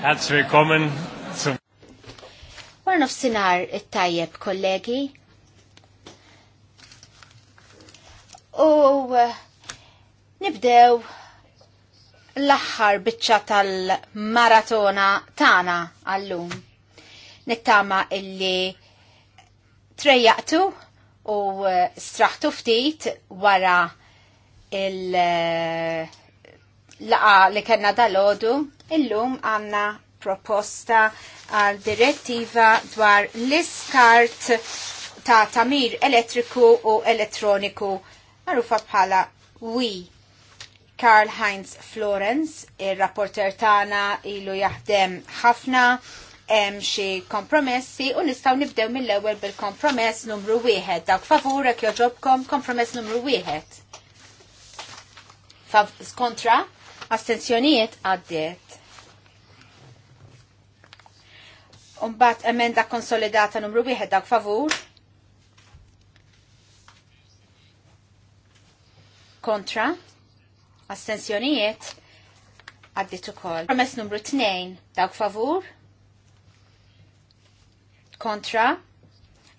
Herzlich willkommen zum Sinar it-tajjeb kollegi. U eh, nibdew l-aħħar biċċa tal-maratona tana għallum. Nittama illi trejjaqtu u eh, straħtu ftit wara il- eh, laqa li kena dal odu Illum għanna proposta għal direttiva dwar l-iskart ta' tamir elettriku u elettroniku marufa bħala WI. Karl Heinz Florence, il-rapporter tana ilu jaħdem ħafna, hemm xi kompromessi u nistgħu nibdew mill-ewwel bil-kompromess numru wieħed. Dawk favurek joġobkom kompromess numru wieħed. Kontra, astenzjonijiet għaddiet. Umbat emenda konsolidata numru wieħed dak favur. Kontra. Astensjonijiet. Għaddit ukoll. Promess numru 2 dak favur. Kontra.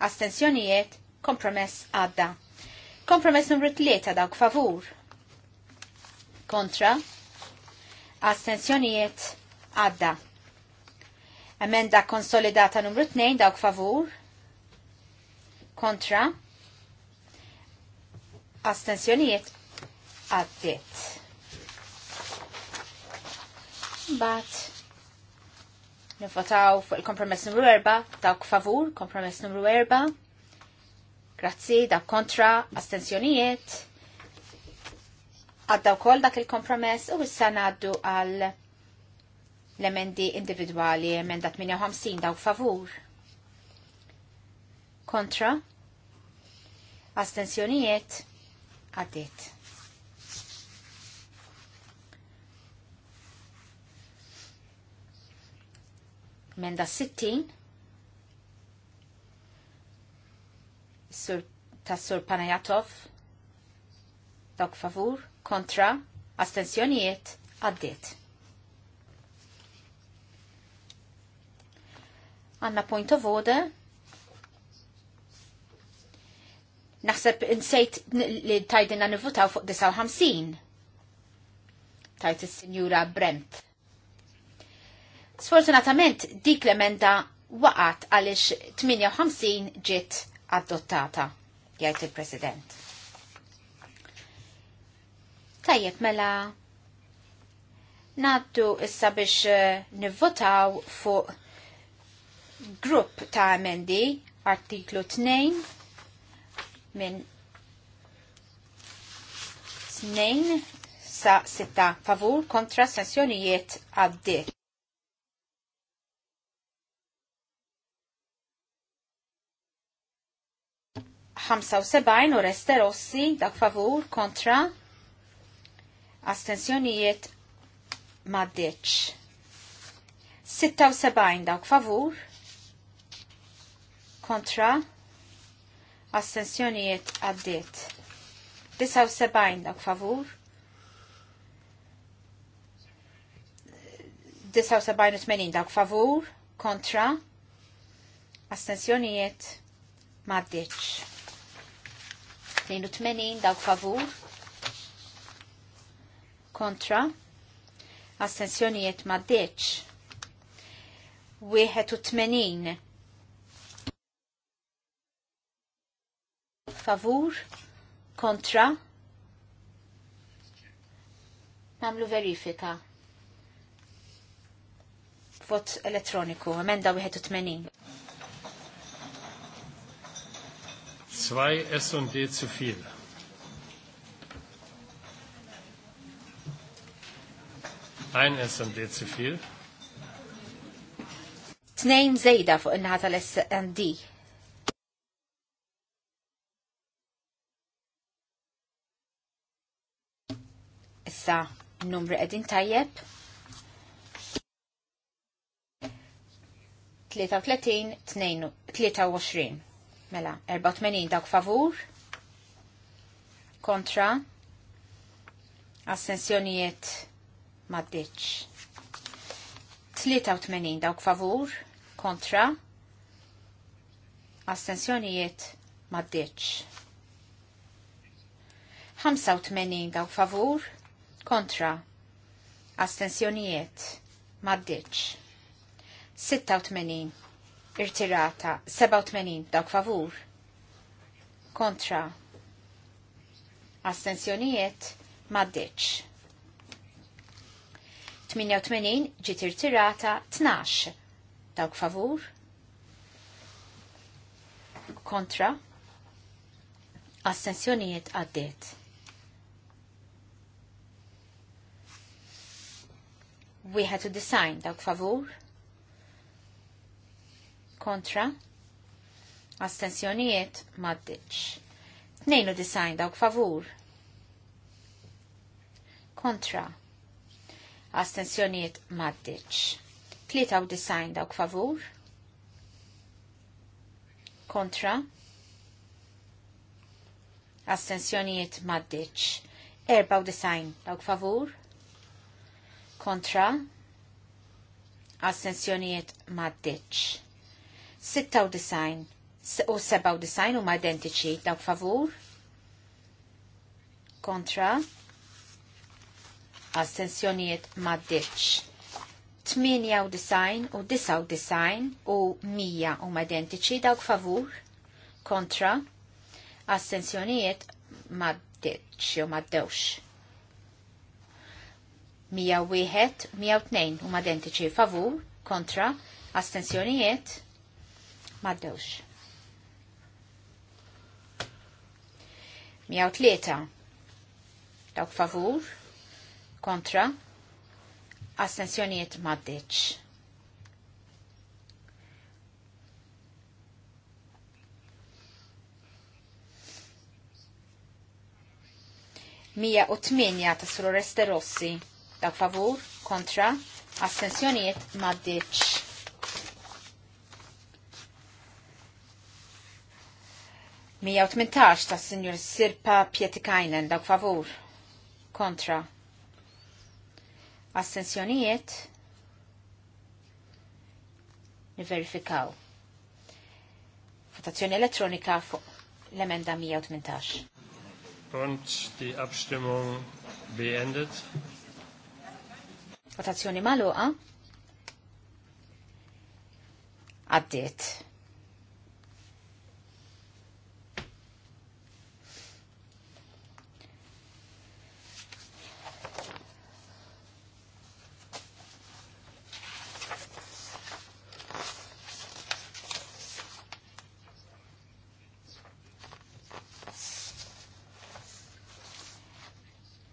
Astensjonijiet. Kompromess għadda. Kompromess numru 3 dak favur. Kontra. Astensjonijiet għadda. Emenda konsolidata numru 2 dawk favur. Kontra. Astensjoniet. għaddit. Bat nifotaw fuq il-kompromess numru 4 dawk favur, kompromess numru 4. Grazzi, dawk kontra, astensjoniet. Għaddaw kol dak il-kompromess u issa naddu għal l-emendi individuali, emenda 58 daw favur. Kontra, astensjonijiet, għaddit. Emenda 60, sur, ta' sur Panajatov, dawk favur, kontra, astensjonijiet, għaddit. Għanna point of order. Naħseb insejt li tajdinna nivutaw fuq 59. Tajt il-Sinjura Brent. Sfortunatament dik l-emenda waqat għalix 58 ġiet adottata, ad jgħid il-President. Tajjeb mela naddu issa biex eh, nivvotaw fuq grupp ta' emendi, artiklu 2 minn 2 sa' 6 favur kontra sanzjonijiet għaddi. ħamsa u sebajn u rossi dak favur kontra astensjonijiet maddeċ. Sitta u sebajn dak favur kontra astensjonijiet għaddiet. 79 dak favur 79 dak favur kontra astensjonijiet maddiċ. 82 dak favur kontra astensjonijiet maddiċ. 81 favur, kontra, namlu verifika. Vot elettroniku, emenda 81. Zwei S und D zu viel. Ein S und D zu viel. Tnejn zejda fuq in-naħa tal-S&D. issa numru qegħdin tajjeb. 33-23. Mela, 84 dawk favur. Kontra. Assenzjonijiet maddiċ. 83 dawk favur. Kontra. Assenzjonijiet maddiċ. 85 dawk favur kontra astensjonijiet maddiċ 86 irtirata 87 dawk favur kontra astensjonijiet maddiċ 88 ġiet irtirata 12 dawk favur kontra astensjonijiet għaddiet We had to design dawk favur. Kontra. Astensjonijiet maddiċ. Tnejn u design dawk favur. Kontra. Astensjonijiet maddiċ. Tlieta u design dawk favur. Kontra. Astensjonijiet maddiċ. design dawk favur kontra assenzjonijiet maddiċ. 96 u 97 huma identiċi daw favur kontra assenzjonijiet maddiċ. 98 u 99 u 100 huma identiċi daw favur kontra assenzjonijiet maddiċ jew maddewx. 101, 102 huma identiċi favur, kontra, astensjonijiet, maddewx. 103 dawk favur, kontra, astensjonijiet maddeċ. Mija u tminja ta' Sororeste Rossi Dak favur, kontra, astensjonijiet maddiċ. Mija tmintax ta' Sinjur Sirpa Pietikajnen, dak favur, kontra, astensjonijiet niverifikaw. Votazzjoni elettronika fuq l-emenda 118. Und die Abstimmung beendet. Votazzjoni maluqa. Għaddiet.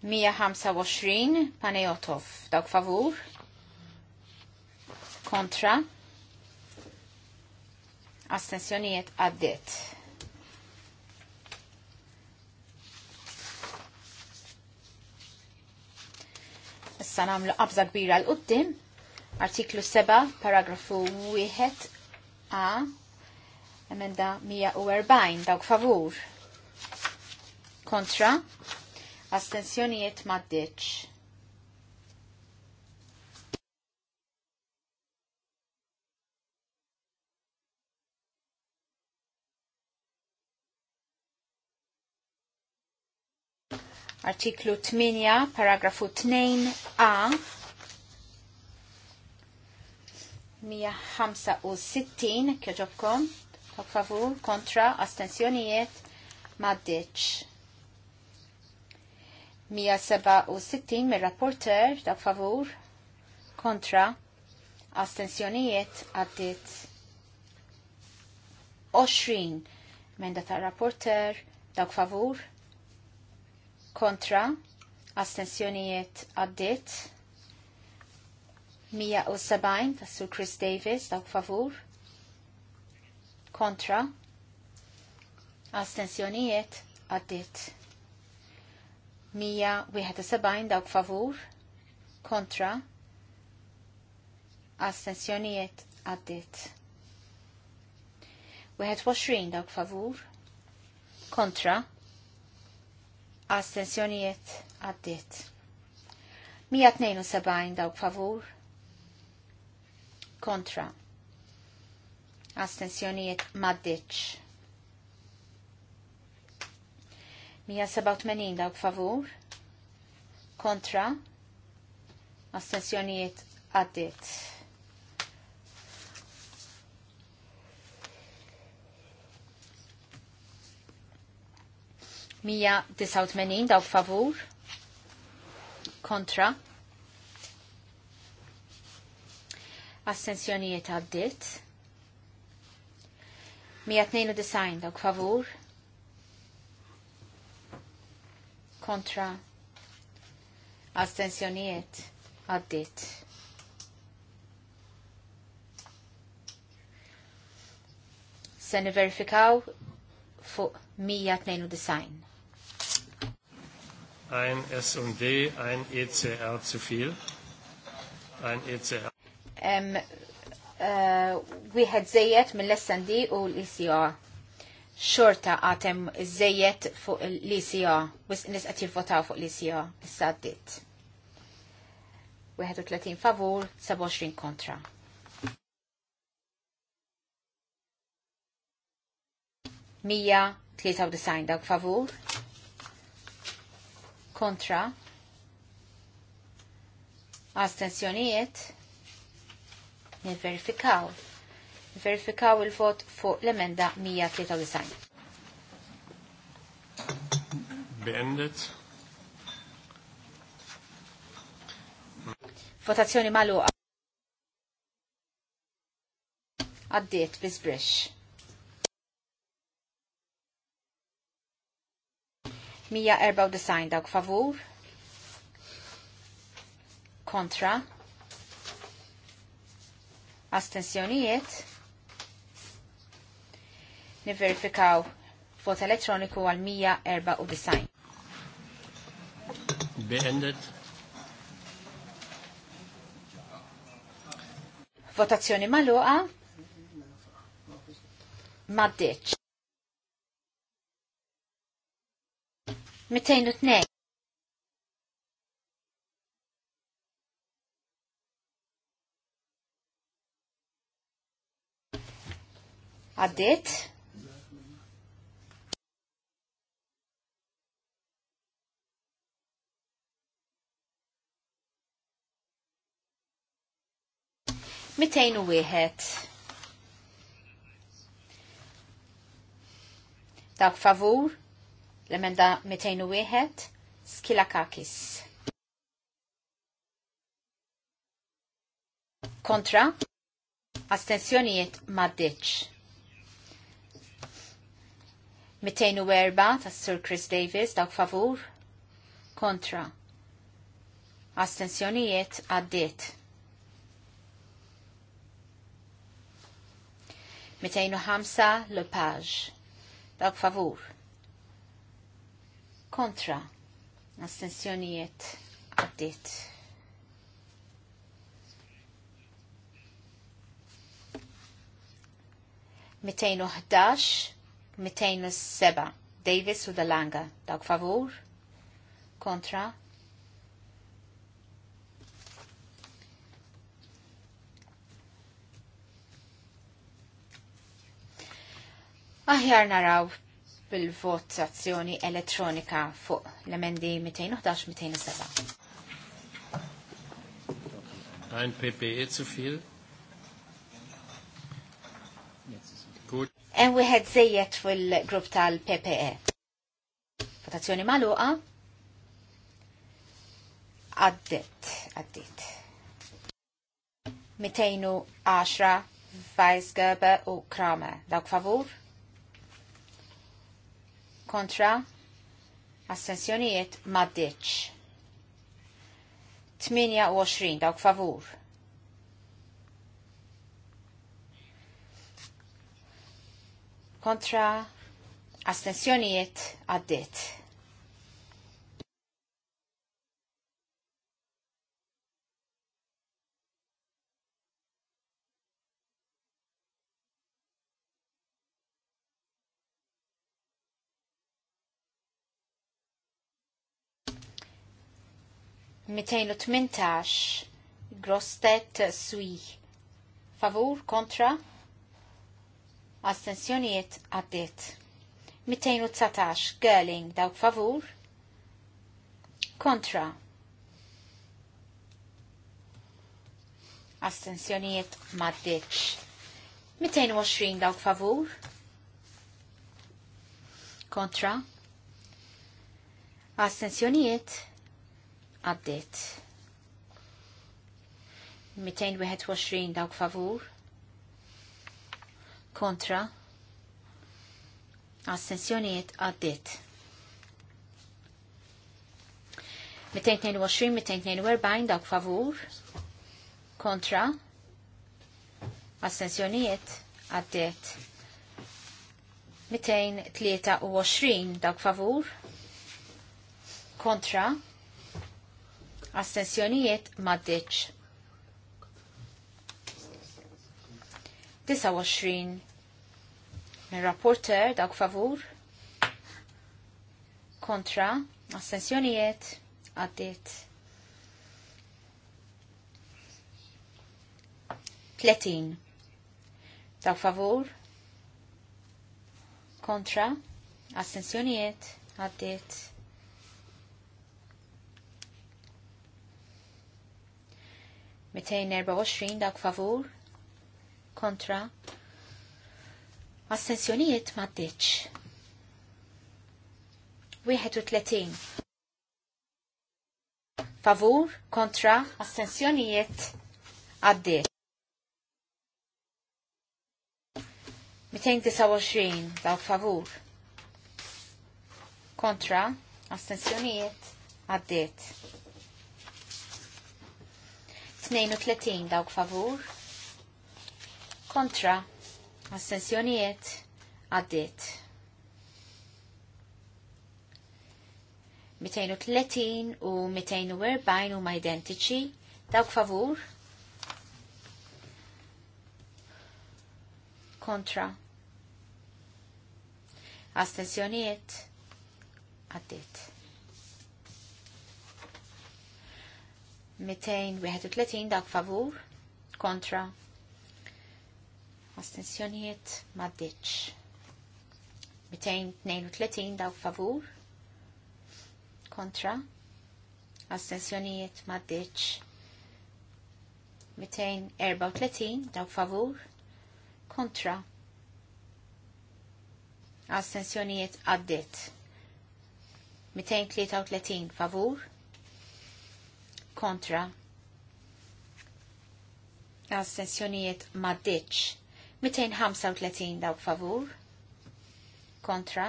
125 Panejotov dawk favur kontra astensjonijiet għaddit. Issa namlu qabża kbira l qoddim artiklu 7, paragrafu 1 a emenda 140 dawk favur kontra astensjonijiet maddiċ. Artiklu 8, paragrafu 2a, 165, kjoġobkom, favur, kontra, astensjonijiet, maddiċ. 167 mir-rapporter dak favur kontra astensjonijiet għaddit 20 menda ta' rapporter dak favur kontra astensjonijiet għaddit 170 ta' Sir Chris Davis dak favur kontra astensjonijiet għaddit 171 dawk favur kontra astensjonijiet għaddit. 21 dawk favur kontra astensjonijiet għaddit. 172 dawk favur kontra astensjonijiet maddiċ. 187 dawk favur kontra astensjonijiet għaddit. Mija tmenin dawk favur kontra astensjonijiet għaddit. disajn dawk favur kontra astensjonijiet għaddit. Se niverifikaw fuq 192. Ein S&D, ein ECR zu viel. Ein ECR. Um, uh, eh, wieħed zejjed mill-SND u l-ECR xorta għatem zzejiet fuq l-ICA, wis nis għat jivvotaw fuq l-ICA, issa għaddit. 31 favur, 27 kontra. Mija 193 dawk favur, kontra, astensjonijiet, nivverifikaw. verifikaw verifikaw il-vot fuq l-emenda 193. Bendit. Votazzjoni maluqa. Għaddiet bizbrix. 194 dawk favur. Kontra. Astensjonijiet niverifikaw vot elettroniku għal 194. Beendet. Votazzjoni maluqa. Maddeċ. 202. Għaddit. 201. Dak favur, l-emenda 201, Skilakakis. Kontra, astensjonijiet maddiċ. 204 ta' Sir Chris Davis, dak favur, kontra. Astensjonijiet għaddiet. 205 Lepage. Dawk favur. Kontra. Astensjonijiet għaddit. Mitejn uħdax, mitejn seba. Davis u Dalanga. Dawk favur. Kontra. Aħjar naraw bil-votazzjoni elettronika fuq l-emendi 211-207. Ein PPE zu viel? Gut. En wieħed zejjed fil-grupp tal-PPE. Votazzjoni maluqa? Għaddit, għaddit. 210 Weisgerber u Kramer. Dawk favur? kontra assenzjonijiet maddiċ. 28 dawk favur. Kontra astensjonijiet għaddit. 218 Grostet Sui favur kontra Astensjoniet għaddit 219 Gerling dawk favur kontra Astensjoniet maddit 220 dawk favur. Kontra. Astensjoniet għaddit. 221 dawk favur kontra Assenzjoniet għaddit. 222 222 dawk favur kontra Assenzjoniet għaddit. 223 dawk favur kontra Astensjonijiet maddiċ. 29 Min rapporter dawk favur kontra astensjonijiet għaddit 30 dawk favur kontra astensjonijiet għaddit 224 dak favur kontra Assenzjonijiet ma ddiċ. 31 favur kontra assenzjonijiet għaddiet. 229 dak favur kontra assenzjonijiet għaddiet. 32 dawk favur kontra astensjonijiet għaddit. 230 u 240 huma identiċi dawk favur kontra astensjonijiet għaddit. 231 dak favur kontra astensjonijiet maddiċ 232 dak favur kontra astensjonijiet maddiċ 234 dak favur kontra astensjonijiet għaddit 233 favur kontra astensjonijiet maddiċ 235 dawk favur kontra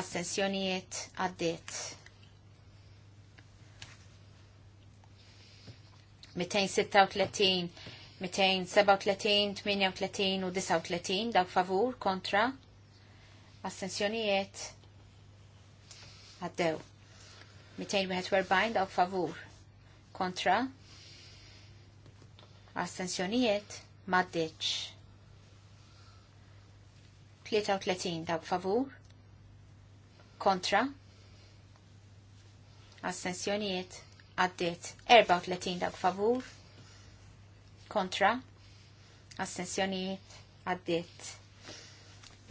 astensjonijiet għaddit 236 237, 38 u 39 dawk favur kontra astensjonijiet għaddew 241 dawk favur kontra astensjonijiet maddiċ 33 dak favur kontra astensjonijiet għaddit 34 dak favur kontra astensjonijiet għaddit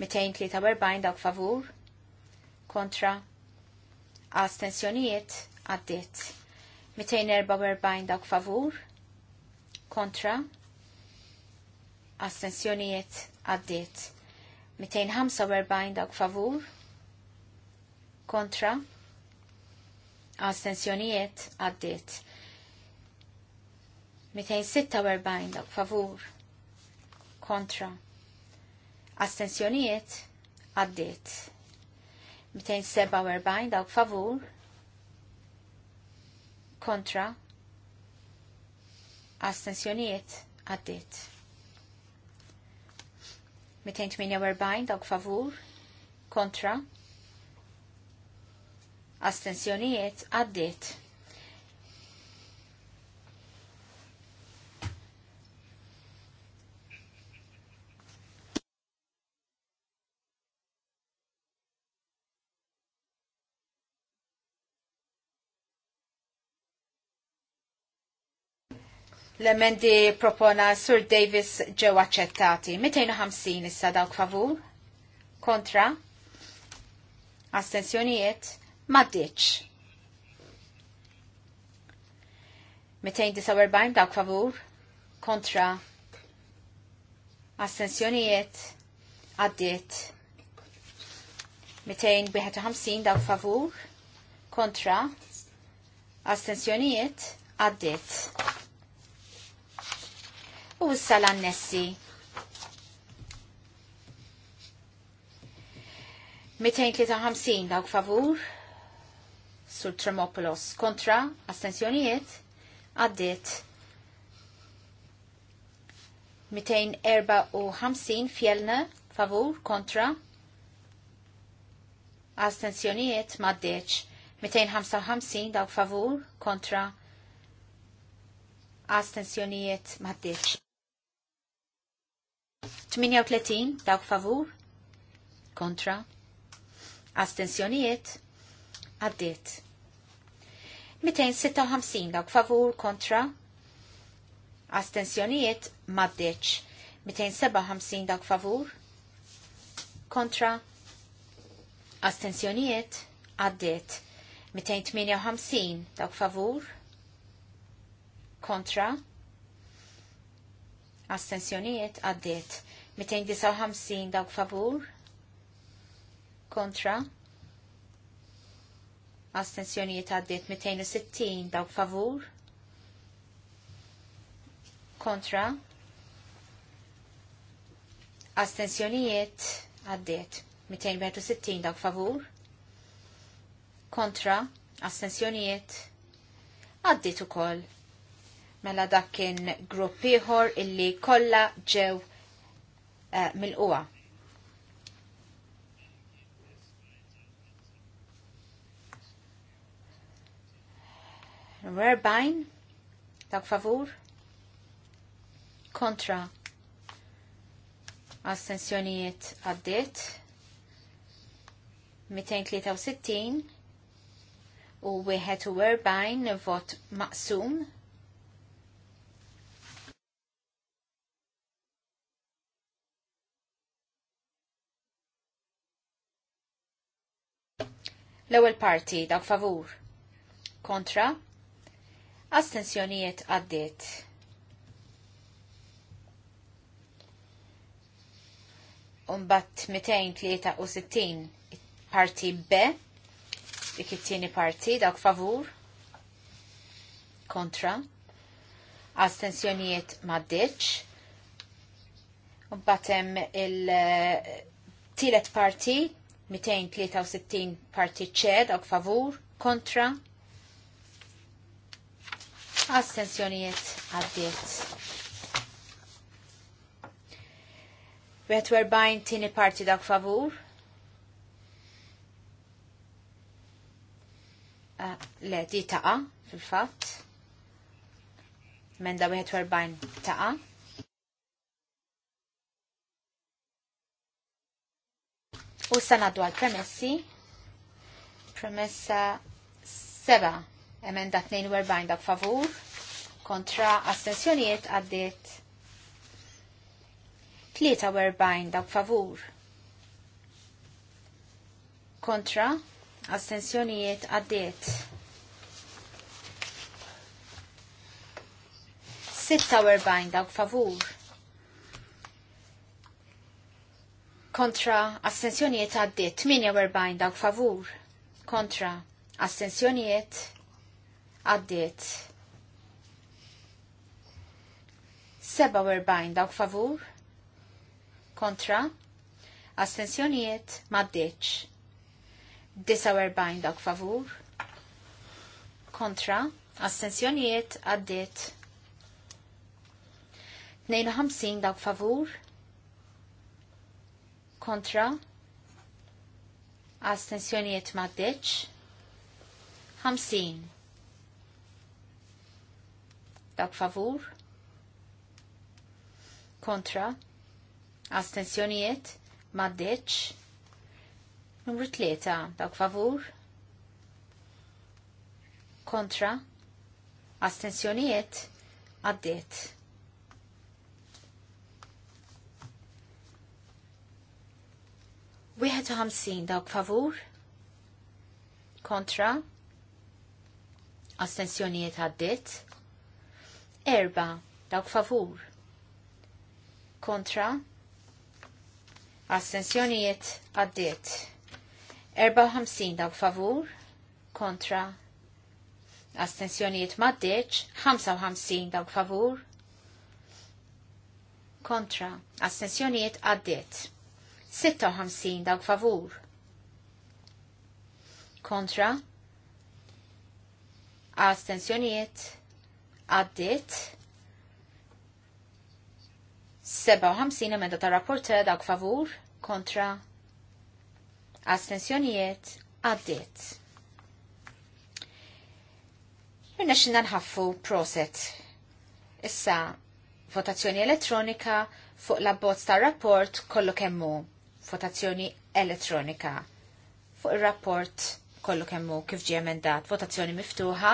243 dawk favur kontra astensjonijiet għaddiet 244 dawk favur kontra astensjonijiet għaddiet 245 dawk favur kontra astensjonijiet għaddiet 246 dawk favur kontra astensjonijiet għaddiet 247 dawk favur kontra astensjonijiet għaddit. 248 dawk favur kontra astensjonijiet għaddit. L-emendi propona Sur Davis ġew accettati. 250 issa dawk favur. Kontra. Astensjonijiet. Maddiċ. 249 dawk favur. Kontra. Astenzjonijiet? Għaddiet. 251 dawk favur. Kontra. Astensjonijiet. Għaddiet u issa l-annessi. 253 dawk favur sur Tremopolos kontra astensjonijiet għaddit 254 fjellna favur kontra astensjonijiet maddeċ 255 dawk favur kontra astensjonijiet maddeċ 38 dawk favur kontra astensjonijiet għaddiet. 256 dawk favur kontra astensjonijiet maddeċ. 257 dawk favur kontra astensjonijiet għaddiet. 258 dawk favur kontra astensjonijiet għaddiet 259 dawk favur kontra astensjonijiet għaddiet 260 dawk favur kontra astensjonijiet għaddiet 260 dawk favur kontra astensjonijiet għaddiet ukoll mela dak kien grupp ieħor illi kollha ġew uh, eh, mill-qwa. Werbajn, dak favur, kontra astensjonijiet għaddit, 263 u 41 vot maqsum L-ewwel parti dak favur. Kontra. Astensjonijiet għaddiet. Umbat 263 parti B, dik it-tieni parti dak favur. Kontra. Astensjonijiet maddiċ. Umbat hemm il-tielet eh, parti 263 parti ċed dawk favur kontra astensjonijiet għaddiet. 41 tini parti dak favur. Uh, le, di taqa, fil-fat. Menda 40 taqa. U sanaddu għal premessi. Premessa 7, emenda 42 dak favur, kontra astensjoniet għaddit 43 dak favur. Kontra astensjoniet għaddit 46 dak favur kontra astensjoniet għaddit 48 dawk favur kontra astensjoniet għaddit 47 dawk favur kontra astensjoniet maddeċ 49 dawk favur kontra astensjoniet għaddit 52 dawk favur kontra astensjonijiet deċ 50 dak favur kontra astensjonijiet deċ numru 3 dak favur kontra astensjonijiet għaddiet Wieħed ħamsin dawk favur kontra astensjonijiet għaddit. Erba dawk favur kontra astensjonijiet għaddit. ħamsin dawk favur kontra astensjonijiet maddeċ ħamsin dawk favur kontra astensjonijiet għaddit. 56 dawk favur. Kontra. astensjoniet, għaddit. 57 emenda ta' rapporta dawk favur. Kontra. Astenzjonijiet għaddit. Minna xinna nħaffu proset. Issa, votazzjoni elettronika fuq la bozz ta' rapport kollu kemmu votazzjoni elettronika fuq il-rapport kollu kemmu kif ġie emendat votazzjoni miftuħa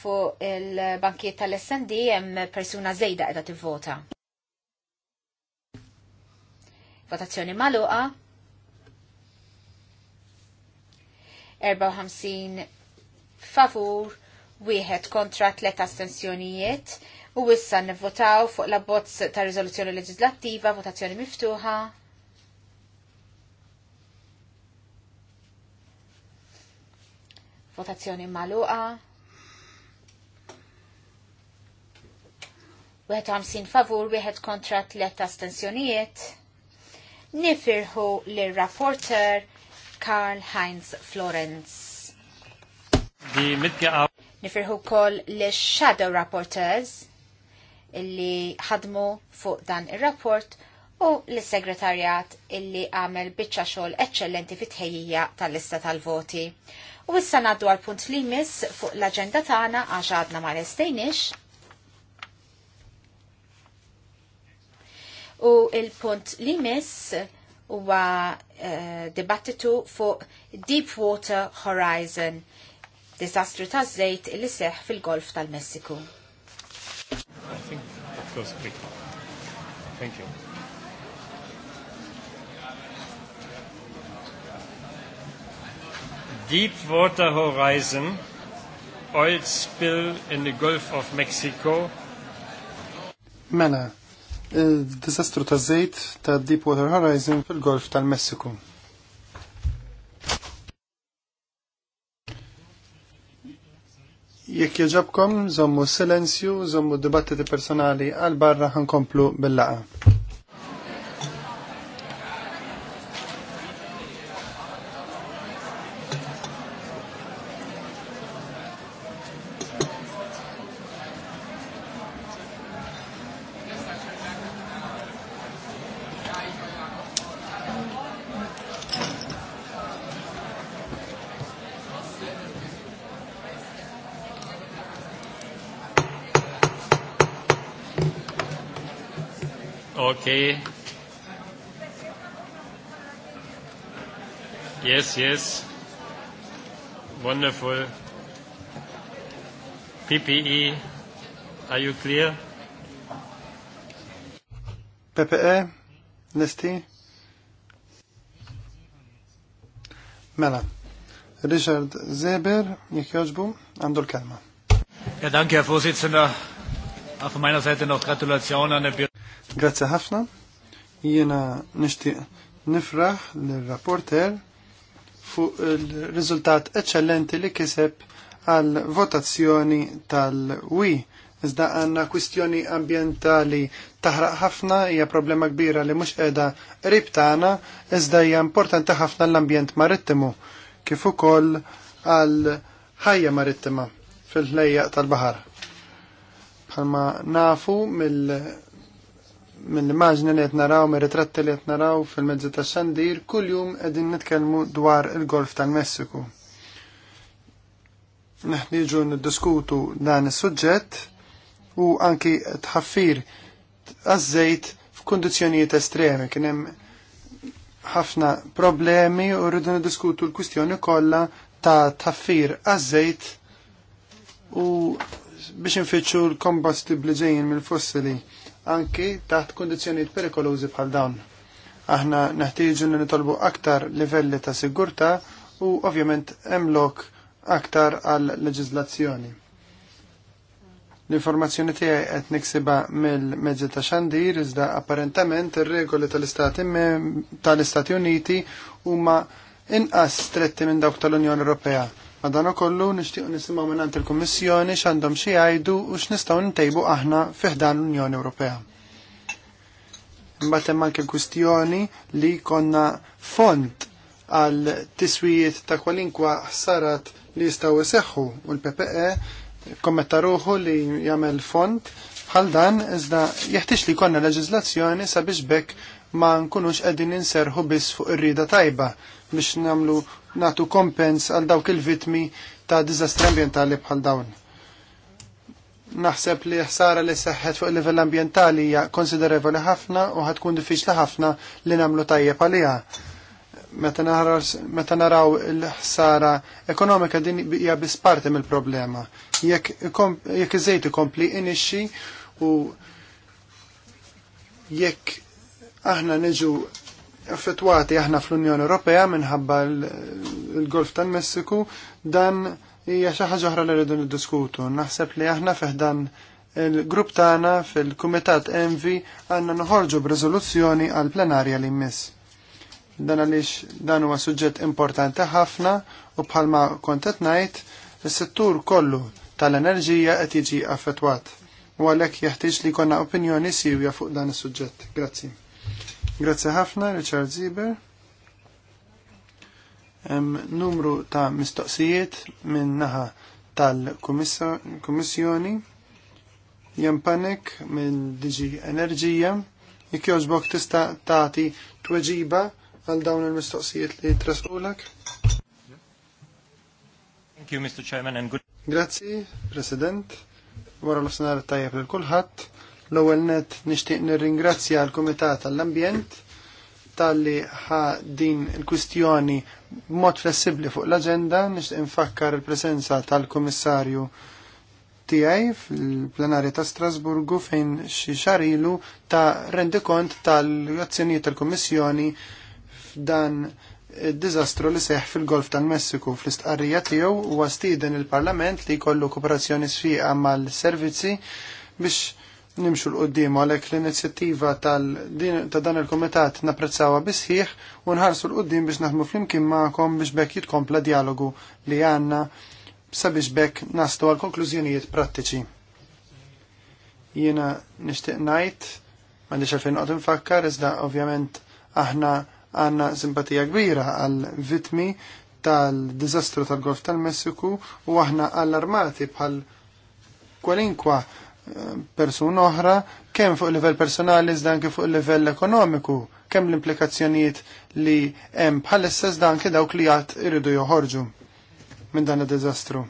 fuq il-bankiet tal-SND hemm persuna żejda qiegħda tivvota. Votazzjoni magħluqa. 54 favur, wieħed kontra tlet astensjonijiet u issa nivvotaw fuq la bozz ta' riżoluzzjoni leġislattiva, votazzjoni miftuħa. Votazzjoni maluqa. 51 favur, wieħed kontra 3 astensjonijiet. Nifirħu l-rapporter Karl Heinz Florenz. Nifirħu kol l-Shadow Rapporteurs illi ħadmu fuq dan il-rapport u l-segretarjat illi għamel bieċa xogħol eċċellenti fit ħejjija tal-lista tal-voti. U issa naddu għal punt li miss fuq l-agenda tagħna għax għadna ma restejniex. U il-punt li miss huwa uh, dibattitu fuq Deepwater Horizon, disastru ta' żejt li seħ fil-Golf tal-Messiku. Thank you. Deepwater Horizon, oil spill in the Gulf of Mexico. Mela, il disastru ta' zejt ta' Deepwater Horizon fil-Golf tal-Messiku. Jekk jaġabkom, zommu silenzju, zommu dibattiti personali għal barra ħankomplu bil-laqa. Yes, yes. Wonderful. PPE, are you clear? PPE, Nesti. Mela. Richard Zeber, jek joġbu, għandu l-kelma. Ja, danke, Herr Vorsitzender. Auf meiner Seite noch Gratulation an der Bürger. Grazie Hafna. Jena nishtiq nifraħ l-rapporter fuq il-riżultat eċċellenti li kiseb għal votazzjoni tal-WI. Iżda għanna kwistjoni ambientali taħraq ħafna hija problema kbira li mhux qiegħda qrib tagħna iżda hija importanti ħafna l-ambjent marittimu kif ukoll għal ħajja marittima fil-ħlejjaq tal-baħar. Bħalma nafu mill mill-immaġni li qed naraw, mir-ritratti li qed naraw fil-mezzi tax-xandir, kuljum qegħdin nitkellmu dwar il-Golf tal-Messiku. Neħtieġu niddiskutu dan is-suġġett u anki tħaffir għażejt f'kundizzjonijiet estremi kien hemm ħafna problemi u rridu niddiskutu l-kwistjoni kollha ta' taffir għażejt u biex nfittxu l-kombustibli ġejjin mill-fossili anki taħt kondizjoniet perikolużi bħal dawn. Aħna neħtieġu li nitolbu aktar livelli ta' sigurta u ovvjament emlok aktar għal leġizlazzjoni. L-informazzjoni tiegħi qed niksiba mill-mezzi ta' xandir iżda apparentament ir-regoli tal-Istati tal-Istati Uniti huma inqas stretti minn dawk tal-Unjoni Ewropea Madana kollu nishtiq nisimaw minnant il-Kommissjoni x'għandhom xi jgħidu u x'nistgħu ntejbu aħna fiħdan l-Unjoni Ewropea. Imbagħad hemm anke kwistjoni li konna font għal tiswijiet ta' kwalinkwa ħsarat li jistgħu iseħħu u l-PPE kommetta ruħu li jagħmel font bħal dan iżda jeħtiex li konna leġizlazzjoni sabiex bekk ma nkunux qegħdin inserħu biss fuq ir-rida tajba biex namlu natu kompens għal dawk il-vitmi ta' dizastri ambientali bħal dawn. Naħseb li ħsara li seħħet fuq il-livell ambientali hija konsiderevoli ħafna u ħatkun diffiċli ħafna li nagħmlu tajjeb għaliha. Meta naraw il-ħsara ekonomika din hija biss parti mill-problema. Jekk iżejt ikompli inixxi u jekk aħna niġu affettwati aħna fl-Unjoni Ewropea minħabba l-Golf tal-Messiku dan hija xi ħaġa oħra li rridu niddiskutu. Naħseb li aħna dan il-grupp tagħna fil-Kumitat Envi għandna noħorġu b'riżoluzzjoni għal plenarja li jmiss. Dan għaliex dan huwa suġġett importanti ħafna u bħalma kont qed ngħid is-settur kollu tal-enerġija qed jiġi affettwat. U għalhekk jeħtieġ li jkollna opinjoni siwja fuq dan is-suġġett. Grazzi. Grazzi ħafna, Richard Zieber. Em, numru ta' mistoqsijiet minn naħa tal-Kummissjoni. Jampanek minn Digi Enerġija. Jek joġbok tista' tagħti tweġiba għal dawn il-mistoqsijiet li trasqulak. Thank you, Mr. Chairman, and good. Grazzi, President. Wara l ofsenar tajjeb l-kulħadd. L-ewwel net nixtieq nirringrazzja l-Kumitat tal-Ambjent talli ħa din il-kwistjoni b'mod flessibbli fuq l-aġenda nixtieq infakkar il-presenza tal-Kummissarju tiegħi fil-plenarja ta' Strasburgu fejn xi ilu ta' rendikont tal-azzjonijiet tal-Kummissjoni f'dan id-diżastru li seħ fil-Golf tal-Messiku fl-istqarrija tiegħu huwa stieden il-Parlament li jkollu kooperazzjoni sfiqa mal-servizzi biex nimxu l-qoddim għalek l-inizjattiva ta' dan il-komitat naprezzawa bisħiħ u nħarsu l-qoddim biex naħmu flimkien ma'kom biex bekk jitkompla dialogu li għanna sabiex bekk nastu għal konklużjonijiet prattiċi. Jiena nishtiq najt, għandix għalfejn għod fakkar, iżda ovvjament aħna għanna simpatija kbira għal vitmi tal-dizastru tal-Golf tal-Messiku u aħna allarmati bħal kwalinkwa persuna oħra kemm fuq livell personali iżda anke fuq livell ekonomiku kemm l-implikazzjonijiet li hemm bħalissa iżda anke dawk li għad iridu joħorġu minn dan id-diżastru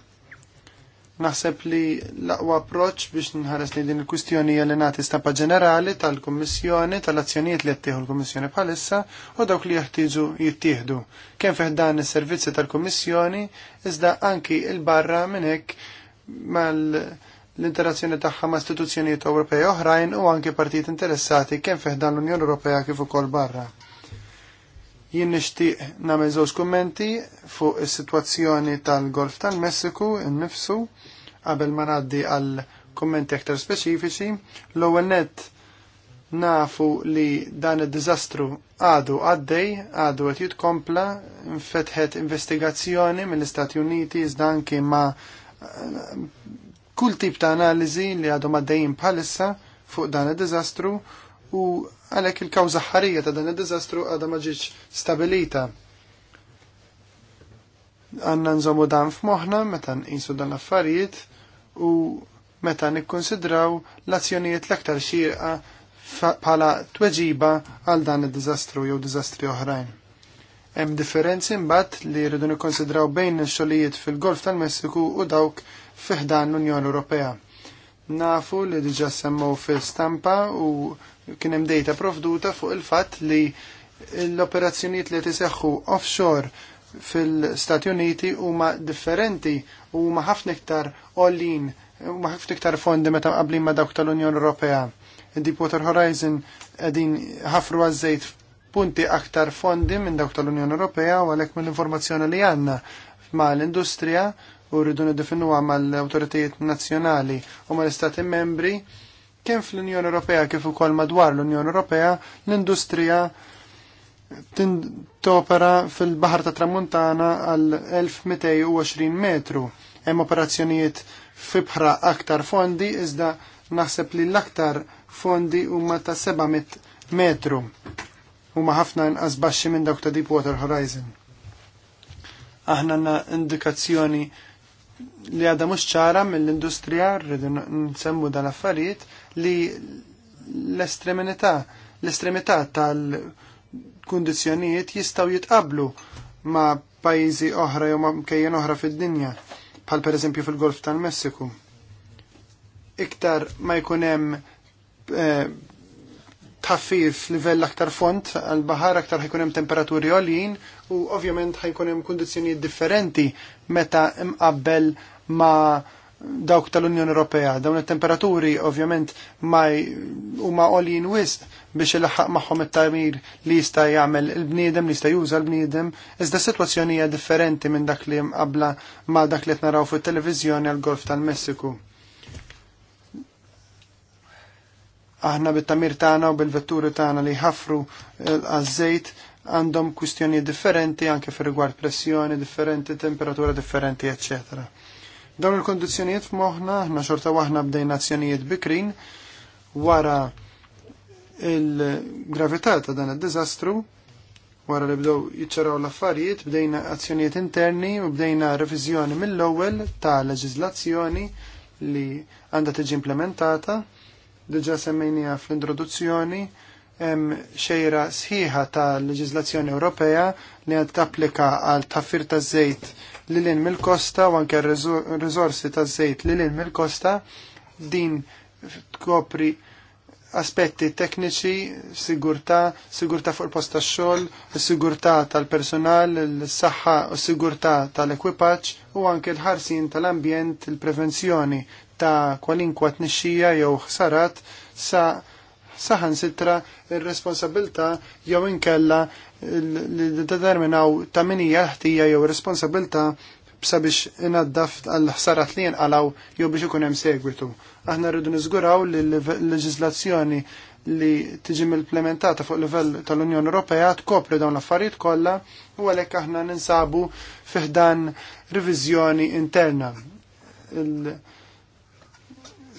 naħseb li l-aqwa approċċ biex nħares li din il hija li nagħti stampa ġenerali tal-Kummissjoni tal-azzjonijiet li jattieħu l-Kummissjoni bħalissa u dawk li jeħtieġu jittieħdu. Kemm fih dan is-servizzi tal-Kummissjoni iżda anki il-barra minn hekk mal- l-interazzjoni tagħha ma' istituzzjonijiet Ewropej oħrajn u anke partijiet interessati kemm fiħdan l-Unjoni Ewropea kif ukoll barra. Jien nixtieq nagħmel żewġ kummenti fuq is-sitwazzjoni tal-Golf tal-Messiku innifsu qabel ma ngħaddi għal kummenti aktar speċifiċi. L-ewwel nett nafu li dan id diżastru għadu għaddej, għadu għet jitkompla, infetħet investigazzjoni mill-Istati Uniti, iżda anki ma kull tip ta' analiżi li għadhom għaddejjin bħalissa fuq dan id-diżastru u għalhekk il-kawża ħarija ta' dan id-diżastru għadha ma ġietx stabilita. Għandna nżommu dan f'moħħna meta nqisu dan l-affarijiet u meta nikkonsidraw l-azzjonijiet l-aktar xirqa bħala tweġiba għal dan id-diżastru jew diżastri oħrajn. Hemm differenzi mbagħad li rridu nikkonsidraw bejn ix-xogħlijiet fil-Golf tal-Messiku u dawk fiħdan l-Unjoni Ewropea. Nafu li diġa semmew fil-stampa u kienem dejta profduta fuq il-fat li l-operazzjoniet li tiseħħu offshore fil-Stati Uniti huma differenti u ma ħafna iktar olin u ma ħafna iktar fondi meta qablin ma dawk tal-Unjoni Ewropea. Deepwater Horizon qegħdin ħafru għażejt punti aktar fondi minn dawk tal-Unjoni Ewropea u għalhekk mill-informazzjoni li għandna ma l-industrija u rridu nidifinuha mal autoritajiet nazzjonali u mal-istati membri kemm fl-Unjoni Ewropea kif ukoll madwar l-Unjoni Ewropea l-industrija topera fil-Baħar ta' Tramuntana għal 1220 metru. Hemm operazzjonijiet fibħra aktar fondi iżda naħseb li l-aktar fondi huma ta' 700 metru huma ħafna inqas baxxi minn dawk ta' Deepwater Horizon. Aħna għandna indikazzjoni li għadha mhux ċara mill-industrija rridu nsemmu dan affarijiet li l-estremità l-estremità tal-kundizzjonijiet jistgħu jitqablu ma' pajjiżi oħra jew ma' mkejjen oħra fid-dinja bħal pereżempju fil-Golf tal-Messiku. Iktar ma jkun hemm eh, tħaffif livell aktar font għal-bahar aktar ħajkun hemm temperaturi għoljin u ovvjament ħajkun hemm kundizzjonijiet differenti meta imqabbel ma' dawk tal-Unjoni Ewropea. Dawn it-temperaturi ovvjament ma huma għoljin wisq biex ilaħħaq magħhom it-tamir li jista' jagħmel il-bniedem li jista' juża l-bniedem, iżda s differenti minn dak li mqabbla ma' dak li qed naraw fit-televiżjoni għall golf tal-Messiku. aħna bit-tamir tagħna u bil-vetturi tagħna li ħafru eh, għaż-żejt għandhom kwistjoni differenti anke fir rigward pressjoni differenti, temperatura differenti, ecc. Dawn il-kondizjonijiet f'moħħna aħna xorta waħna bdejn azzjonijiet bikrin wara il-gravità ta' dan id-diżastru wara li bdew jiċċaraw l-affarijiet, bdejna azzjonijiet interni u bdejna reviżjoni mill-ewwel ta' leġiżlazzjoni li għandha tiġi implementata diġa semmejnija fl-introduzzjoni, hemm xejra sħiħa ta' leġizlazzjoni Ewropea li qed tapplika għal taffir ta' żejt lil hinn mill-kosta u anke r-riżorsi ta' żejt lil hinn mill-kosta din tkopri aspetti tekniċi, sigurtà, sigurtà fuq il-post tax-xogħol, is-sigurtà tal-personal, is-saħħa u s-sigurtà tal-ekwipaġġ u anke l-ħarsin tal-ambjent, il-prevenzjoni ta' kwalinkwa tnixxija jew ħsarat sa saħan sitra il responsabilta jew inkella li determinaw ta' minija ħtija jew responsabilta sabiex inaddaf għall-ħsarat li jenqalaw jew biex ikun hemm segwitu. Aħna rridu niżguraw li l-leġiżlazzjoni li tiġi implementata fuq livell tal-Unjoni Ewropea tkopri dawn l-affarijiet kollha u għalhekk aħna ninsabu fiħdan riviżjoni interna.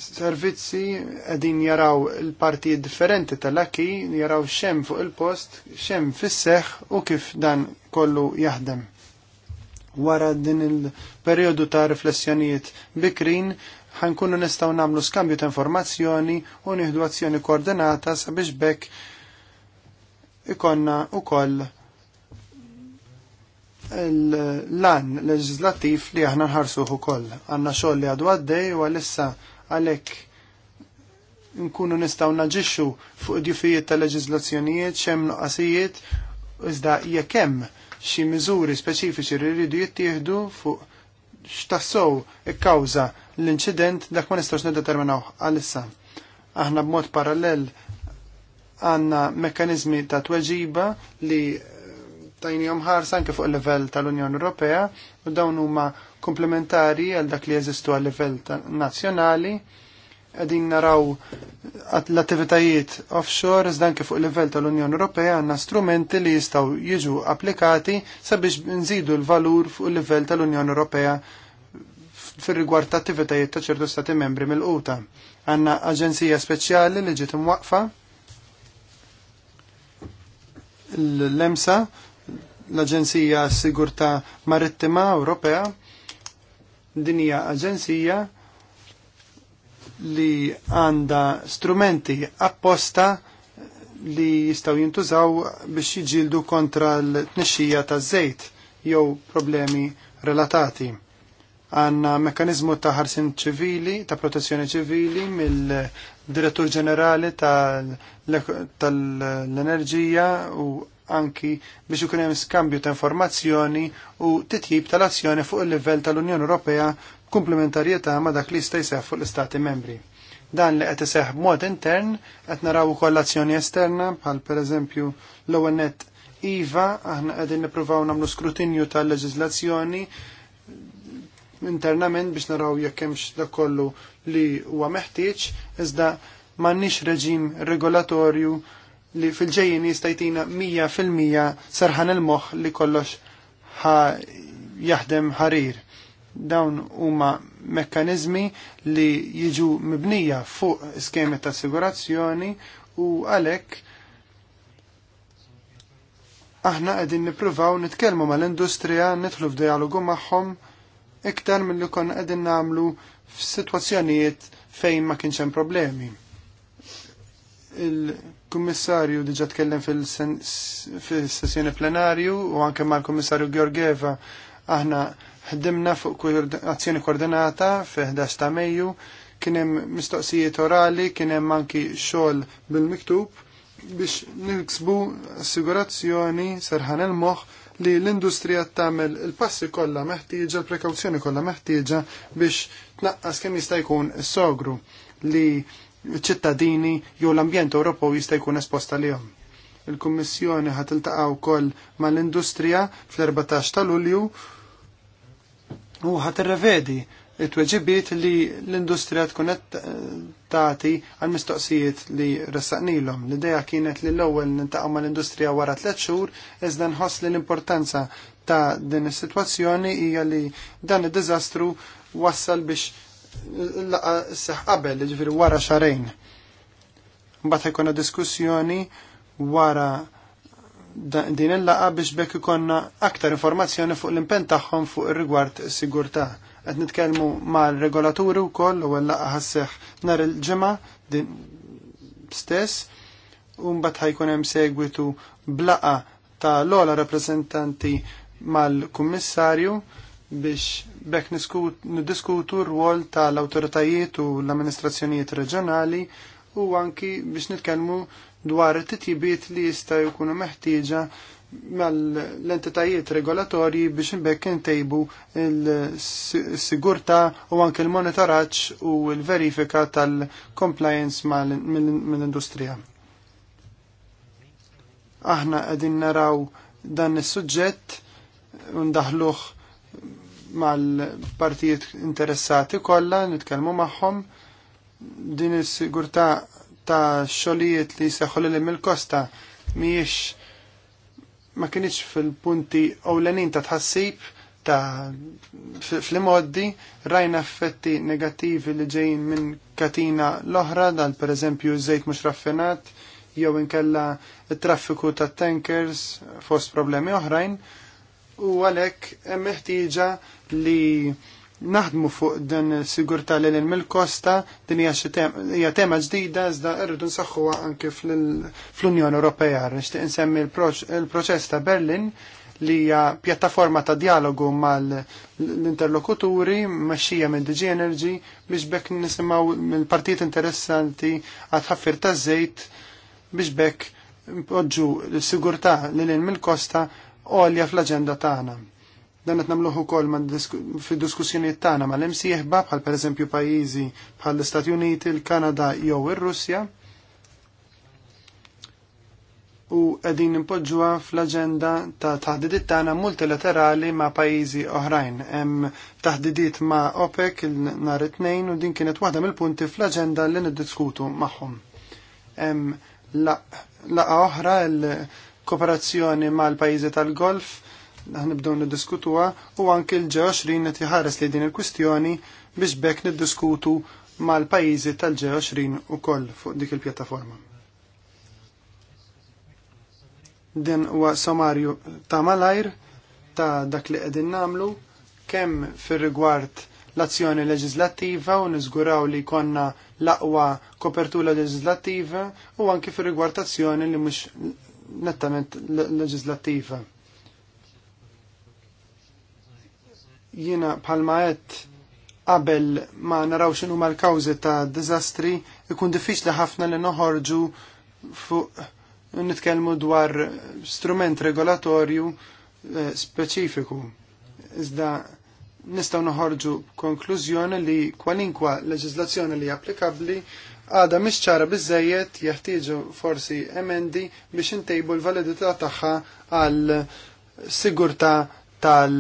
Servizzi għedin jaraw il-partijiet differenti tal aki jaraw xem fuq il-post, xem fis-seħ u kif dan kollu jaħdem wara din il-periodu ta' riflessjonijiet bikrin ħankunu nistaw namlu skambju ta' informazzjoni u nieħdu azzjoni koordinata sabiex bekk ikonna u koll l-lan leġislattiv li aħna nħarsuħu koll. Għanna xoll li għadu għaddej u għalissa għalek nkunu nistaw naġiċu fuq id-jufijiet ta' leġislazzjonijiet xem noqqasijiet iżda jekem hemm xi miżuri speċifiċi li rridu jittieħdu fuq x'tassow ikkawża l-inċident dak ma nistgħux niddeterminaw għalissa. Aħna b'mod parallel għandna mekkaniżmi ta' tweġiba li tajnijom ħarsa anke fuq il-level tal-Unjoni Ewropea u dawn huma komplementari għal dak li jeżistu għal level nazzjonali qegħdin naraw l-attivitajiet offshore zdan kif fuq livell tal-Unjoni Ewropea għandna strumenti li jistgħu jiġu applikati sabiex nżidu l-valur fuq livell tal-Unjoni Ewropea fir-rigward ta' attivitajiet ta' ċertu stati membri mill-quta. Għandna aġenzija speċjali li ġiet imwaqfa l-EMSA, l-Aġenzija Sigurta Marittima Ewropea, dinija aġenzija li għanda strumenti apposta li jistaw jintużaw biex jiġildu kontra l tnixxija ta' żejt jew problemi relatati. Għanna mekanizmu ta' ħarsin ċivili, ta' protezzjoni ċivili mill-Direttur Ġenerali tal-Enerġija u anki biex ikun hemm skambju ta' informazzjoni u titjib tal-azzjoni fuq il-livell tal-Unjoni Ewropea komplementarieta ma' dak li jista' jseħħ fuq l-Istati membri. Dan li qed iseħħ b'mod intern qed naraw ukoll azzjoni esterna bħal pereżempju l-ewwel net iva aħna qegħdin nippruvaw nagħmlu skrutinju tal-leġiżlazzjoni internament biex naraw jekk hemmx dak kollu li huwa meħtieġ iżda m'għandniex reġim regolatorju li fil-ġejjin fil 100% serħan il moħħ li kollox ħa jaħdem ħarir. Dawn huma mekkanizmi li jiġu mibnija fuq skemi ta' assigurazzjoni u għalhekk aħna qegħdin nippruvaw nitkellmu mal-industrija nidħlu f'dialogu magħhom iktar mill-li konna qegħdin nagħmlu f'sitwazzjonijiet fejn ma kienx hemm problemi. Il-kummissarju diġa tkellem fil-sessjoni plenarju u anke mal-kummissarju Georgieva aħna ħdimna fuq azzjoni koordinata fi 11 ta' Mejju, kien hemm mistoqsijiet orali, kien hemm anki xogħol bil-miktub biex niksbu assigurazzjoni serħan il-moħħ li l-industrija tagħmel il-passi kollha meħtieġa, l-prekawzjoni kollha meħtieġa biex tnaqqas kemm jista' jkun is-sogru li ċittadini jew l-ambjent Ewropew jista' jkun esposta lihom il-Kummissjoni ħad iltaqa' wkoll mal-Industrija fl-14 ta' Lulju u ħat irrevedi it-tweġibiet li l-industrija tkun tagħti għal mistoqsijiet li ressaqnilhom. L-idea kienet li l-ewwel nintaqgħu mal-industrija wara tliet xhur iżda nħoss li l-importanza ta' din is-sitwazzjoni hija li dan id-diżastru wassal biex laqa seħ qabel, ġifieri wara xarejn. Mbagħad ħajkuna diskussjoni wara din il-laqa biex bekk ikonna aktar informazzjoni fuq l-impen tagħhom fuq ir-rigward sigurtà. Qed nitkellmu mal-regolaturi wkoll u l-laqa ħasseħ nhar il-ġimgħa din stess u mbagħad ħajkun hemm segwitu blaqa ta' l-ola rappreżentanti mal-kummissarju biex bekk niddiskutu r-rwol tal-autoritajiet u l-amministrazzjonijiet reġjonali u anki biex nitkellmu dwar titjibiet li jista' jkunu meħtieġa mal-entitajiet regolatorji biex imbekk intejbu il-sigurta u anke l-monitoraġġ u l-verifika tal-compliance mill-industrija. Aħna qegħdin naraw dan is-suġġett u mal-partijiet interessati kollha nitkellmu magħhom din is-sigurtà ta' xolijiet li seħħu l mill-kosta miex ma kienieċ fil-punti ewlenin ta' tħassib ta' fl-imoddi rajna effetti negativi li ġejn minn katina l-oħra dal per eżempju żejt mhux raffinat jew inkella traffiku ta' tankers fost problemi oħrajn u għalhekk hemm li naħdmu fuq din sigurta l mill kosta din hija tema ġdida iżda rridu nsaħħuha anke fl-Unjoni Ewropea. Nixtieq insemmi l-proċess ta' Berlin li hija pjattaforma ta' dialogu mal-interlokuturi mexxija minn DG Energy biex bekk nisimgħu mill-partit interessanti għad ħaffir ta' żejt biex bekk poġġu l-sigurtà lil mill kosta għolja fl-aġenda tagħna Dan qed nagħmluh ukoll fid-diskussjonijiet tagħna mal-imsieħba bħal pereżempju pajjiżi bħal l-Istati Uniti, il-Kanada jew ir-Russja. U qegħdin impoġġuha fl-aġenda ta' taħdidiet tagħna multilaterali ma' pajjiżi oħrajn. Hemm taħdidiet ma' OPEC nhar it-tnejn u din kienet waħda mill-punti fl-aġenda li niddiskutu magħhom. Hemm laqa oħra l-kooperazzjoni mal-pajjiżi tal-Golf Naħ nibdew niddiskutuha u anke l-G20 qed jħares li din il-kwistjoni biex bekk niddiskutu mal-pajjiżi tal-G20 ukoll fuq dik il-pjattaforma. Din huwa sommarju ta' malajr ta' dak li qegħdin nagħmlu kemm fir-rigward l-azzjoni leġislattiva u niżguraw li konna l-aqwa kopertura leġislattiva u anke fir-rigward azzjoni li mhux nettament leġislattiva jiena bħalma qabel ma naraw x'inhu l-kawżi ta' diżastri ikun diffiċli ħafna li noħorġu fuq nitkellmu dwar strument regolatorju eh, speċifiku. Iżda nistgħu noħorġu konklużjoni li kwalinkwa leġizlazzjoni li applikabbli għada mhix ċara biżejjed jeħtieġu forsi emendi biex intejbu l-validità tagħha għal sigurtà tal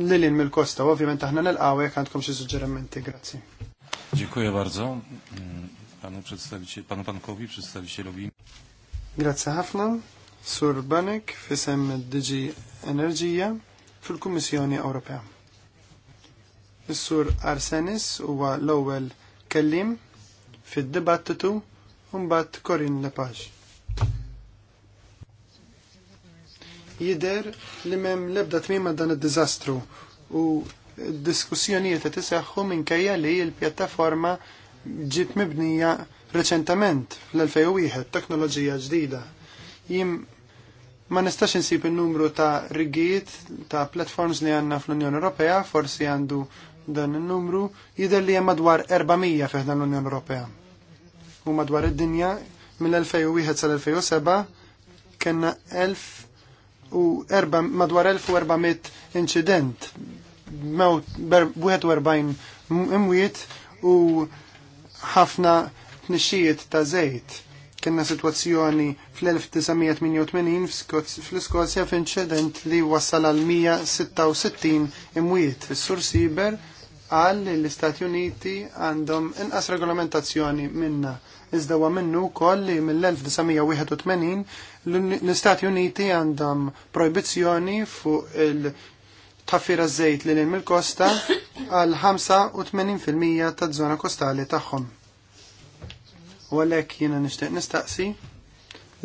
lilin mill-kosta, ovvjament aħna nil-għawek għandkom xie suġġerimenti, grazzi. Dziękuję bardzo mm, panu przedstawiciel, panu Pankowi, przedstawicielowi. Grazie ħafna. Sur Banek, fisem DG Energia, fil-Kummissjoni Ewropea. sur Arsenis huwa l-ewwel kellim fid-dibattitu u mbagħad Corinne Lepage. jider li mem lebda tmima dan id-dizastru u diskussjonijiet qed iseħħu minkejja li l-pjattaforma ġiet mibnija reċentament fl-2001 teknoloġija ġdida. Jim ma nistax insib il-numru ta' rigid ta' platforms li għanna fl-Unjoni Ewropea, forsi għandu dan il-numru, jider li hemm madwar 400 fiħdan l-Unjoni Ewropea. U madwar id-dinja mill-2001 sal-2007 kena 1000 u erba, madwar 1400 incident, mewt 41 imwiet u ħafna tnixijiet ta' zejt. Kienna situazzjoni fl-1988 fl-Skozja f'inċident li wassal għal 166 imwiet. Is-Sur Siber għal li l-Istati Uniti għandhom inqas regolamentazzjoni minna iżda huwa minnu wkoll li mill-1981 l-Istati Uniti għandhom proibizzjoni fuq il- taffira żejt li l kosta għal 85% ta' zona kostali tagħhom. U għalhekk jiena nixtieq nistaqsi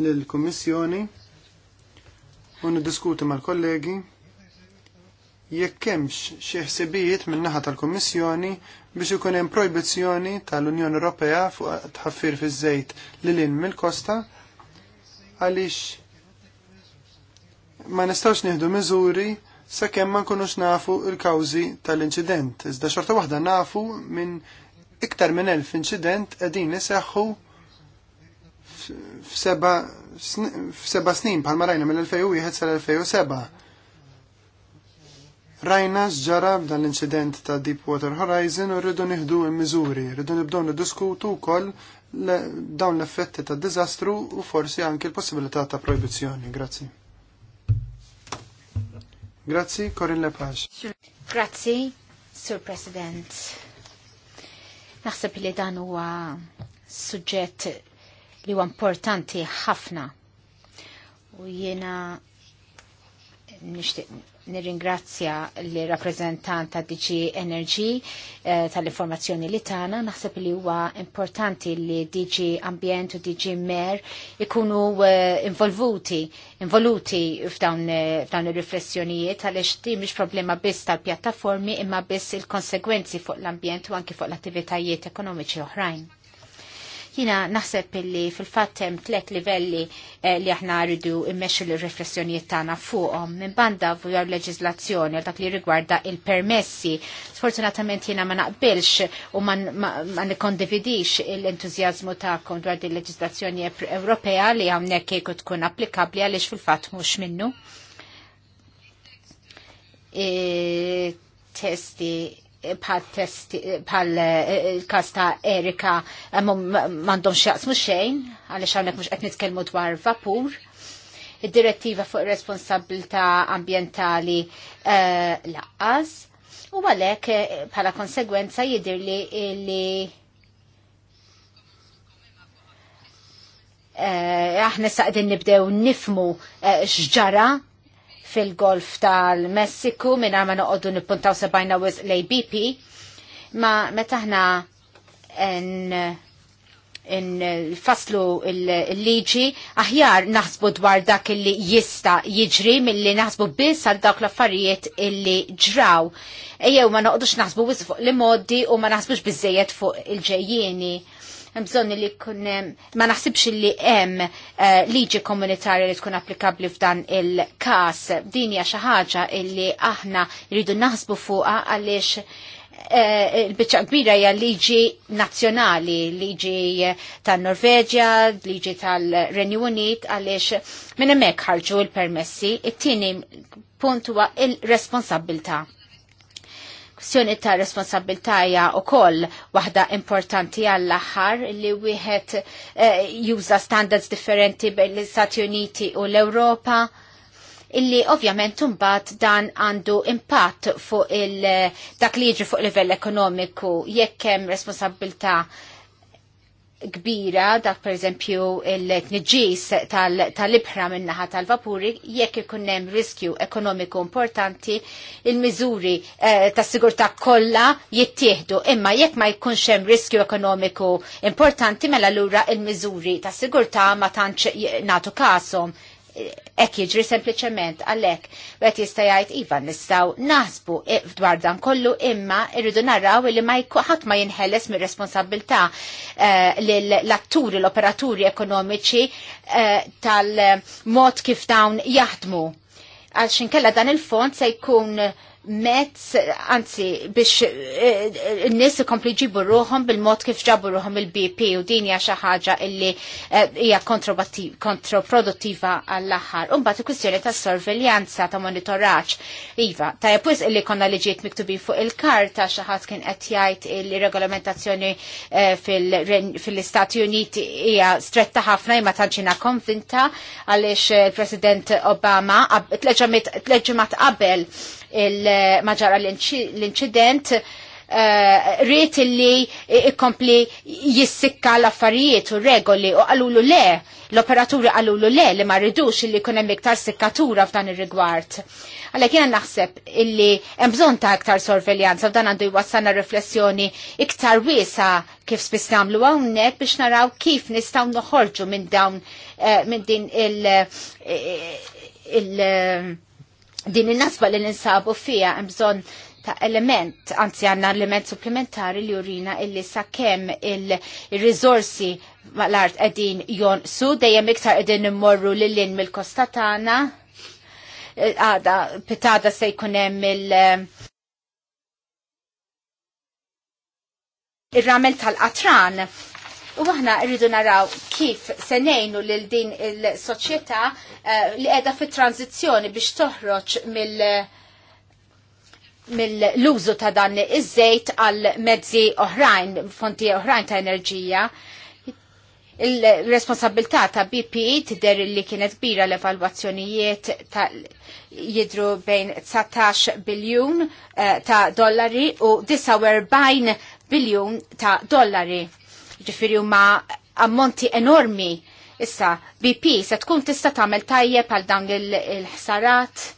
lill-Kummissjoni u niddiskuti mal-kollegi jekk kemmx xi ħsibijiet min-naħa tal-Kummissjoni biex ikun hemm projbizzjoni tal-Unjoni Ewropea fuq tħaffir fiż-żejt lil hinn mill-kosta għaliex ma nistgħux nieħdu miżuri sakemm ma nkunux nafu l-kawżi tal-inċident. Iżda xorta waħda nafu minn iktar minn elf inċident qegħdin iseħħu f'seba' snin bħalma rajna mill-2001 sal-2007 Rajna x'ġara dan l-inċident ta' Deepwater Horizon u rridu nieħdu miżuri, rridu nibdew niddiskutu wkoll dawn l-effetti ta' diżastru u forsi anke l-possibilità ta' proibizzjoni. Grazzi. Grazzi, Corinne Lepage. Grazzi, Sur President. Naħseb li dan huwa suġġett li huwa importanti ħafna u jiena nixtieq nirringrazzja li rappresentant ta' DG Energy eh, tal-informazzjoni li tana. Naħseb li huwa importanti li DG Ambient u DG Mer ikunu involvuti, eh, involuti eh, f'dawn ir-riflessjonijiet għaliex di mhix problema biss tal-pjattaformi imma biss il-konsegwenzi fuq l-ambjent u anki fuq l-attivitajiet ekonomiċi oħrajn. Jina naħseb illi fil-fatt hemm tliet livelli eh, li aħna rridu immexxu l-riflessjonijiet tagħna fuqhom minn banda fuq leġiżlazzjoni għal dak li rigwarda il-permessi. Sfortunatament jiena ma naqbilx u ma nikkondividix l-entużjażmu tagħkom dwar din leġiżlazzjoni Ewropea li hawnhekk kieku tkun applikabbli għaliex fil-fatt mhux minnu e, testi bħal eh, eh, kas ta' Erika eh, mandom xaqsmu xejn, għalix għawnek mux għet nitkelmu dwar vapur. Id-direttiva fuq responsabilta ambientali laqqas. U għalek bħala konsegwenza jidir li li aħna saqdin nibdew nifmu xġara fil-golf tal-Messiku minn ma noqogħdu nippuntaw sebajna wis lej BP. Ma meta in faslu il-liġi, aħjar naħsbu dwar dak illi jista jiġri milli naħsbu biss għal dawk l-affarijiet illi ġraw. Ejjew ma noqdux naħsbu wis fuq li modi u ma naħsbux bizzejiet fuq il-ġejjieni. il ġejjieni bżonn li kun ma naħsibx li hemm eh, liġi komunitarja li tkun applikabbli f'dan il-każ. Din hija xi ħaġa illi aħna rridu naħsbu fuqha għaliex eh, il-bicċa kbira hija liġi nazzjonali, liġi eh, tan-Norveġja, liġi tal-Renju Unit, għaliex minn hemmhekk ħarġu l-permessi. It-tieni punt huwa il-responsabilità kwestjoni ta' responsabiltaja u koll wahda importanti għall-axar li wieħed juża eh, juża standards differenti bejn l-Istati Uniti u l ewropa illi ovvjament mbagħad dan għandu impatt fuq il dak li jiġri fuq livell ekonomiku jekk hemm responsabilità kbira dak per eżempju il-tniġis tal-ibħra tal minnaħa tal-vapuri jekk ikun hemm riskju ekonomiku importanti il-miżuri eh, ta' sigurtà kollha jittieħdu imma jekk ma jkunx hemm riskju ekonomiku importanti mela lura il-miżuri ta' sigurtà ma tantx nagħtu kasom ek jiġri sempliciment għalek għet jistajajt iva nistaw nasbu dwar dan kollu imma irridu narraw li ma ħat ma jinħelles mir responsabilta eh, l-atturi, l-operaturi ekonomiċi eh, tal-mod kif dawn jaħdmu. Għalxin kella dan il-fond se jkun mezz, anzi, biex eh, n-nis ikompli ġibu ruħom bil-mod kif ġabu ruħom il-BP u din hija xi ħaġa illi eh, hija kontroproduttiva għall-aħħar. Umbat, il-kwistjoni ta' sorveljanza ta' monitoraċ, Iva, ta' jepwis illi konna liġiet miktubin fuq il-karta xi ħadd kien qed jgħid il-regolamentazzjoni eh, fil-Istati Uniti hija stretta ħafna imma tanċina konvinta għaliex il-President Obama tleġġimat qabel il-maġara l-inċident uh, rrit li ikkompli jissikka l-affarijiet u regoli u għalulu le, l-operaturi għalulu le li ma rridux li kunem iktar sikkatura f'dan ir-rigward. Għalek jena naħseb illi jembżon ta' iktar sorveljanza f'dan għandu jwassana riflessjoni iktar wiesa kif spiss namlu għawnek biex naraw kif nistaw noħorġu minn dawn eh, minn din il, il din in-nasba li ninsabu fija hemm bżonn ta' element, anzi għanna element supplementari li urina illi sa' kem il-rizorsi mal-art edin jon su, dejjem iktar edin immorru l in mill-kostatana, għada, pitada se jkunem il- il-ramel tal-qatran U aħna rridu naraw kif se ngħinu lil din il-soċjetà eh, li qiegħda fit-tranzizzjoni biex toħroġ mill- mill-użu ta' dan iż-żejt għal mezzi oħrajn, fonti oħrajn ta' enerġija. Il-responsabilità ta' BP e tidher li kienet kbira l-evalwazzjonijiet ta' jidru bejn 19 eh, biljun ta' dollari u 49 biljun ta' dollari ġifiri huma ammonti enormi. Issa, BP se tkun tista' tagħmel tajjeb għal dawn il-ħsarat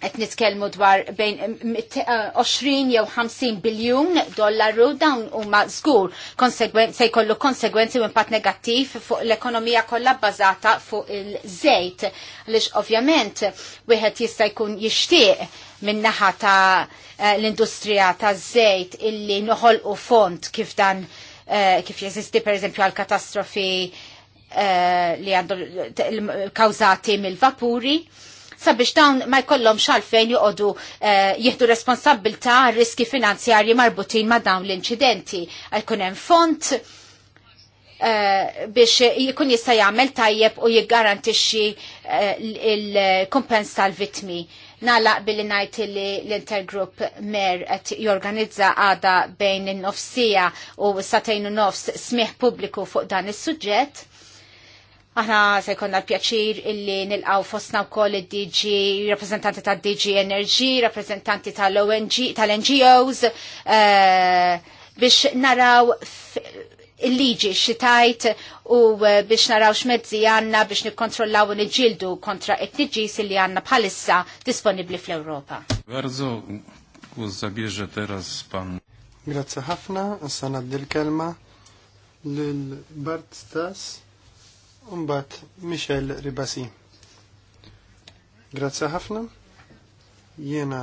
qed nitkellmu dwar bejn 20 eh, jew 50 biljun dollaru dawn huma żgur se jkollu konsegwenzi u impatt negattiv fuq l-ekonomija kollha bbażata fuq il-żejt għaliex ovvjament wieħed jista' jkun jixtieq min-naħa ta' eh, l-industrija ta' żejt illi noħolqu font kif dan eh, kif jeżisti pereżempju għal katastrofi li għandu kawżati mill-vapuri sabiex dawn ma jkollhom xalfejn joqogħdu eh, jieħdu responsabilta riski finanzjarji marbutin ma dawn l-inċidenti. ikun hemm font eh, biex jkun jista' jagħmel tajjeb u jiggarantixxi eh, il-kumpens tal-vitmi. Nalaq billi najt li l-intergrupp mer qed jorganizza għada bejn in-nofsija u s-satajnu nofs smih pubbliku fuq dan is-suġġett Aħna se jkollna l-pjaċir illi nilqaw fostna wkoll id-DG, rappreżentanti tad DG Energy, rappreżentanti tal-NGOs ong tal eh, biex naraw il-liġi xitajt u eh, biex naraw xmezzi għanna biex nikkontrollaw nġildu kontra t nġis li għanna bħalissa disponibli fl-Europa. Grazzi teraz pan. Grazie ħafna, s-sanad dil-kelma l-Bart Stas Umbat Michel Ribasi. Grazzi ħafna. Jena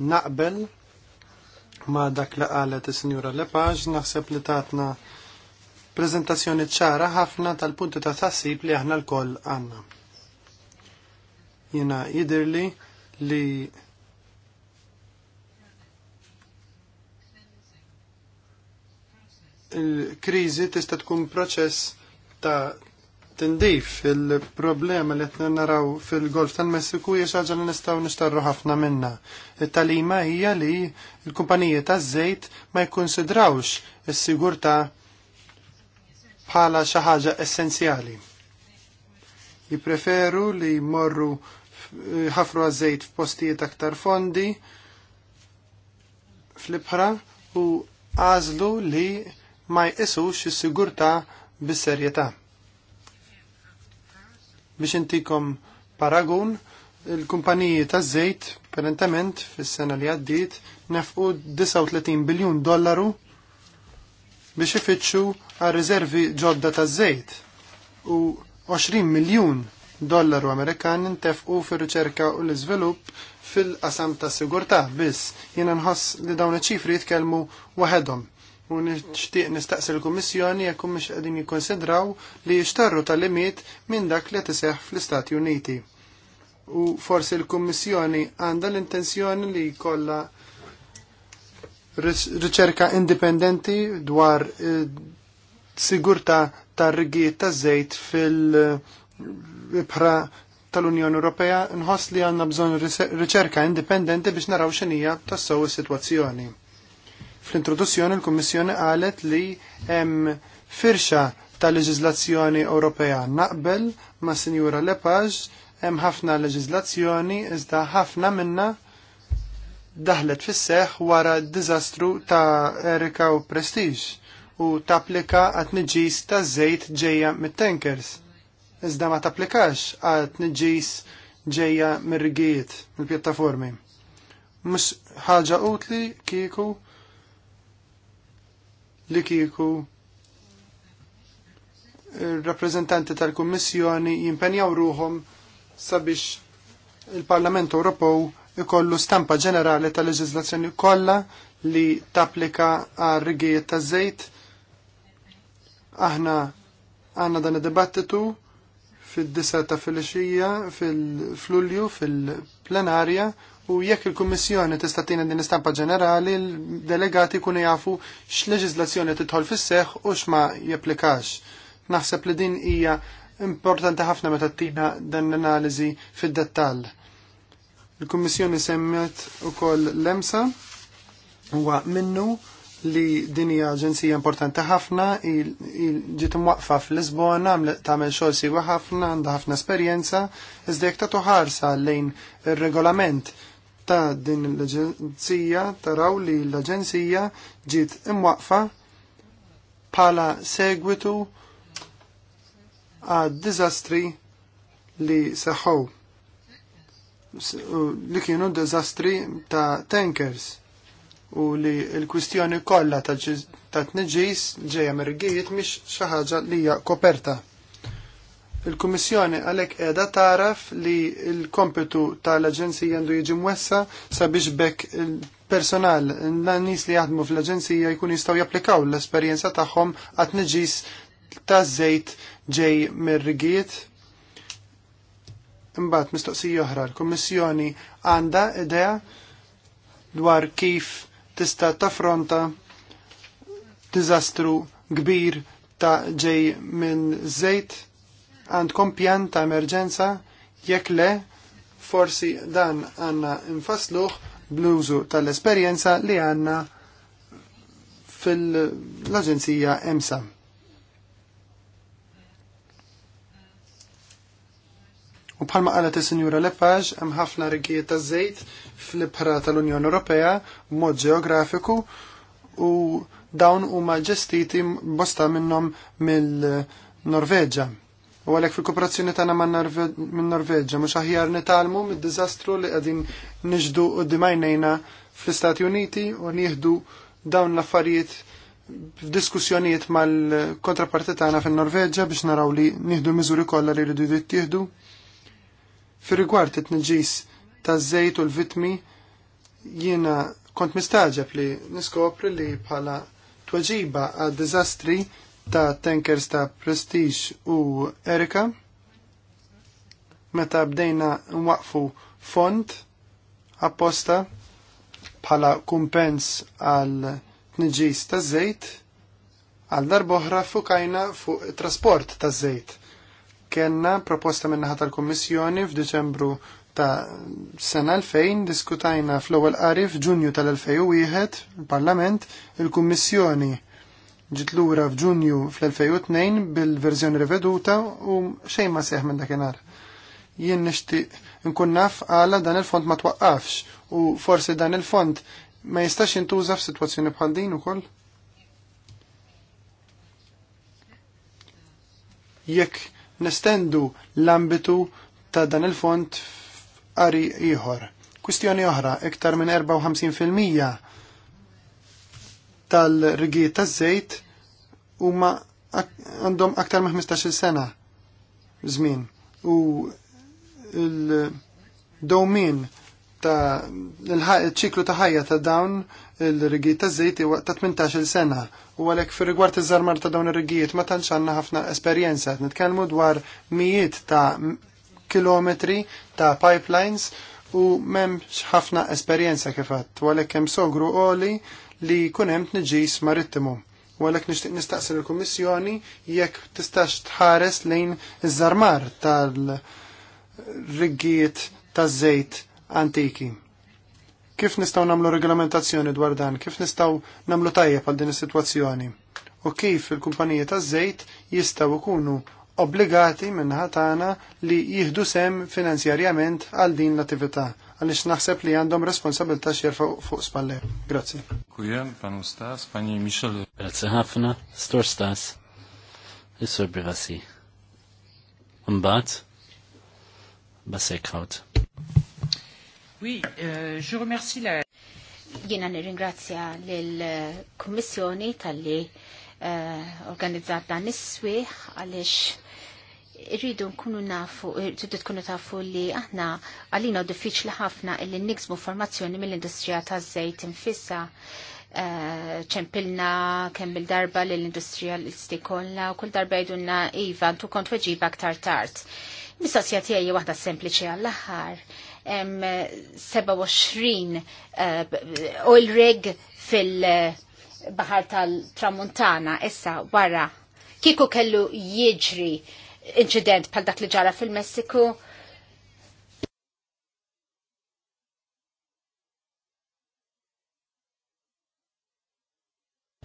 naqbel ma dak li qalet is-Sinjura Lepage naħseb li tatna prezentazzjoni ċara ħafna tal-punti ta' tassib li aħna l-koll Jiena Jena jidirli li il-krizi tista' tkun proċess ta' tindif il-problema li t naraw fil-Golf tal-Messiku hija xi ħaġa li nistgħu nixtarru ħafna minna. It-talima hija li l-kumpaniji taż-żejt ma jikkunsidrawx is-sigurtà bħala xi ħaġa essenzjali. Jippreferu li jmorru ħafru għaż-żejt f'postijiet aktar fondi fl-ibħra u għażlu li ma jqisux is-sigurtà bis-serjetà. Biex intikom paragun, il-kumpaniji ta' żejt perentament fis-sena li għaddiet nefqu 39 biljun dollaru biex ifittxu għal riservi ġodda ta' żejt u 20 miljun dollaru Amerikan intefqu fir-riċerka u l-iżvilupp fil-qasam ta' sigurtà biss jiena nħoss li dawn iċ-ċifri jitkellmu waħedhom u nixtieq nistaqsi l-Kummissjoni jekk mhux qegħdin jikkonsidraw li jixtarru tal-limit minn dak li qed iseħħ fl-Istati Uniti. U forsi l-Kummissjoni għandha l-intenzjoni li jkollha riċerka indipendenti dwar eh, sigurtà tar-rigiet taż-żejt fil-ibħra tal-Unjoni Ewropea nħoss li għandna bżonn riċerka indipendenti biex naraw x'inhija tassew is-sitwazzjoni Fl-introduzzjoni l-Kummissjoni qalet li hemm firxa ta' leġiżlazzjoni Ewropea naqbel ma' Sinjura Lepage hemm ħafna leġiżlazzjoni iżda ħafna minna daħlet fis-seħ wara d-diżastru ta' Erika u Prestige u tapplika għat nġis ta' żejt ġejja mit-tankers. Iżda ma tapplikax għat nġis ġejja mir-rigijiet, mill-pjattaformi. Mux ħaġa utli kieku li kieku rappresentanti tal-Kummissjoni jimpenjaw ruhom sabiex il-Parlament Ewropew ikollu stampa ġenerali tal-leġiżlazzjoni kollha li tapplika għal rigijiet ta' żejt. Aħna għandna dan id-dibattitu fid-disa ta' filgħaxija fil-Flulju fil-plenarja u jekk il-Kummissjoni tista' tina din istampa ġenerali, l-delegati kunu jafu x'leġislazzjoni tidħol fis-seħħ u x'ma japplikax. Naħseb li din hija importanti ħafna meta tina dan l-analiżi fid-dettall. Il-Kummissjoni semmet ukoll l-EMSA huwa minnu li din hija aġenzija importanti ħafna, ġiet imwaqfa fl-Lisbona, tagħmel xogħol siewa ħafna, għandha ħafna esperjenza, iżda jekk tagħtu ħarsa lejn ir-regolament ta' din l-Aġenzija taraw li l-Aġenzija ġiet imwaqfa bħala segwitu għad dizastri li seħħu li kienu dizastri ta' tankers u li l-kwistjoni kollha ta' tniġis ġejja ġeja mhix xi ħaġa li hija koperta Il-Kummissjoni għalhekk qiegħda taraf li l-kompetu tal-Aġenzija għandu jiġi mwessa sabiex bekk il-personal n-nies li jaħdmu fl-Aġenzija jkun jistgħu japplikaw l-esperjenza tagħhom għat neġis ta' żejt ġej mir-rigiet. Imbagħad mistoqsija oħra, l-Kummissjoni għandha idea dwar kif tista' tafronta diżastru kbir ta' ġej minn żejt Għandkom pjan ta' emerġenza? Jekk le, forsi dan għanna infasluħ bluzu tal-esperjenza li għanna fil-Aġenzija EMSA. U bħalma qalet is-Sinjura Lepaġ hemm ħafna rigijiet ta' żejt fl-ibħra tal-Unjoni Ewropea b'mod ġeografiku u dawn huma ġestiti bosta minnhom mill-Norveġġa. U għalek fil-kooperazzjoni tagħna minn Norveġa, mhux aħjar nitalmu mid-diżastru li qegħdin niġdu dimajnejna fl-Istati Uniti u nieħdu dawn l-affarijiet f'diskussjonijiet mal-kontraparti tagħna fin Norveġa biex naraw li nieħdu miżuri kollha li jridu jittieħdu. Fir-rigward it nġis taż-żejt u l-vitmi jiena kont mistaġab li niskopri li bħala tweġiba għad dizastri ta' tankers ta' Prestige u Erika. Meta bdejna nwaqfu font apposta bħala kumpens għal tniġis ta' zejt għal darboħra fukajna fuq trasport ta' zejt. Kenna proposta minnaħa tal-Kommissjoni f'Diċembru ta' sena 2000 diskutajna fl-ewwel qari f'Ġunju tal-2001 il-Parlament il-Kummissjoni ġit lura f'Ġunju fl-2002 bil-verżjoni riveduta u xejn ma seħ minn dakinhar. Jien nixtieq nkun naf għala dan il-font ma twaqqafx u forsi dan il-font ma jistax jintuża f'sitwazzjoni bħal din ukoll. Jekk nestendu l-ambitu ta' dan il-font qari ieħor. Kwistjoni oħra, iktar minn 54% tal-rigijiet taż-żejt huma għandhom aktar ma 15-il sena żmien u l-domin ta' ċiklu ta' ħajja ta' dawn il-rigijiet ta' żejt ta' 18-il sena u għalhekk fi rigward iż-żarmar ta' dawn ir-rigijiet ma tantx għandna ħafna esperjenza qed nitkellmu dwar mijiet ta' kilometri ta' pipelines u m'hemmx ħafna esperjenza kif għadd u għalhekk hemm sogru qoli li jkun hemm tniġis marittimu. U għalhekk nixtieq nistaqsi il kummissjoni jekk tistax tħares lejn iż-żarmar tal-riggijiet taż-żejt antiki. Kif nistgħu nagħmlu regolamentazzjoni dwar dan? Kif nistgħu nagħmlu tajjeb għal din is-sitwazzjoni? U kif il-kumpaniji taż-żejt jistgħu jkunu obbligati minn ħatana li jihdu sem finanzjarjament għal din l-attività għalix naħseb li għandhom responsabilta xjerfaw fuq spalle. Grazie. Kujem, panu Stas, pani Michel. Grazie ħafna, Stor Stas. jissur sur Brivasi. Mbagħad Basekħawt. Oui, euh, je remercie la... Jiena nirringrazzja l kummissjoni tal-li uh, organizzat dan is-swieħ għalix irridu nkunu nafu, irridu tkunu tafu li aħna għalina diffiċli ħafna illi nixmu formazzjoni mill-industrija ta' żejt infissa eh, ċempilna kemm il-darba l-industrija l-isti kollha u kull darba jidunna iva tu kont weġiba aktar tard. Mistoqsija tiegħi waħda sempliċi għall-aħħar. 27 eh, oil rig fil-Bahar tal-Tramuntana issa wara kieku kellu jiġri incident bħal dak li ġara fil-Messiku.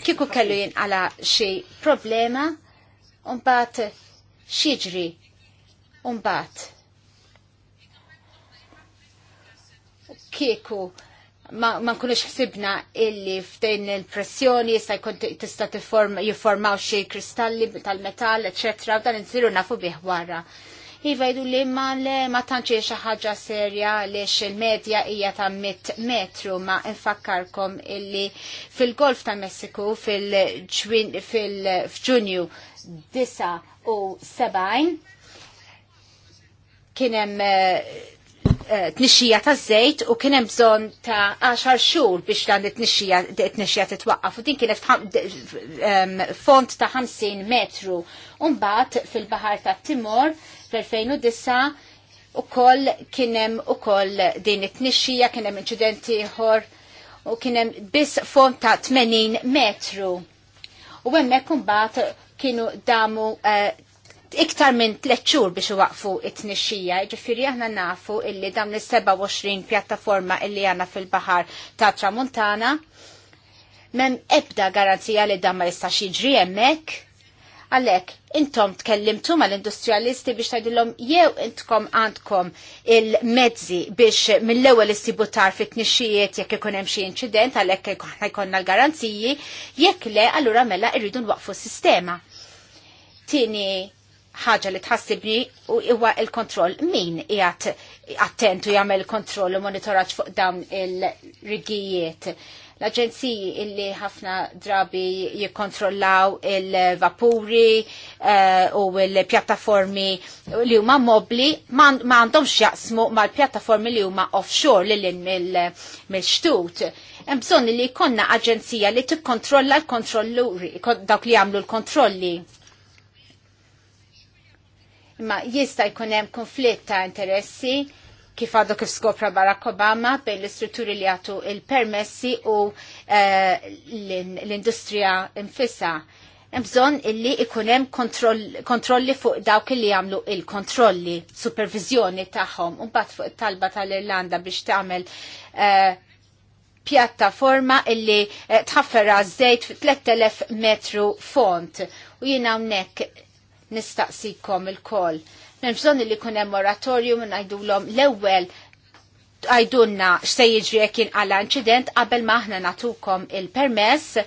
Kiku kellu jinqala xi problema, unbat xieġri, unbat. Kiku ma nkunux ħsibna illi f'din il-pressjoni jista' jkun tista' jiformaw xi kristalli tal-metall, eċetera, u dan insiru nafu bih wara. Iva jdu li ma le ma tantx xi ħaġa serja għaliex il-medja hija ta' mit metru ma infakkarkom illi fil-Golf ta' Messiku fil-ġunju disa u sebgħin kien hemm eh, Eh, tnixxija ta' żejt u kien hemm bżonn ta' 10 xhur biex dan it-tnixxija titwaqqaf u din kienet font ta' 50 metru. Umbagħad fil-Baħar ta' Timor fl-2009 ukoll kien hemm ukoll din it-tnixxija kien hemm inċidenti ieħor u kien hemm biss font ta' 80 metru. U hemmhekk imbagħad kienu damu eh, iktar minn tliet xhur biex waqfu it-tnixxija, ġifiri aħna nafu illi dawn is-27 pjattaforma illi għanna fil-baħar ta' Tramuntana mem ebda garanzija li dan ma jistax jiġri hemmhekk. Għalhekk intom tkellimtu mal-industrialisti biex tgħidilhom jew intkom għandkom il-mezzi biex mill-ewwel issibu fit-tnixxijiet jekk ikun hemm xi inċident għalhekk aħna jkollna l-garanziji, jekk le allura mela irridu nwaqfu s-sistema. Tini ħaġa li tħassibni u huwa il-kontroll. Min attent attentu jagħmel kontroll u monitoraġġ fuq dawn il-rigijiet l-aġenziji illi ħafna drabi jikontrollaw il-vapuri eh, u il-pjattaformi li huma mobli ma għandhomx jaqsmu mal-pjattaformi li huma offshore li l-in mill-xtut. Mil li konna aġenzija li tikkontrolla l-kontrolluri, dawk li għamlu l-kontrolli. Ma jista' jkun hemm konflitt ta' interessi kif għadu kif skopra Barack Obama bejn l-istrutturi li għatu il-permessi u uh, l-industrija infissa. Mbżon illi ikunem kontrolli kontrol fuq dawk li għamlu il-kontrolli, supervizjoni taħħom, un bat fuq talba tal-Irlanda biex tagħmel eh, pjattaforma illi eh, tħaffera żejt 3000 metru font. U jina unnek nistaqsikom il-koll. Nemżon li kunem moratorju minn għajdulom l-ewel għajdunna xse jiġri għekin għalla incident qabel maħna natukom il-permess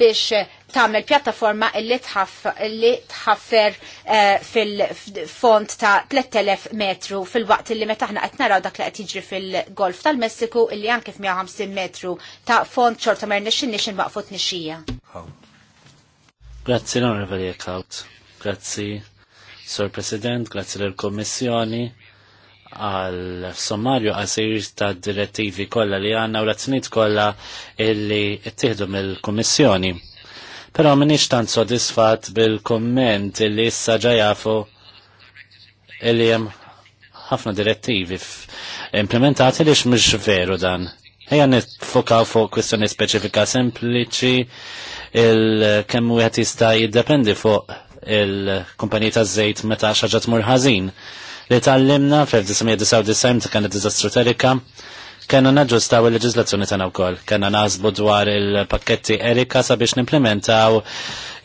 biex tamel pjattaforma li tħaffer eh, fil-font ta' 3000 metru fil-waqt illi meta ħna qed naraw dak li qed jiġri fil-Golf tal-Messiku illi anke 150 metru ta' font xorta mer nixin nixin waqfut nixija. Grazzi l-onorevoli Eklaut. Grazzi, Sor President, grazzi l-Kommissjoni għal sommarju għasir ta' direttivi kolla li għanna u l azzinit kolla illi ttieħdu mill-Kommissjoni. Pero minix tant sodisfat bil-komment illi issa ġajafu illi jem ħafna direttivi implementati li mhux veru dan. Ejja nitfokaw fuq kwistjoni speċifika sempliċi il kemm wieħed jista' jiddependi fuq il-kumpanija ta' żejt meta xaġa tmur ħażin. Li tallimna fl-1999 ta' kienet diżastru terika Kenna naġustaw il-leġizlazzjoni tagħna wkoll. Kena naħsbu dwar il-pakketti Erika sabiex nimplementaw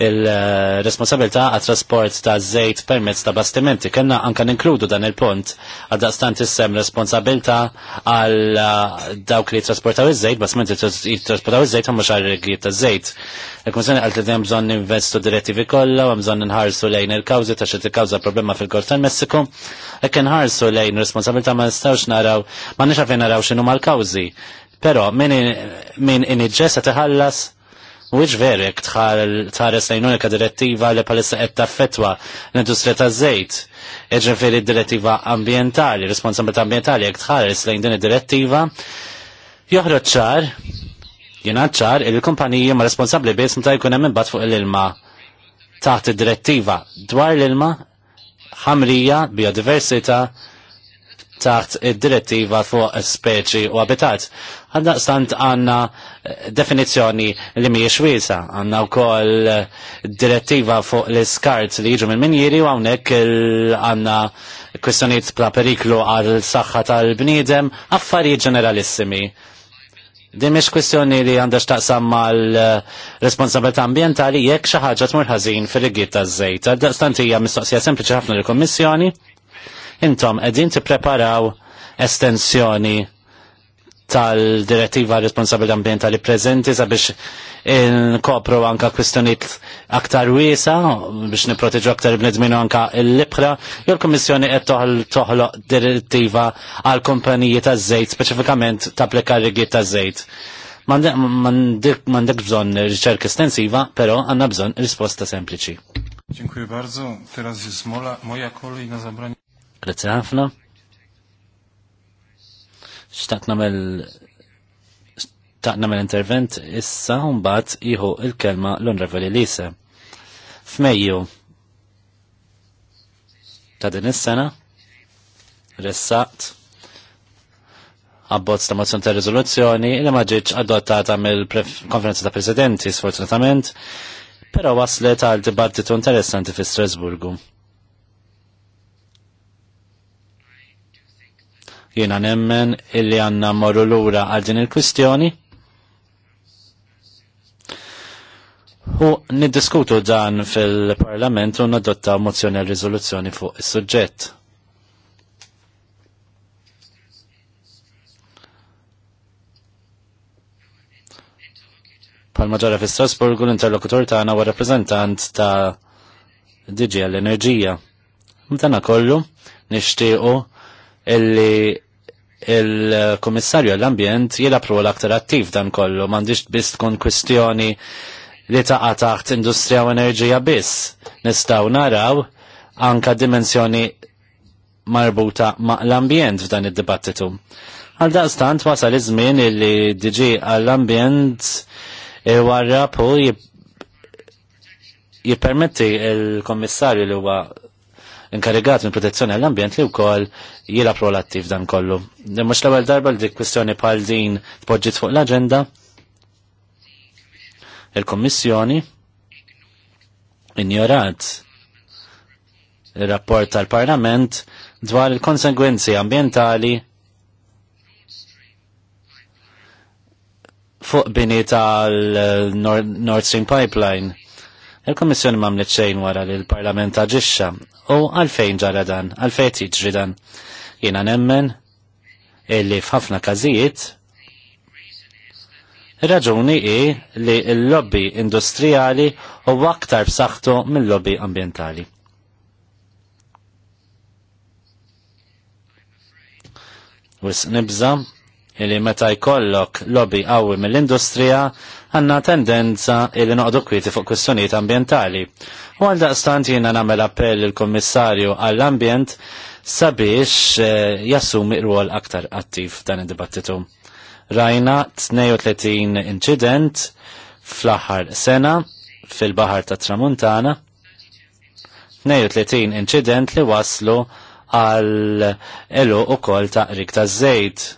il responsabilta għat trasport ta' żejt permezz ta' bastimenti. Kena anka ninkludu dan il-punt għal daqstant issem responsabilità għal dawk li trasportaw iż-żejt, basmenti jittrasportaw iż-żejt huma xarrigijiet ta' żejt. Il-Kummissjoni qalt li hemm bżonn investu direttivi kollha, għam bżon inħarsu lejn il-kawżi ta' xi tikkawża problema fil gortan messiku hekk inħarsu lejn responsabilità ma nistawx naraw, ma nix naraw ma' mal-kawzi. Pero min inġġesa tħallas Wiex verek tħares l-unika direttiva li palissa qed taffetwa l-industrija taż-żejt. Eġifieri d-direttiva ambientali, responsabilità ambientali jekk tħares lejn din id-direttiva, joħroġ ċar, jingħad ċar il-kumpaniji ma responsabbli biss meta jkun hemm imbagħad fuq l-ilma taħt id-direttiva dwar l-ilma ħamrija, biodiversità, taħt id-direttiva fuq speċi u abitat. Għanna eh, stant għanna definizjoni li mi jiexwisa. għanna u koll eh, direttiva fuq l-skart li jġu minn minjiri u għawnek għanna kwestjoniet bla periklu għal saħħa tal-bnidem, affarijiet ġeneralissimi. Din mhix kwistjoni li għandha x'taqsam mal-responsabilità ambjentali jekk xi ħaġa tmur ħażin fir-rigiet taż-żejt. Għal daqstant hija mistoqsija sempliċi ħafna lill-Kummissjoni intom ti tippreparaw estensjoni tal-direttiva responsabili ambientali prezenti sabiex nkopru anka kwistjoniet aktar wiesa biex niproteġu aktar bnedmin anka l-libħra jew l-Kummissjoni qed toħloq direttiva għal kumpaniji taż-żejt speċifikament tapplika rigiet taż-żejt. M'għandek bżonn riċerka estensiva, però għandna bżonn risposta sempliċi. Dziękuję bardzo. Teraz jest moja kolej na zabranie. Grazie ħafna. Xtaqt namel intervent issa mbagħad iħu il-kelma l-Onrevoli Lise. F'Mejju ta' din is-sena ressaqt abbozz ta' mozzjoni ta' riżoluzzjoni li ma ġietx adottata mill-konferenza ta' presidenti sfortunatament, però waslet għal dibattitu interessanti fi Strasburgu. Jiena nemmen illi għanna morru lura għal din il-kwistjoni. U niddiskutu dan fil-Parlament u nadotta mozzjoni għal riżoluzzjoni fuq is-suġġett. Pal maġara fi Strasburgu l-interlokutor tagħna huwa rappreżentant ta' DG l-Enerġija. Mtana kollu nixtiequ illi il-Komissarju għall-Ambjent jilab l aktar attiv dan kollu, mandiġ biss tkun kwestjoni li taqa taħt industrija u enerġija biss. Nistaw naraw anka dimensjoni marbuta ma' l-ambjent f'dan id-dibattitu. Għal daqstant wasal iż-żmien illi diġi għall-ambjent warrapu jippermetti il-Komissarju li huwa inkarigat minn protezzjoni għall-ambjent li wkoll jilab rol attiv dan kollu. Mhux l-ewwel darba li dik kwistjoni bħal din tpoġġiet fuq l-aġenda. Il-Kommissjoni ignorat il-rapport tal-Parlament dwar il-konsegwenzi ambientali fuq bini tal-Nord Stream Pipeline Il-Komissjoni mamlet xejn wara li l-Parlament ġisċa u għalfejn ġara dan, għalfejn jiġri dan. Jiena nemmen illi f'ħafna każijiet raġuni hi li l-lobby industrijali huwa aktar b'saħħtu mill-lobby ambjentali. Wis nibża' illi meta jkollok lobby qawwi mill-industrija għandna tendenza illi noqdu kwieti fuq kwistjonijiet ambjentali. U għal daqstant jiena nagħmel appell il-Kummissarju għall-Ambjent sabiex eh, jassumi rwol aktar attiv dan id-dibattitu. Rajna 32 incident fl-aħħar sena fil-Baħar ta' Tramuntana, 32 incident li waslu għal elu u kol ta' rik ta' zejt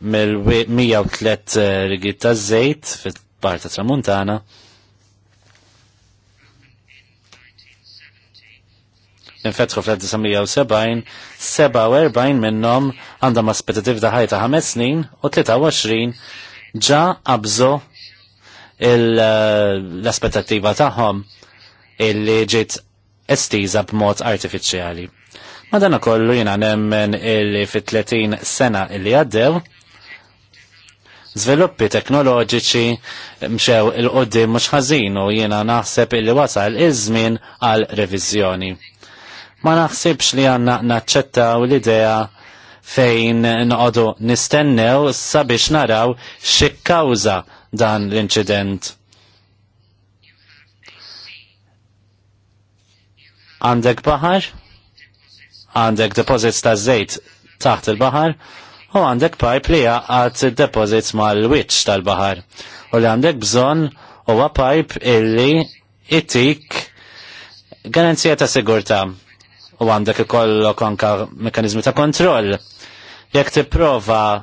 mill-103 eh, rigid ta' żejt fil-parta tramuntana. Infetħu fl-1970, 47 minnom għandhom aspettativ ta' ħajta 5 snin u 23 ġa qabżu eh, l-aspettativa tagħhom illi ġiet estiża b'mod artifiċjali. Madana kollu jiena nemmen illi fit 30 sena illi għaddew, żviluppi teknoloġiċi mxew il-qoddim mhux ħażin u jiena naħseb illi wasal iż-żmien għal reviżjoni. Ma naħsibx li għandna naċċettaw l-idea fejn noqogħdu nistennew sabiex naraw x'ikkawża dan l-inċident. Għandek baħar? Għandek deposits ta' żejt taħt il-baħar? u għandek pipe li jaqqat deposits mal-wiċ tal-bahar. U li għandek bżon huwa pipe illi itik garanzija ta' sigurta u għandek ikollok anka mekanizmi ta' kontroll. Jekk tipprova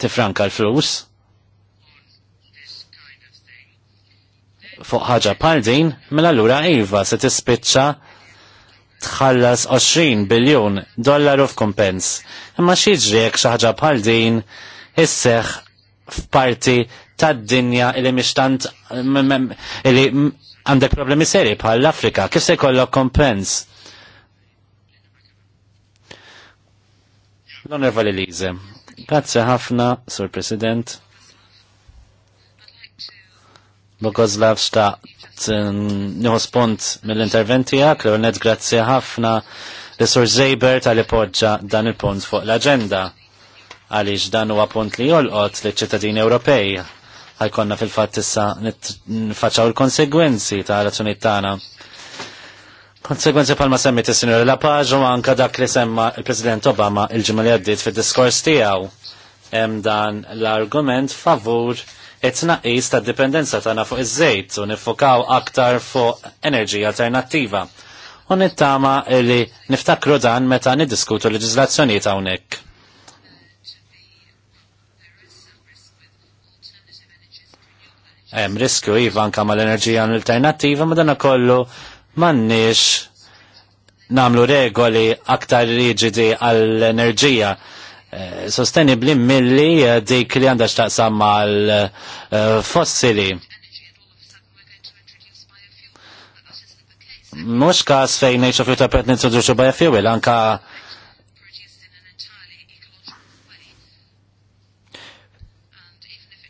tifranka l-flus fuq ħaġa bħal din, mela l-ura iva se tispiċċa tħallas 20 biljun dollaru kompens. Imma xieġri jekk xaħġa ħaġa bħal din jisseħ f'parti tad-dinja li mixtant li għandek problemi seri bħal l-Afrika, kif se jkollok kompens? L-onerva li Grazie ħafna, Sur President. Bogoslav xtaqt nieħu mill-interventi għak, l net grazzi ħafna li Sur Zejber għalli poġġa dan il-punt fuq l-agenda għaliex dan huwa punt li jolqot li ċittadini Ewropej ħajkonna fil-fatt issa nfaċċaw il-konsegwenzi ta' razzjonijiet tagħna. Konsegwenzi palma semmi is-Sinjor La u anka dak li semma il-President Obama il-ġimgħa li għaddiet fid-diskors tiegħu hemm dan l-argument favur it tnaqqis ta' dipendenza tagħna fuq iż-żejt u nifokaw aktar fuq enerġija alternattiva. U nittama li niftakru dan meta niddiskutu leġiżlazzjonijiet hawnhekk. Hemm riskju iva anke mal-enerġija alternattiva ma dan kollu m'għandniex namlu regoli aktar riġidi għall-enerġija Eh, sostenibli milli eh, dik li għandha x'taqsam mal-fossili. Eh, Mux kas fejn nejxu fil tapet nitsudu xu fiwil, anka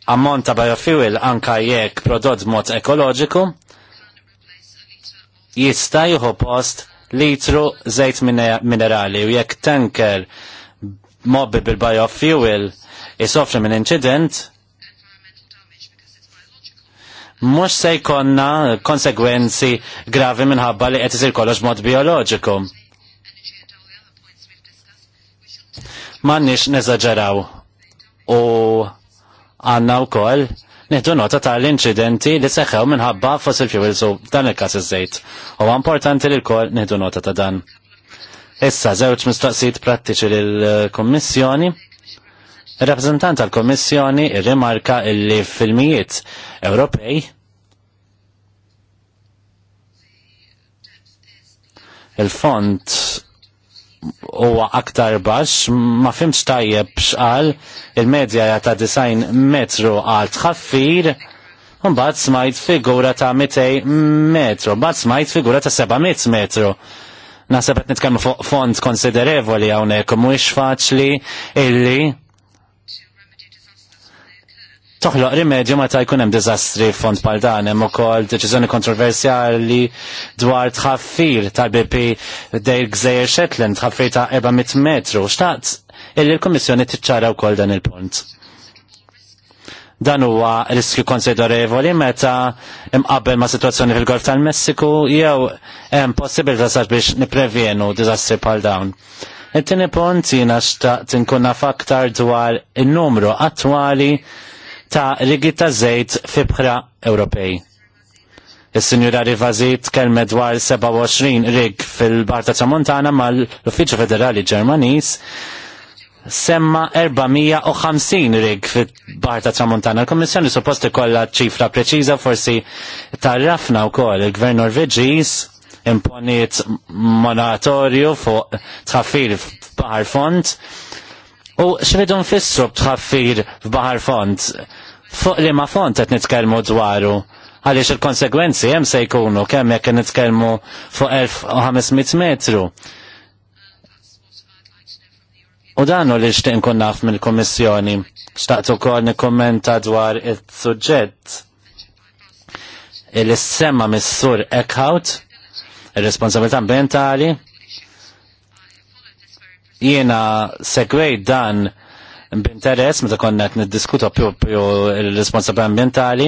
ammont ta' biofuel anka jekk prodott mod ekoloġiku jista' jieħu post litru żejt minerali u jekk tanker mobbi bil-biofuel isofri minn incident mux se jkonna konsegwenzi gravi minħabba li qed isir kollox mod bioloġiku. M'għandniex neżaġeraw u għandna wkoll Nieħdu nota tal-inċidenti li seħħew minħabba fossil fuels u dan il-każ iż-żejt. Huwa importanti li l-kol nieħdu nota ta' dan. Issa, żewġ mistoqsijiet prattiċi lill-Kommissjoni. Il-rappresentant tal-Kommissjoni rimarka illi filmijiet Ewropej il-font huwa aktar baxx, ma fimx tajjeb x'qal il-medja ta' design metru għal tħaffir, mbagħad smajt figura ta' 200 metru, mbagħad smajt figura ta' 700 metru. Naħseb qed nitkellmu fuq fond konsiderevoli hawnhekk mhuwiex faċli illi toħloq rimedju meta jkun hemm diżastri fond bħal dan hemm ukoll deċiżjoni kontroversjali dwar tħaffir tal-BP dejl Gżejjer Shetland tħaffir ta' 400 metru. Xtaqt illi l-Kummissjoni tiċċara wkoll dan il-punt. Dan huwa riskju konsiderevoli meta imqabbel ma' situazzjoni fil-Golf tal-Messiku jew hemm possibilità sar biex nipprevjenu diżastri bħal dawn. It-tieni punt jiena xtaqt inkunna faktar dwar in-numru attwali ta' rigi ta' żejt fi bħra Ewropej. Is-Sinjura Rivazi kelme dwar 27 rig fil-Barta Tramontana mal-Uffiċċju Federali Ġermaniż semma 450 rig fit-Bahar ta' Tramontana. Il-Kommissjoni suppost ikolla ċifra preċiża forsi tarrafna wkoll il-Gvern Norveġiż imponiet monatorju fuq tħaffir f'Bahar Font. U x'ridhom nfissru b'tħaffir f'Bahar Font? Fuq li ma font qed nitkellmu dwaru għaliex il-konsegwenzi hemm se jkunu kemm jekk nitkellmu fuq 1500 metru U dan li xtieq nkun naf mill-Kummissjoni. Xtaqt ukoll nikkummenta dwar is-suġġett il semma mis-sur Eckhout, ir-responsabilità ambientali. Jiena segwejt dan b'interess meta konna qed niddiskutu propju l-responsabilità ambientali.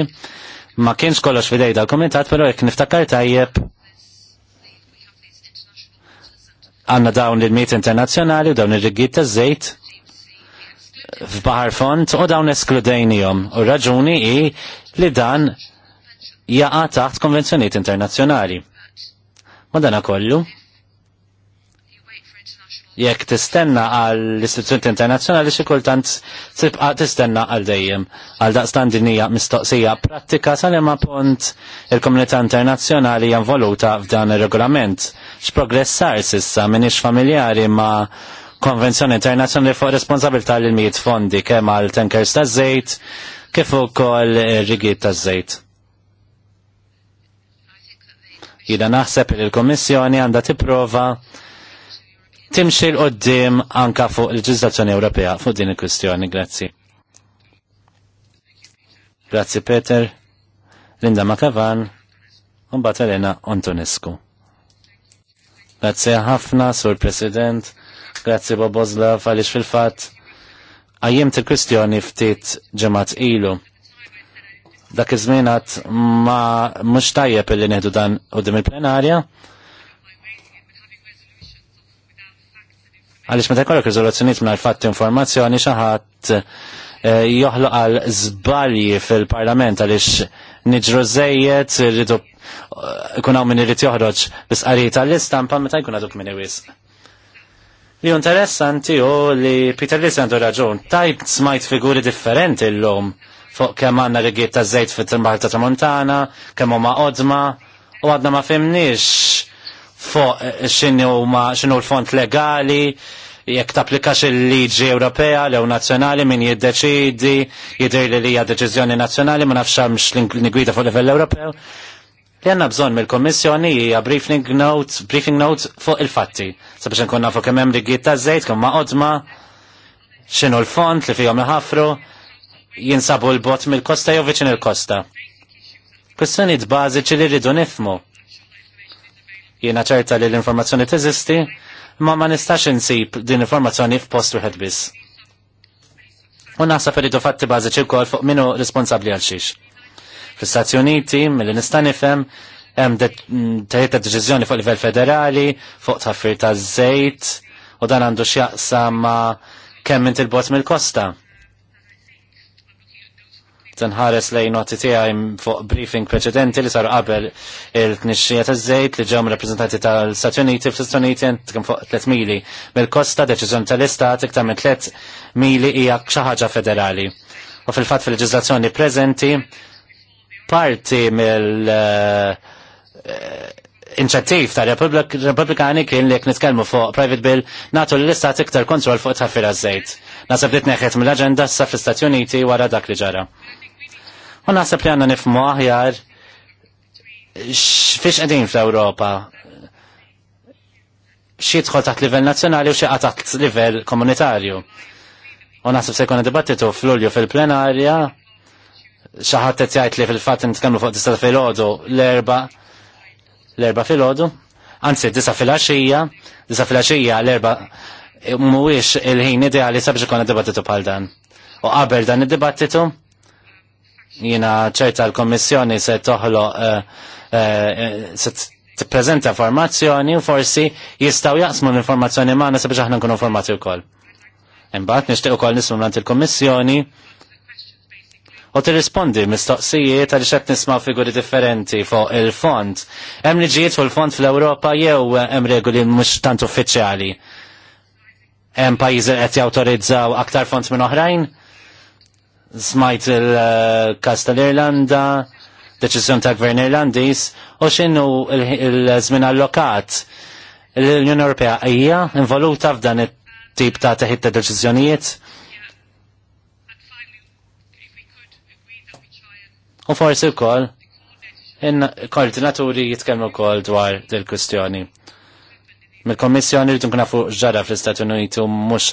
Ma kienx kollox fidej dal-komitat, però jekk niftakar tajjeb għanna dawn il-miet internazjonali u dawn ir-rigid ta' żejt f'Baħar Font u dawn eskludejnijom. U raġuni hi li dan jaqa taħt konvenzjoniet internazzjonali. dana kollu, jekk tistenna għall istituzzjoni internazzjonali xi kultant tibqa' tistenna għal dejjem għal daqstan dinija hija mistoqsija prattika sal ma punt il-komunità internazzjonali jan voluta f'dan ir-regolament x'progressar sissa m'iniex familjari ma' konvenzjoni internazzjonali fuq responsabilità l mijiet fondi kemm għal tankers ta' żejt kif ukoll rigiet ta' żejt. Jida naħseb li l-Kommissjoni għandha tipprova timxi l-qoddim anka fuq l-ġizzazzjoni Ewropea fuq din il-kwistjoni. Grazzi. Grazzi Peter, Linda Makavan, un Elena Antonescu. Grazie ħafna, Sur President, grazie Bobozla, għaliex fil-fat għajjem il-kwistjoni ftit ġemat ilu. Dak iż-żmienat ma mhux tajjeb illi nieħdu dan qudiem il-plenarja. Għaliex meta jkollok riżoluzzjonijiet mingħajr fatt informazzjoni xi ħadd eh, joħloq għal zbalji fil-parlament għalix niġru żejjed rridu ikun hawn min irid joħroġ bis-qari tal-istampa meta jkun għaduk minn iwis. Li interessanti u li Peter Lisi għandu raġun, tajb smajt figuri differenti l-lum fuq kemm għandna rigiet ta' żejt fit-timbar ta' Tramontana, kemm huma qodma, u għadna ma femnix fuq x'inhu l-font legali, jekk tapplikax il-liġi Ewropea lew nazzjonali min jiddeċidi jidher li hija deċiżjoni nazzjonali ma nafxamx l-ingwida fuq livell Ewropew. Li għanna bżon mill-Kommissjoni hija briefing notes briefing notes fuq il-fatti. Sabiex nkun nafu kemm hemm rigiet ta' żejt, kemm ma' qodma, x'inhu l-font li fihom iħafru, jinsabu l-bot mill-kosta jew viċin il-kosta. Kwistjonijiet bażiċi li rridu nifmu. Jiena ċerta li l-informazzjoni teżisti, ma ma nistax insib din informazzjoni f'post wieħed biss. U naħseb irridu fatti bażiċi wkoll fuq minu responsabbli għal xiex fl-Istati Uniti, mill nista' nifhem hemm mm, teħid ta' deċiżjoni fuq livell federali, fuq taffir ta' żejt u dan għandu x'jaqsam ma' kemm int il mill-kosta. Tinħares lejn noti tiegħi fuq briefing preċedenti li saru qabel il-tnixxija taż-żejt li ġew rappreżentanti tal-Stati Uniti fl stati Uniti kemm fuq 3 mili mill-kosta deċiżjoni tal-Istat iktar minn 3 mili hija xi ħaġa federali. U fil-fatt fil-leġiżlazzjoni preżenti parti mill eh, inċattiv ta' Republikani kien li jek nitkellmu fuq private bill natu l-istat iktar kontrol fuq taffira żejt. Nasab li tneħħet mill-aġenda sa fl-Istati Uniti wara dak li ġara. U naħseb li għandna nifmu aħjar fiex qegħdin fl-Ewropa xi tħol taħt livell nazzjonali u xi taħt livell komunitarju. U naħseb se jkun dibattitu fl-ulju fil-plenarja xaħat t li fil-fat n-tkannu fuq disa fil-ħodu l-erba l-erba fil-ħodu anzi disa fil-axija disa fil ħaxija l-erba muwix il-ħin ideali sabiex ikon dibattitu bħal dan u qabel dan id-dibattitu jina ċerta l-kommissjoni se toħlo eh, eh, se t-prezenta formazzjoni u forsi jistaw jaqsmu l-informazzjoni maħna sabiex aħna nkunu formati u koll. Imbat nishtiq u koll nismu il-kommissjoni u tirrispondi mistoqsijiet għal xed nisma' figuri differenti fuq il-fond. Hemm liġijiet fuq il-fond fl-Ewropa jew hemm regoli mhux tant uffiċjali. Hemm pajjiżi qed jawtorizzaw aktar fond minn oħrajn? Smajt il-Kas tal-Irlanda, deċiżjoni ta' Gvern Irlandiż u x'inhu l-żmien allokat l-Unjoni Ewropea hija involuta f'dan it-tip ta' teħid ta' deċiżjonijiet U forsi wkoll in-koordinaturi jitkellmu wkoll dwar dil kustjoni Mill-Kommissjoni rridu nkun nafu ġara fl-Istati Uniti mhux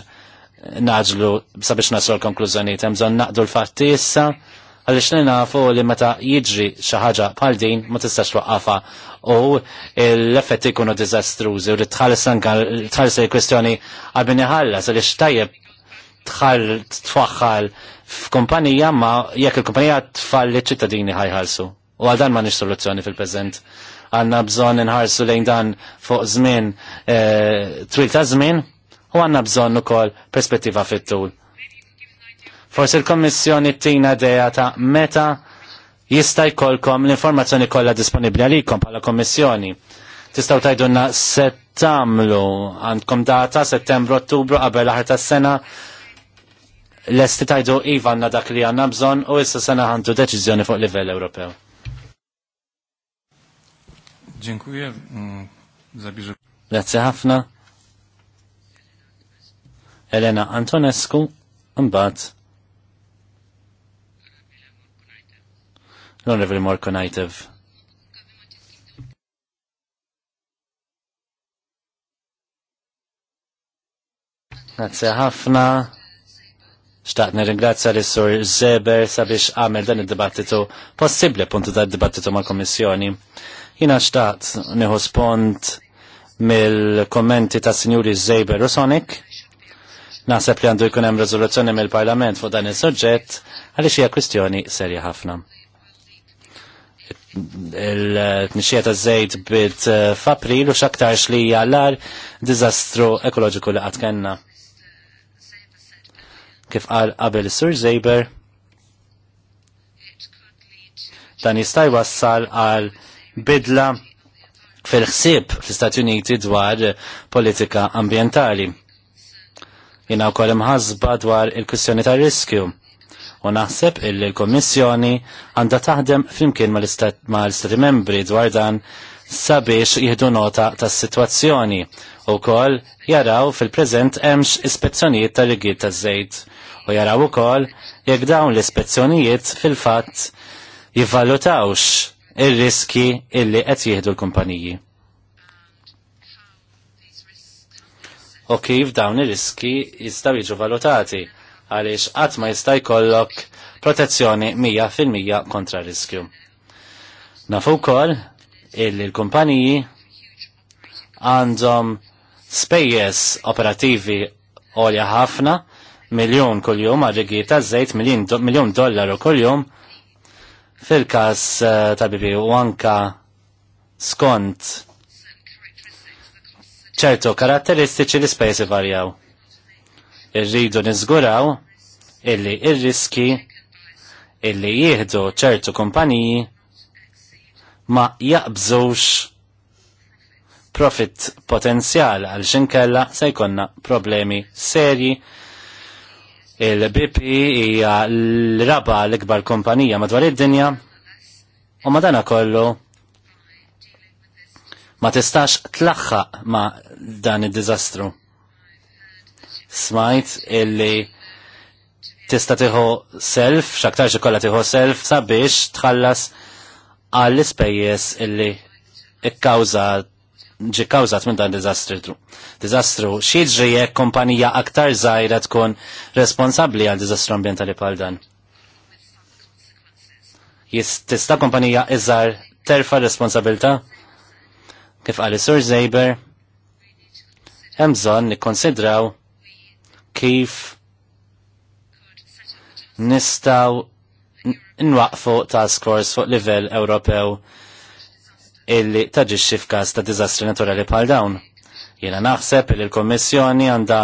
naġlu sabiex naslu l-konklużjonijiet hemm bżonn naqdu l-fatti issa għalix nafu li meta jiġri xi ħaġa bħal din ma tistax waqqafa u l-effetti jkunu diżastrużi u li tħallis l-kwestjoni il-kwestjoni għabin iħallas għalix tajjeb tħall tfaħħal f'kumpanija ma jekk il-kumpanija li ċittadini ħajħalsu. U għal dan ma nix soluzzjoni fil-preżent. Għanna bżon nħarsu lejn dan fuq żmien eh, twil ta' żmien u għanna bżon ukoll perspettiva fit-tul. Forse il-Kommissjoni tina idea ta' meta jista' jkollkom l-informazzjoni kollha disponibbli għalikom bħala Kommissjoni. Tistgħu tgħidulna se tagħmlu għandkom data settembru, ottubru qabel aħar tas-sena l-esti tajdu iva għanna dak li għanna bżon u issa sena għandu deċizjoni fuq livell Ewropew. Dziękuję. Mm, zabierze. Grazie ħafna. Elena Antonescu, mbat. L-Onorevoli Morko Najtev. Grazie ħafna. Xtaqt nirringrazzja l sur Zeber sabiex għamel dan id-dibattitu possibbli puntu da' dibattitu ma' kommissjoni. Jina xtaqt nieħu spont mill-kommenti ta' sinjuri Zeber u Sonic. Naħseb li għandu jkun hemm riżoluzzjoni mill-Parlament fuq dan is-soġġett għaliex hija kwistjoni serja ħafna. Il-tnixxija ta' żejt bit f'April u x'aktarx li hija l-ar diżastru ekoloġiku li qatt kenna. Kif qal qabel Sur Zejber, dan jista' jwassal għal bidla fil-ħsieb fl-Istati Uniti dwar politika ambientali. Jina wkoll ħazba dwar il-kwistjoni tar riskju u naħseb illi l għanda għandha taħdem flimkien mal-Istati Membri dwar dan sabiex jihdu nota tas sitwazzjoni u kol jaraw fil-preżent hemmx ispezzjonijiet tal-rigiet taż-żejt u jaraw ukoll jekk dawn l-ispezzjonijiet fil-fatt jivvalutawx ir-riski illi qed jieħdu l-kumpaniji. U kif dawn ir-riski jistgħu jiġu valutati għaliex qatt ma jista' jkollok protezzjoni 100% kontra riskju. Nafu wkoll illi l-kumpaniji għandhom spejjeż operattivi għolja ħafna miljon kuljum għarrigi ta' zejt miljon dollaru kuljum fil-kas eh, ta' bibi u anka skont ċertu karatteristiċi li spejsi varjaw. Irridu nizguraw illi ir-riski illi jieħdu ċertu kumpaniji ma jaqbżux profit potenzjal għal xinkella se jkonna problemi serji Il-BP hija l-raba l-ikbar kompanija madwar id-dinja u madana kollu ma tistax tlaħħaq ma dan id-diżastru. Smajt illi tista' tieħu self, x'aktar xikolla kollha tieħu self sabiex tħallas għall ispejjeż illi ikkawżat ġi kawzat minn dan dizastru. Dizastru, xieġri jek kompanija aktar zaħira tkun responsabli għal dizastru ambientali pal dan. Jistista kompanija iżar terfa responsabilta? Kif għal Sur Zejber, hemżon nikkonsidraw kif nistaw nwaqfu task force fuq livell Ewropew illi taġixxi f'każ ta' diżastri naturali bħal dawn. Jiena naħseb li l-Kommissjoni għandha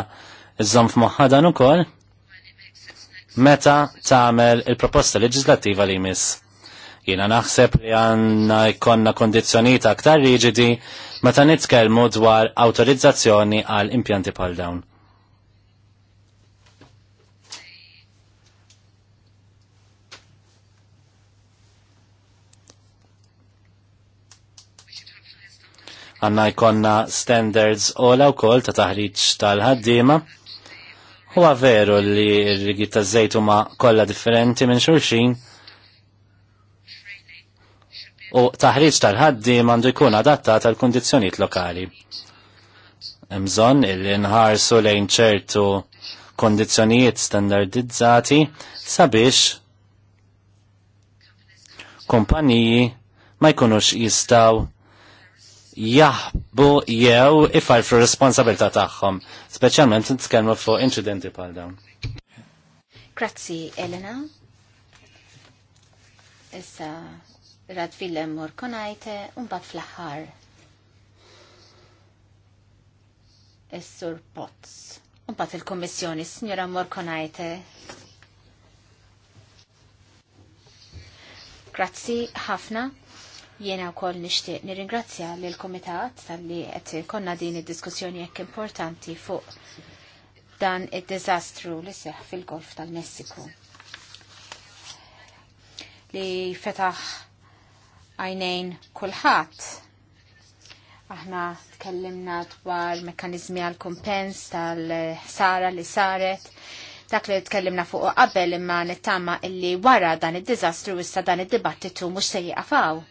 zomf f'moħħa dan ukoll meta tagħmel il-proposta leġislattiva li jmiss. Jiena naħseb li għandna jkollna kondizzjonijiet aktar riġidi meta nitkellmu dwar awtorizzazzjoni għal impjanti bħal dawn. għanna jkonna standards u law kol ta' taħriġ tal-ħaddima. Huwa veru li r-rigi ta' zejt huma kollha differenti minn xulxin. U taħriġ tal-ħaddim għandu jkun adattat għal kundizzjonijiet lokali. Mżon il-inħarsu lejn ċertu kondizjonijiet standardizzati sabiex kumpaniji ma jkunux jistaw jahbu jew ifarfru responsabilità tagħhom, speċjalment nitkellmu fuq incidenti bħal dawn. Grazzi Elena. Issa Radville Morkonajte u mbagħad fl-aħħar. Is-Sur Potts. Un mbagħad il-Kummissjoni, Sinjora konajte. Grazzi ħafna. Jena u koll nishtiq nirringrazzja l-Komitat tal-li għet konna din id-diskussjoni jekk importanti fuq dan id-dizastru li seħ fil-Golf tal-Messiku. Li fetaħ għajnejn kulħadd. Aħna tkellimna dwar mekkanizmi għal kumpens tal-ħsara li saret. Dak li tkellimna fuq qabel imma nittama illi wara dan id-diżastru issa dan id-dibattitu mhux se jiqafaw.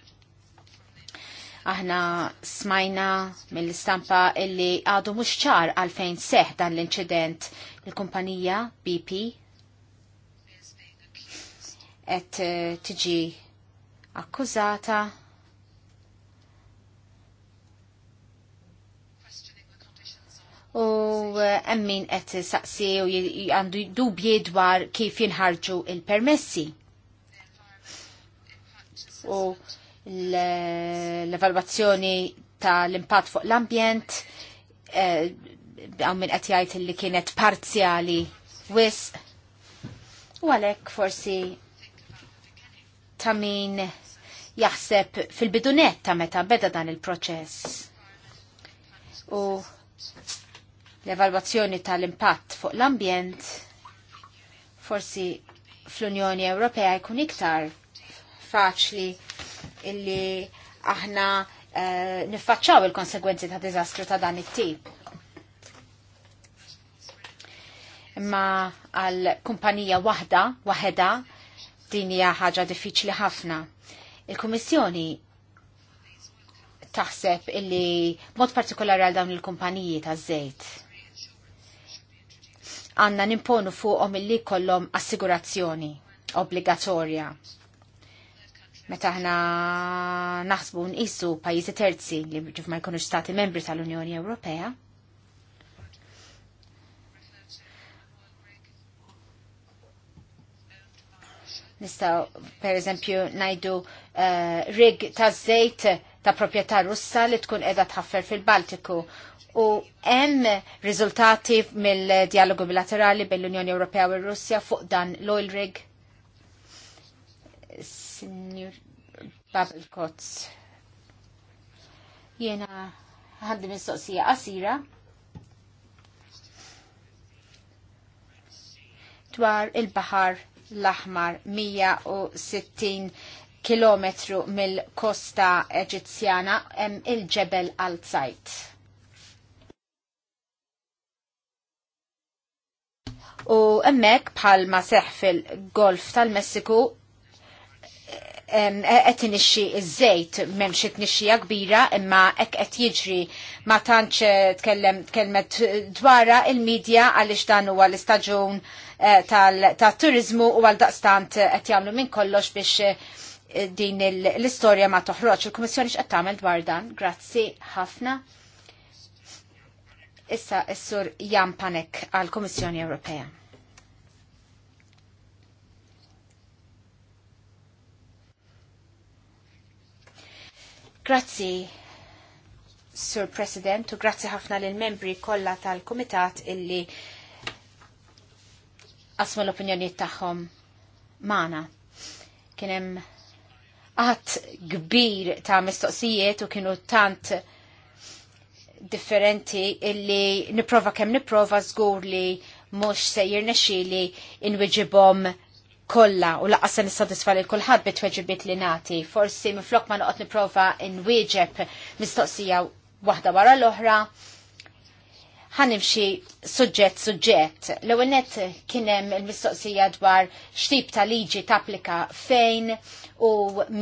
Aħna smajna mill-istampa illi għadu mux ċar għalfejn seħ dan l-inċident il-kumpanija BP et eh, tiġi akkużata u eh, emmin qed saqsi u għandu dubji dwar kif jinħarġu il-permessi. U l-evalwazzjoni tal-impatt fuq l-ambjent, eh, għaw minn qed li kienet parzjali wis. U għalhekk forsi ta' min jaħseb fil-bidunet ta' meta beda dan il-proċess. U l-evalwazzjoni tal-impatt fuq l-ambjent forsi fl-Unjoni Ewropea jkun iktar faċli illi aħna uh, eh, niffaċċaw il-konsegwenzi ta' diżastru ta' dan it-tip. Imma għal kumpanija waħda, waħeda, din hija ħaġa diffiċli ħafna. Il-Kummissjoni taħseb illi mod partikolari għal dawn il-kumpaniji ta' żejt għanna nimponu fuqhom illi kollhom assigurazzjoni obbligatorja meta ħna naħsbu nqisu pajjiżi terzi li ġif ma jkunux stati membri tal-Unjoni Ewropea. Nistaw, per eżempju, najdu uh, rig ta' zejt ta' proprjetà russa li tkun edha tħaffer fil-Baltiku u hemm riżultati mill-dialogu bilaterali bejn l-Unjoni Ewropea u r-Russja fuq dan l-oil rig Signor Babelkotz. Jena għandi mistoqsija qasira dwar il-Bahar l-Aħmar 160 km mill-kosta Eġizzjana hemm il-ġebel Al-Zajt. U emmek bħal ma seħ fil-Golf tal-Messiku qed e, e inixxi iż-żejt m'hemmx it-nixxija kbira imma hekk qed jiġri ma tantx eh, tkellem tkellmet dwarha il-medja għaliex dan huwa l-istaġun eh, tat-turizmu u għal daqstant qed jagħmlu minn kollox biex eh, din l-istorja ma toħroġ. Il-Kummissjoni x'qed tagħmel dwar dan. Grazzi ħafna. Issa s-sur Jan Panek għal-Kummissjoni Ewropea. Grazzi, Sur President, u grazzi ħafna lil membri kollha tal-Kumitat illi asmu l opinjonijiet tagħhom Mana. Kien hemm qatt kbir ta' mistoqsijiet u kienu tant differenti illi niprova kemm niprova żgur li mhux se jirnexxieli inwiġibhom Kolla u laqas se nissodisfa lil kulħadd bit-tweġibiet li nati. Forsi minflok ma noqgħod nipprova nwieġeb mistoqsija waħda wara l-oħra. Ħanimxi suġġett suġġett. L-ewwel nett kien hemm il-mistoqsija dwar x'tip ta' liġi tapplika fejn u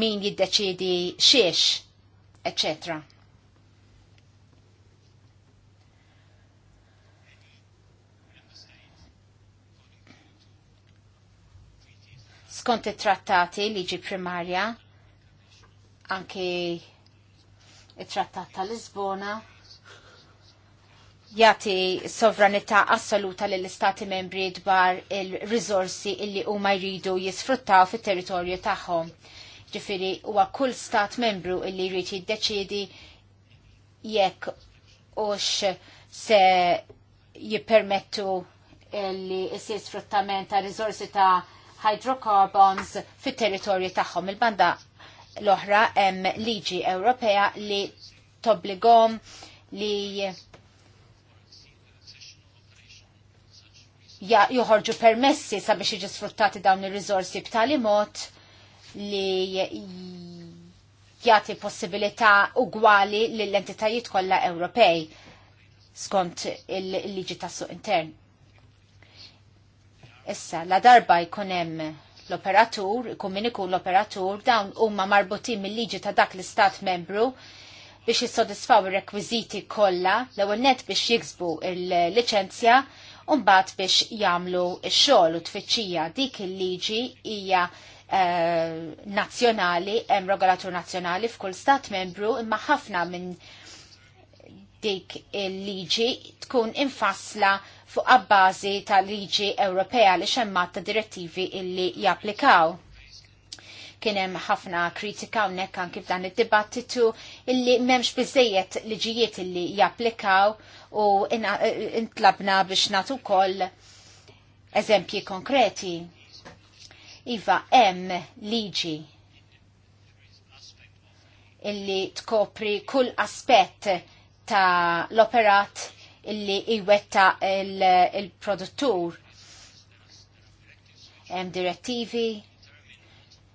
min jiddeċiedi xiex, eccetera. skont it-trattati liġi primarja anki it-trattat tal-Lisbona jati sovranità assoluta lill istati membri dwar il-rizorsi illi huma jridu jisfruttaw fit-territorju tagħhom. Ġifiri huwa kull stat membru illi jrid jiddeċiedi jekk hux se jippermettu li jsir sfruttament ta' rizorsi ta' hydrocarbons fit-territorju tagħhom. Il-banda l-oħra hemm liġi Ewropea li tobbligom li joħorġu permessi sabiex jiġi sfruttati dawn ir-riżorsi b'tali mod li jagħti possibilità ugwali lill entitajiet kollha Ewropej skont il-liġi tas-suq intern. Issa, la darba jkunem l-operatur, kumminiku l-operatur, dawn huma marbutin mill-liġi ta' dak l-istat membru biex jissodisfaw il-rekwiziti kollha l-ewwel net biex jiksbu il-liċenzja u mbagħad biex jagħmlu x-xogħol u tfittxija dik il-liġi hija eh, nazzjonali, hemm regolatur nazzjonali f'kull stat membru imma ħafna minn dik il-liġi tkun infassla fuq abbażi ta' liġi Ewropea li xemmat ta' direttivi illi japplikaw. Kienem ħafna kritika unnek anki f'dan id-dibattitu illi memx bizzejiet liġijiet illi japplikaw u eh, intlabna biex natu koll eżempji konkreti. Iva, em liġi illi tkopri kull aspett ta' l-operat illi iwetta il-produttur. Hemm direttivi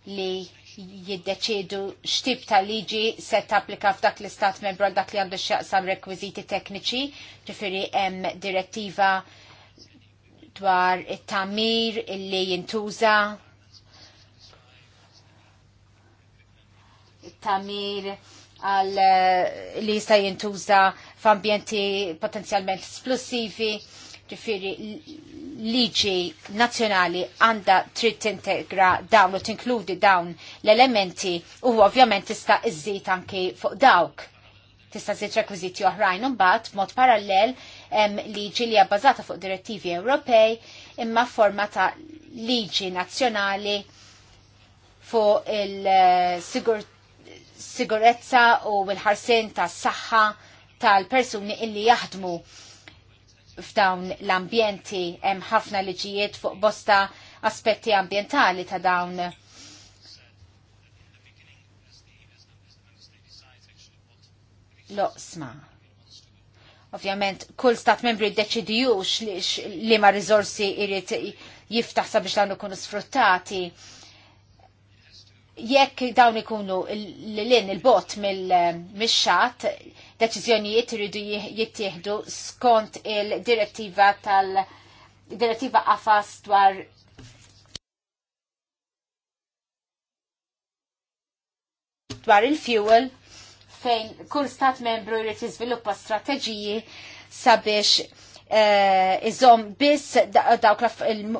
li jiddeċidu x'tip ta' liġi se tapplika f'dak l-istat membru għal dak li għandu x'jaqsam rekwiżiti tekniċi, ġifieri hemm direttiva dwar it-tamir illi jintuża tamir għal eh, li jista' jintuża f'ambjenti potenzjalment splussivi, ġifiri liġi nazjonali għanda trid tintegra dawn u tinkludi dawn l-elementi u ovvjament tista' iżżid anki fuq dawk. Tista' żid rekwiżiti oħrajn imbagħad mod parallel hemm liġi li hija bbażata fuq direttivi Ewropej imma forma ta' liġi nazzjonali fuq il-sigurezza eh, u l-ħarsien tas-saħħa tal-persuni illi jaħdmu f'dawn l-ambjenti hemm ħafna liġijiet fuq bosta aspetti ambientali ta' dawn loqsma. Ovvjament, kull stat membri ddeċidijux li, li ma rizorsi irrit jiftaħsa biex dawn ikunu sfruttati jekk dawn ikunu l-lin il-bot mill eh, mixxat deċizjonijiet iridu jittieħdu skont il-direttiva tal-direttiva għafas dwar dwar il-fuel fejn kull stat membru jrid jiżviluppa strateġiji sabiex Eh, iżom biss dawk um,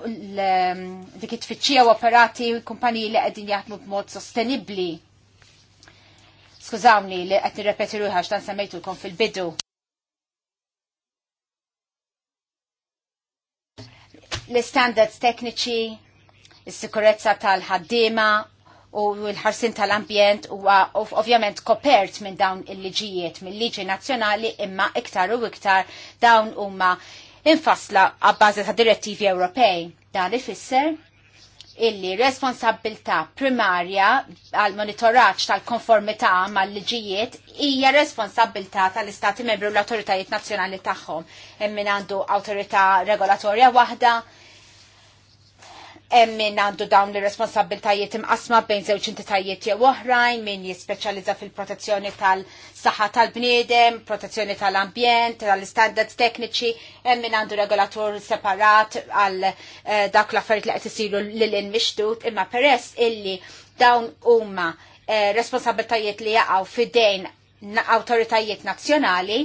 dik it-tfittxija u operati u kumpaniji li qegħdin jaħdmu b'mod sostenibbli. Skużawni li qed nirrepeti ruħax dan semmejtulkom fil-bidu. l istandards tekniċi, is-sikurezza tal-ħaddiema u l-ħarsin tal-ambjent huwa uh, ovvjament kopert minn dawn il-liġijiet mill-liġi nazzjonali imma iktar u iktar dawn huma infasla għabbażi ta' direttivi Ewropej. Dan ifisser illi responsabilta primarja għal monitoraċ tal-konformità mal-liġijiet hija responsabilta tal-Istati membri u l-autoritajiet nazzjonali tagħhom. Hemm min għandu awtorità regolatorja waħda, hemm min għandu dawn ir responsabiltajiet imqasma bejn żewġ entitajiet jew oħrajn, min jispeċjalizza fil-protezzjoni tal-saħħa tal-bniedem, protezzjoni tal-ambjent, tal-standards tekniċi, hemm min għandu regolatur separat għal eh, dak l-affarijiet li qed isiru lil mixtut, imma peress illi dawn huma eh, responsabiltajiet li jaqgħu fidejn awtoritajiet nazzjonali,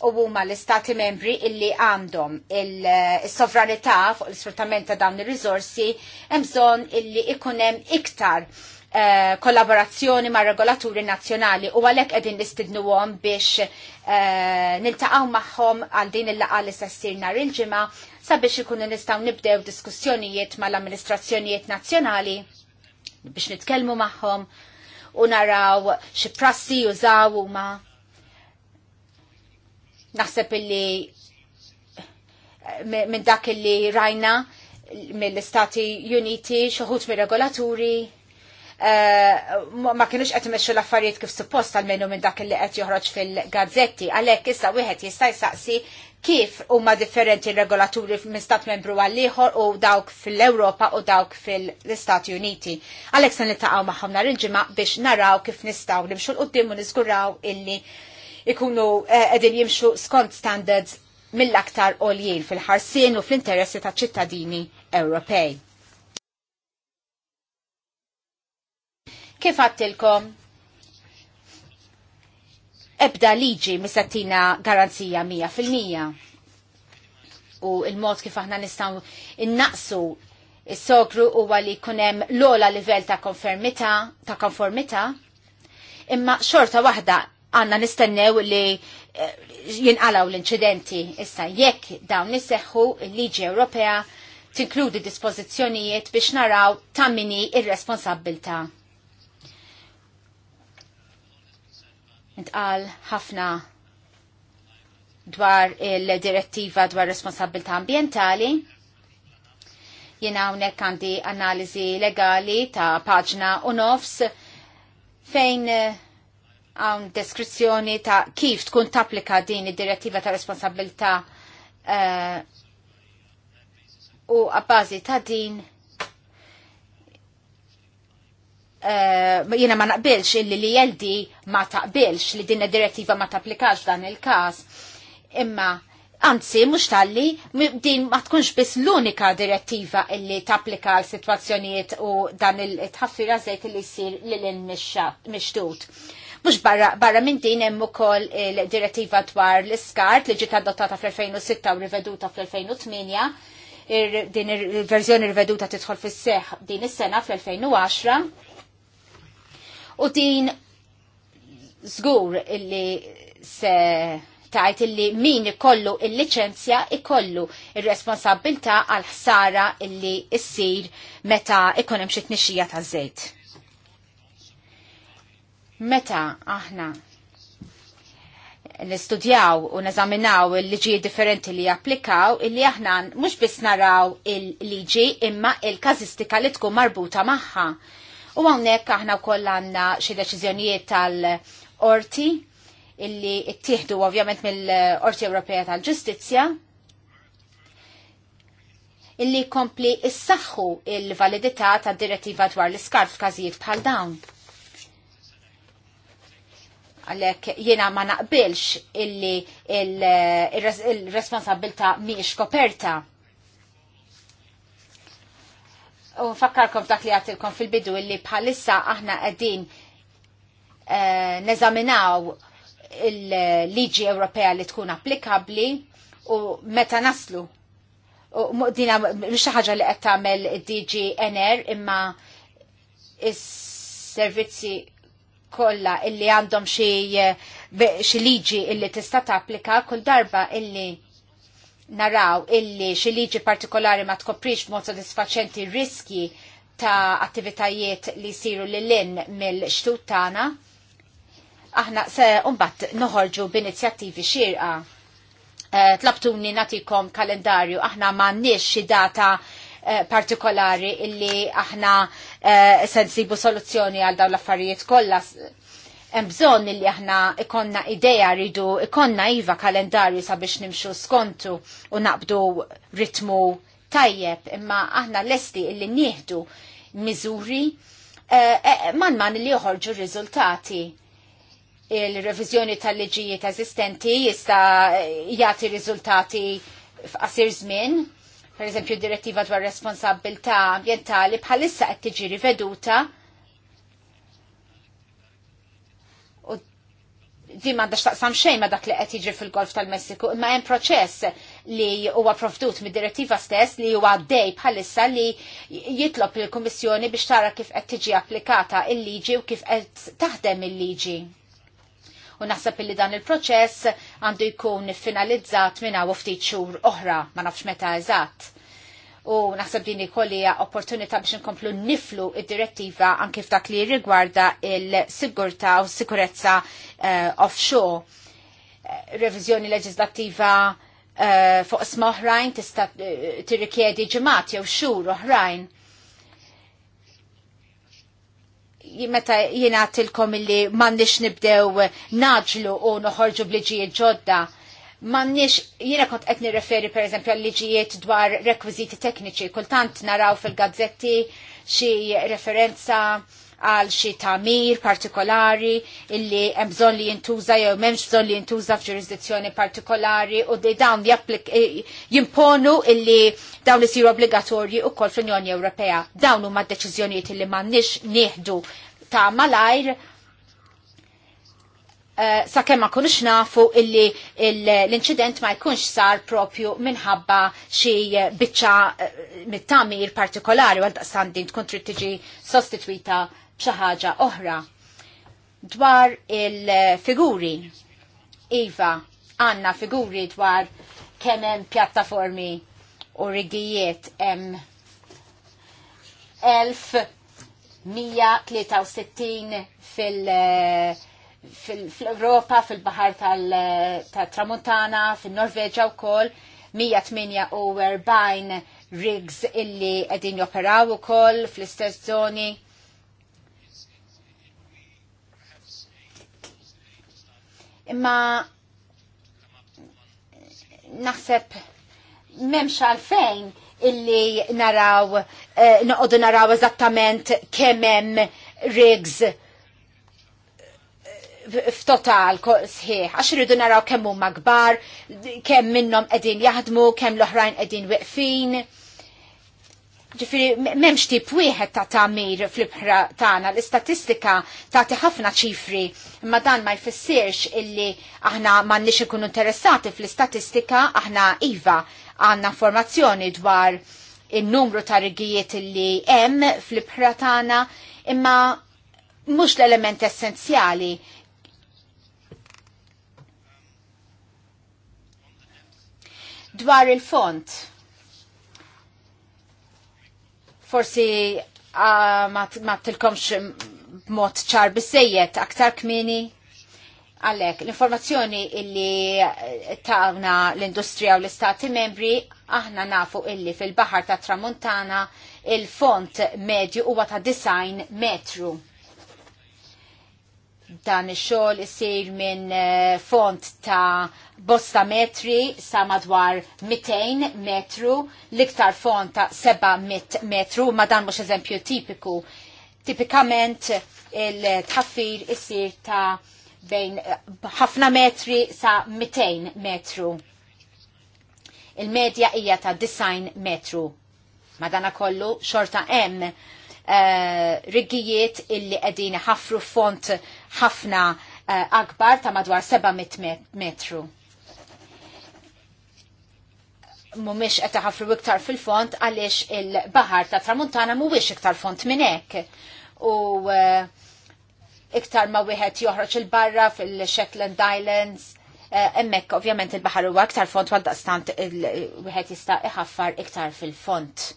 u huma l-istati membri illi għandhom il-sovranità eh, fuq l-sfruttament ta' dawn ir-riżorsi hemm bżonn illi ikun hemm iktar eh, kollaborazzjoni ma' regolaturi nazzjonali u għalhekk qegħdin nistidnuhom biex eh, niltaqgħu magħhom għal din il-laqgħa li se ssir nhar il-ġimgħa sabiex ikunu nistgħu nibdew diskussjonijiet mal-amministrazzjonijiet nazzjonali biex nitkellmu magħhom u naraw xi prassi jużaw huma Naħseb illi eh, minn dak illi rajna mill-Istati Uniti xoħut mir-regolaturi eh, ma kienux qed imexxu l-affarijiet kif suppost għalmenu minn dak li qed joħroġ fil-gazzetti, għalhekk issa wieħed jista' jsaqsi kif huma differenti regolaturi minn stat membru għal ieħor u dawk fil-Ewropa u dawk fil-Istati Uniti. Għalhekk se niltaqgħu magħhom nhar il-ġimgħa biex naraw kif nistgħu nimxu l-qudiem u niżguraw illi ikunu qegħdin eh, jimxu skont standards mill-aktar oljien fil-ħarsien u fl-interessi ta' ċittadini Ewropej. Kif għattilkom? Ebda liġi mis-settina garanzija 100%. U il-mod kif aħna nistaw innaqsu il sogru huwa li kunem l-ola livell ta' konformita, ta' konformita, imma xorta waħda għanna nistennew li eh, jinqalaw l-inċidenti. Issa jekk dawn niseħħu il-liġi Ewropea tinkludi dispożizzjonijiet biex naraw ta' minni ir-responsabilta. Intqal ħafna dwar il-direttiva dwar responsabilta ambientali. Jena unek għandi analizi legali ta' paġna u nofs fejn uh, għan deskrizzjoni ta' kif tkun tapplika din id-direttiva ta' responsabilta uh, eh, u għabbażi ta' din uh, eh, jena ma naqbilx illi li jeldi ma taqbilx li din id-direttiva ma tapplikax dan il-kas imma Anzi, mux talli, din ma tkunx biss l-unika direttiva illi tapplika l situazzjoniet u dan il-tħaffira zejt li jisir l-in mishtut. Mux barra, barra minn din hemm ukoll il-direttiva dwar l-iskart li ġiet adottata fl-2006 u riveduta fl-2008. Din il-verżjoni riveduta tidħol fis-seħ din is-sena fl-2010. U din żgur illi se tajt illi min ikollu il-licenzja ikollu il-responsabilta għal-ħsara illi issir meta ikonem xitnixija ta' zejt. Meta aħna nistudjaw u neżaminaw il-liġi differenti li japplikaw, illi aħna mhux biss naraw il-liġi imma il-kazistika li tkun marbuta magħha. U hawnhekk aħna wkoll għandna xi deċiżjonijiet tal-orti illi ttieħdu ovvjament mill-Orti Ewropea tal-Ġustizzja illi kompli issaħħu il-validità tad direttiva dwar l-iskarf f'każijiet bħal dawn. Għalek jena ma naqbilx illi il-responsabilta il, il, il miex koperta. U fakkarkom dak li għatilkom fil-bidu illi bħalissa aħna għedin uh, neżaminaw il-liġi Ewropea li tkun applikabli u meta naslu. U dina mhux ħaġa li qed tagħmel DGNR imma is-servizzi Kolla illi għandhom xi liġi illi tista' tapplika kull darba illi naraw illi xi liġi partikolari ma tkoprix b'mod sodisfaċenti riski ta' attivitajiet li jsiru l-in mill-xtut tagħna, aħna se mbagħad noħorġu b'inizjattivi xirqa. Eh, tlabtuni natikom kalendarju, aħna m'għandniex xi data eh, partikolari illi aħna Eh, se nsibu soluzzjoni għal dawn l-affarijiet kollha hemm bżonn li aħna ikonna idea rridu ikonna iva kalendarju sabiex nimxu skontu u naqbdu ritmu tajjeb imma aħna lesti illi nieħdu miżuri eh, eh, man man li joħorġu riżultati il-reviżjoni tal-liġijiet eżistenti jista' jagħti riżultati f'qasir żmien per eżempju direttiva dwar responsabilità ambientali bħalissa qed tiġi riveduta u di m'għandax taqsam xejn ma dak li qed jiġri fil-Golf tal-Messiku, imma hemm proċess li huwa provdut mid-direttiva stess li huwa dej bħalissa li jitlob il-Kummissjoni biex tara kif qed tiġi applikata il-liġi u kif qed taħdem il-liġi. il liġi u naħseb illi dan il-proċess għandu jkun finalizzat minna u ftit xhur oħra ma nafx meta eżatt. U naħseb din ikolija opportunità biex nkomplu niflu id-direttiva anke f'dak li rigwarda il-sigurta u sikurezza uh, eh, offshore. Eh, revizjoni leġislattiva uh, fuq smoħrajn tista' tirrikjedi ġimgħat jew xhur oħrajn meta jena tilkom illi mannix nibdew naġlu u noħorġu bliġijiet ġodda, mannix, jiena kont qed nirreferi per eżempju għal liġijiet dwar rekwiziti tekniċi, kultant naraw fil-gazzetti xi referenza għal xi tamir partikolari illi hemm bżonn li jintuża jew m'hemmx bżonn li jintuża f'ġurisdizzjoni partikolari u di dawn eh, jimponu illi dawn isiru obbligatorji wkoll fl-Unjoni Ewropea. Dawn huma d-deċiżjonijiet illi m'għandniex nieħdu ta' malajr uh, eh, sa kemm ma kunux nafu illi l-inċident ma jkunx sar propju minħabba xi biċċa eh, mit-tamir partikolari għal daqsandin tkun trid tiġi sostitwita b'xi ħaġa oħra dwar il-figuri. Iva, għanna figuri dwar kemm hemm pjattaformi u rigijiet hemm 1163 fil- fil-Europa, fil-Bahar tal-Tramontana, fil-Norveġa u kol, 148 rigs illi għedin joperaw u kol fl-istess zoni Imma naħseb memx għalfejn illi naraw, eh, noqodu naraw eżattament kemem rigs eh, f'total sħiħ, għax rridu naraw kemm huma kbar, kemm minnhom qegħdin jaħdmu, kemm l-oħrajn qegħdin weqfin. Ġifiri, memx tip wieħed ta' tamir fl-ibħra tagħna, l-istatistika tagħti ħafna ċifri, imma dan ma jfissirx illi aħna m'għandniex ikunu interessati fl-istatistika, aħna iva għandna informazzjoni dwar il-numru ta' rigijiet li hemm fl-ibħra tagħna, imma mhux l-element essenzjali. Dwar il-font. Forsi ah, ma tilkomx mod ċar bissejjet aktar kmini. Għalek, l-informazzjoni illi eh, tagħna l-industrija u l-istati membri, aħna nafu illi fil-bahar ta' Tramuntana il-font medju huwa ta' design metru dan xol xogħol isir minn eh, font ta' bosta metri sa' madwar 200 metru, l-iktar font ta' 700 metru, ma dan mhux eżempju tipiku. Tipikament il-tħaffir isir ta' bejn ħafna metri sa' 200 metru. Il-medja hija ta' 90 metru. dan kollu xorta hemm Eh, rigijiet illi qegħdin ħafru font ħafna eh, akbar ta' madwar 700 metru mumiex qed ħafru iktar fil-font għaliex il-baħar ta' tramuntana mhuwiex iktar font minn hekk. U eh, iktar ma wieħed joħroġ il-barra fil-Shetland Islands, emmek ovvjament il-baħar huwa iktar font għal daqstant wieħed jista' iħaffar iktar fil-font.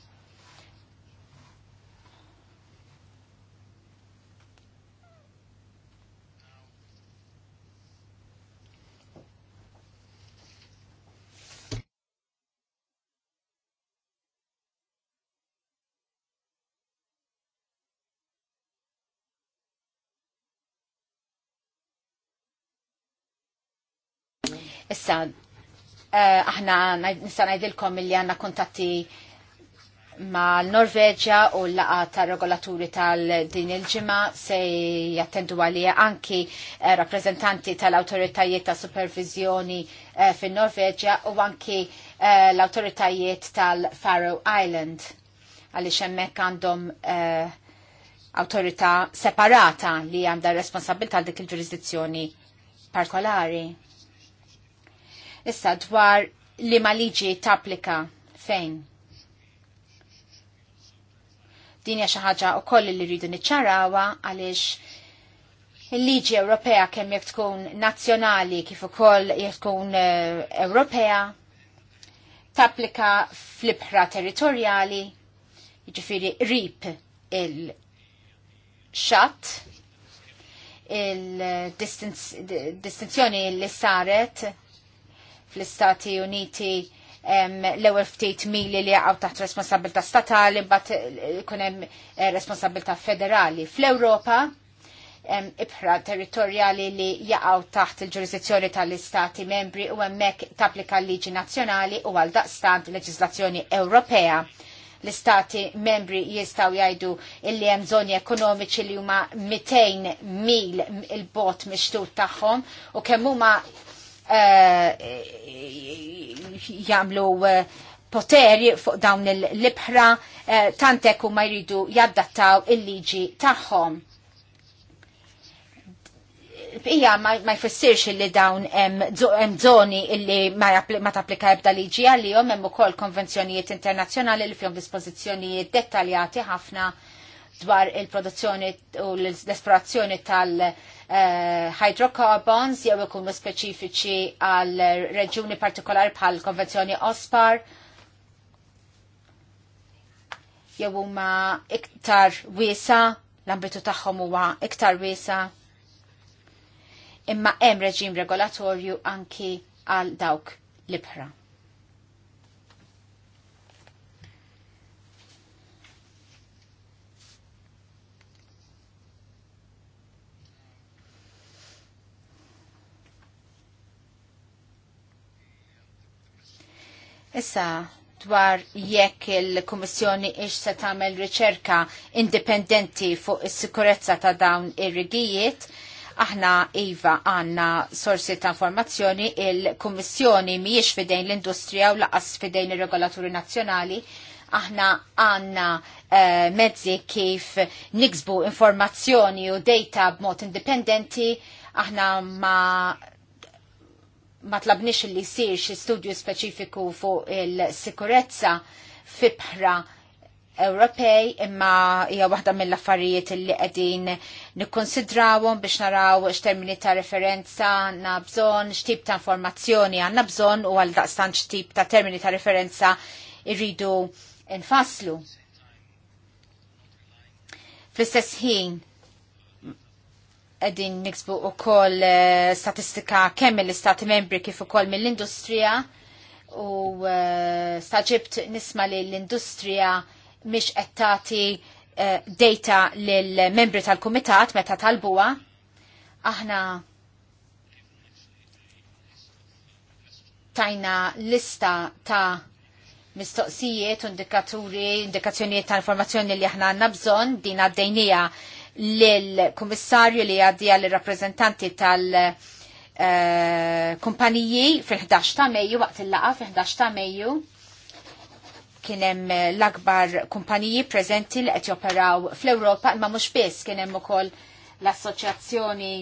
Issa, eh, aħna nista' ngħidilkom li għandna kuntatti ma l u l-laqa ta' regolaturi tal-din il-ġimma se jattendu għalija anki eh, rappresentanti tal-autoritajiet ta' supervizjoni eh, fin norveġja u anki l-autoritajiet tal-Faroe Island għalli hemmhekk għandhom autorità separata li għandha responsabilta dik il-ġurisdizzjoni partikolari. Issa dwar li ma liġi tapplika fejn? Din hija xi ħaġa wkoll li rridu niċċarawa għaliex il-liġi Ewropea kemm jekk tkun nazzjonali kif ukoll jekk tkun eh, Ewropea tapplika fl-ibħra territorjali, jiġifieri rip il-xatt il-distinzjoni li saret fl-Istati Uniti l-ewel ftit mili li għaw taħt responsabilta statali, bat kunem eh, responsabilta federali. Fl-Europa, ibħra territorjali li jaqaw taħt il-ġurisdizzjoni tal-istati membri u emmek tapplika liġi nazzjonali u għal daqstant leġislazzjoni Ewropea. L-istati membri jistaw jajdu illi hemm zoni ekonomiċi li huma 200 mil il-bot mixtu tagħhom u kemm huma Eh, jagħmlu eh, poteri fuq dawn il-libħra eh, tantek u ma jridu jaddattaw il-liġi tagħhom. Ija ma jfissirx li dawn hemm zoni illi ma tapplika ebda liġi għalihom hemm ukoll konvenzjonijiet internazzjonali li fihom dispożizzjonijiet dettaljati ħafna dwar il-produzzjoni u l-esplorazzjoni tal-hydrocarbons jew ikunu speċifiċi għal reġjuni partikolari bħal konvenzjoni OSPAR jew huma iktar wiesa l-ambitu tagħhom huwa iktar wiesa imma hemm reġim regolatorju anki għal dawk l-ibħra. Issa, dwar jekk il-Kummissjoni ix se tagħmel riċerka indipendenti fuq is-sikurezza ta' dawn ir-rigijiet, aħna iva għanna sorsi ta' informazzjoni il-Kummissjoni mhijiex fidejn l-industrija u laqas fidejn ir-regolaturi nazzjonali, aħna għanna uh, mezzi kif niksbu informazzjoni u data b'mod indipendenti, aħna ma ma tlabniex li jisir xi studju speċifiku fuq il-sikurezza fi bħra Ewropej imma hija waħda mill-affarijiet li qegħdin nikkonsidrawhom biex naraw x'termini ta' referenza għandna bżonn, x'tip ta' informazzjoni għandna bżonn u għal daqstant x'tip ta' termini ta' referenza irridu nfasslu. Fl-istess ħin, għedin niksbu wkoll eh, statistika kemm l istati membri kif ukoll mill-industrija u eh, staġibt nisma li l-industrija mhix qed tagħti eh, data lill membri tal-kumitat meta talbuha. Aħna tajna lista ta' mistoqsijiet u indikaturi, indikazzjonijiet ta' informazzjoni li aħna għanna bżon din għaddejnija l-komissarju li għaddija l rappresentanti tal-kumpaniji eh, fil-11 ta' Mejju, waqt il-laqa fil-11 ta' Mejju, kienem eh, l-akbar kumpaniji prezenti li qed joperaw fl-Ewropa, imma mhux biss kienem ukoll l-Assoċjazzjoni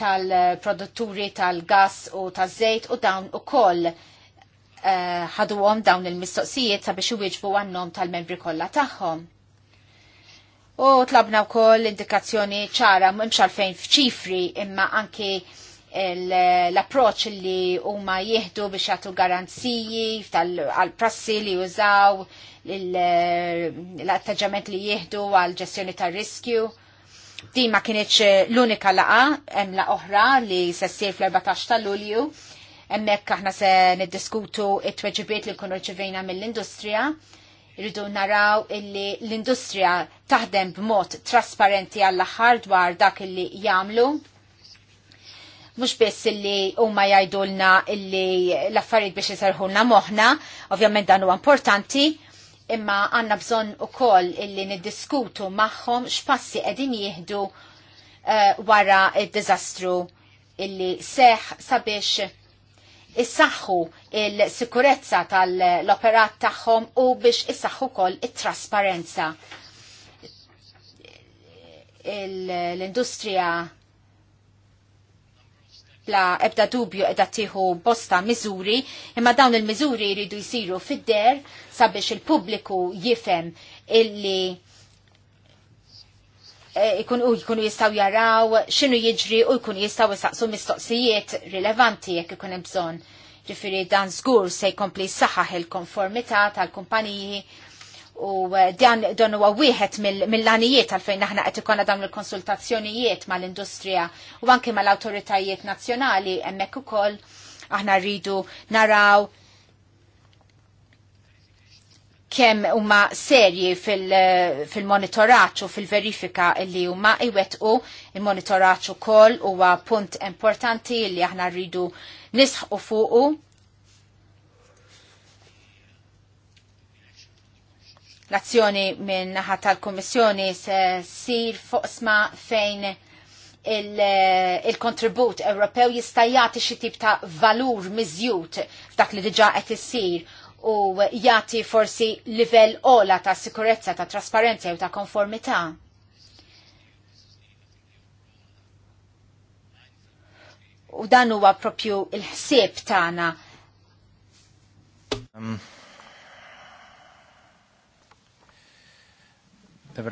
tal-produtturi tal-gas u tal-żejt u dawn u koll eh, ħadu uh, dawn il-mistoqsijiet sabiex u wieġbu għannom tal-membri kollha tagħhom. U tlabna wkoll indikazzjoni ċara mhux għalfejn f'ċifri imma anki l-approċ li huma jieħdu biex jagħtu garanziji għal-prassi li jużaw l-attaġġament li jieħdu għal ġestjoni tar riskju. Di ma kienieċ l-unika laqa, hemm la oħra li se ssir fl-14 ta' Lulju. Hemmhekk aħna se niddiskutu t tweġibiet li jkunu ċivejna mill-industrija Rridu naraw illi l-industrija taħdem b'mod trasparenti għall-aħħar dwar dak illi jagħmlu mux biss illi huma jgħidulna illi l-affarijiet biex jisarħulna moħna, ovvjament dan huwa importanti, imma għanna bżonn ukoll illi niddiskutu magħhom x'passi qegħdin jieħdu uh, wara d diżastru illi seħ sabiex issaħħu il-sikurezza tal-operat tagħhom u biex issaħħu koll it-trasparenza. L-industrija la ebda dubju edha tiħu bosta miżuri, imma dawn il-miżuri jridu jsiru fid-der sabiex il-pubbliku jifem illi Eh, ikunu jkunu jistaw jaraw xinu jiġri u jkunu jistaw jistaqsu mistoqsijiet rilevanti jekk ikun hemm bżonn. dan żgur se jkompli saħaħ il-konformità tal-kumpaniji u eh, dan don huwa wieħed mill-lanijiet għalfejn aħna qed ikolna dawn il-konsultazzjonijiet mal-industrija u anke mal-awtoritajiet nazzjonali hemmhekk ukoll aħna rridu naraw kemm huma serji fil-monitoraċ u fil-verifika li huma iwettqu il-monitoraċ ukoll huwa punt importanti li aħna rridu nisħqu fuqu. L-azzjoni minn naħa tal-Kummissjoni se sir fuq fejn il-kontribut Ewropew jista' jagħti xi tip ta' valur miżjud f'dak li diġà qed isir u jati forsi livell ola ta' sikurezza, ta' trasparenza u ta' konformità. U dan huwa propju il-ħsieb tagħna. Um. Uh,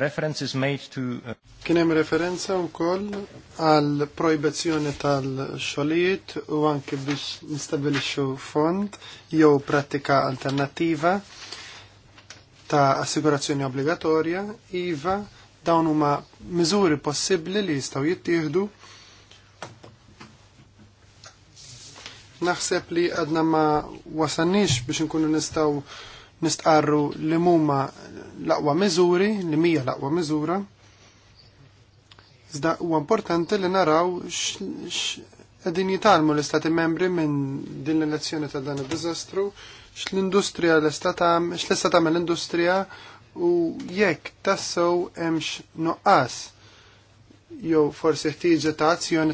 Kien hemm referenza wkoll għal projbezzjoni tal-xogħlijiet u anke biex nistabilixxu fond jew prattika alternattiva ta' assigurazzjoni obbligatorja iva dawn huma miżuri possibbli li jistgħu jittieħdu naħseb li għadna ma wasanniex biex nkunu nistgħu nistqarru li mumma l-aqwa miżuri, li mija laqwa mizura. miżura. Iżda huwa importanti li naraw x'qegħdin jitalmu l-istati membri minn din l-elezzjoni ta' dan id-diżastru, l industrija l istatam tagħmel l-industrija u jekk tassew hemmx nuqqas jew forsi ħtieġa ta' azzjoni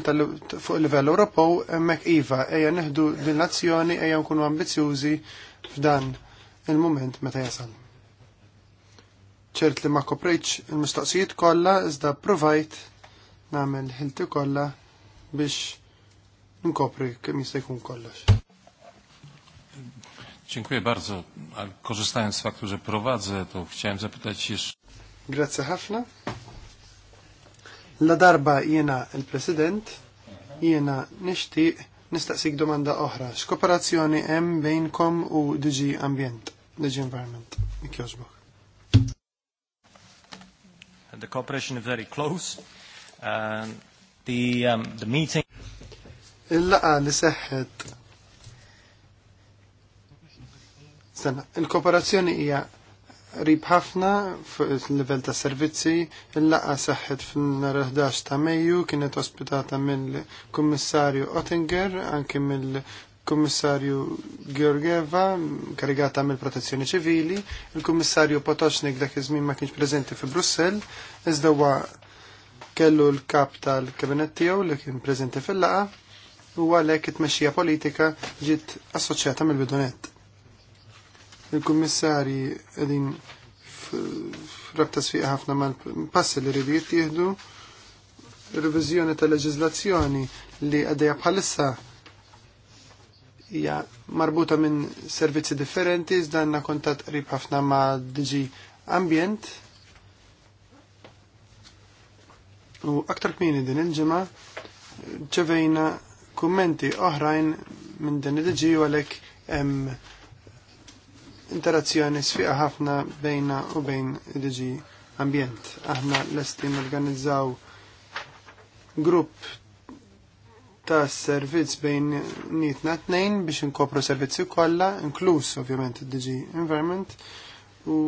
fuq livell Ewropew hemmhekk iva ejja neħdu din l-azzjoni ejja nkunu ambizzjużi f'dan il-moment meta jasal. ċert li ma koprejċ il-mistoqsijiet kollha iżda provajt nagħmel ħilti kollha biex nkopri kemm jista' jkun kollox. Dziękuję bardzo. A korzystając z faktu, że prowadzę, to chciałem zapytać jeszcze... Grazie ħafna. La darba jena il-President, jena nishti nistaqsik domanda oħra. X'kooperazzjoni hemm bejnkom u DG Ambjent? DG Environment. Mikjożbok. The cooperation is very close. Uh, the, um, the meeting... Il-laqa li seħħet Sena, il-kooperazzjoni hija rib ħafna fuq il ta' servizzi, il-laqa saħħet fil-11 ta' Mejju kienet ospitata mill-Kummissarju Ottinger, anke mill il-Kummissarju Georgieva, karigata mill protezzjoni ċivili, il-Kummissarju Potocznik dak iż-żmien ma kienx preżenti fi Brussell, iżda huwa kellu l-kap tal-kabinet tiegħu li kien preżenti fil-laqa, u għalhekk it-mexxija politika ġiet assoċjata mill-bidunet. Il-Kummissarji qegħdin rabta sfiqa ħafna mal-passi li rridu jittieħdu, revizjoni tal-leġiżlazzjoni li għaddejja bħalissa hija marbuta minn servizzi differenti, iżda għandna kontat qrib ħafna ma' DG Ambient. U aktar kmini din il-ġimgħa ċevejna kummenti oħrajn minn din id-DG u għalek interazzjoni sfiqa ħafna bejna u bejn id DG Ambient. Aħna l lesti organizzaw grupp ta' servizz bejn nitna tnejn biex inkopru servizzi kollha, inkluż ovvjament DG Environment u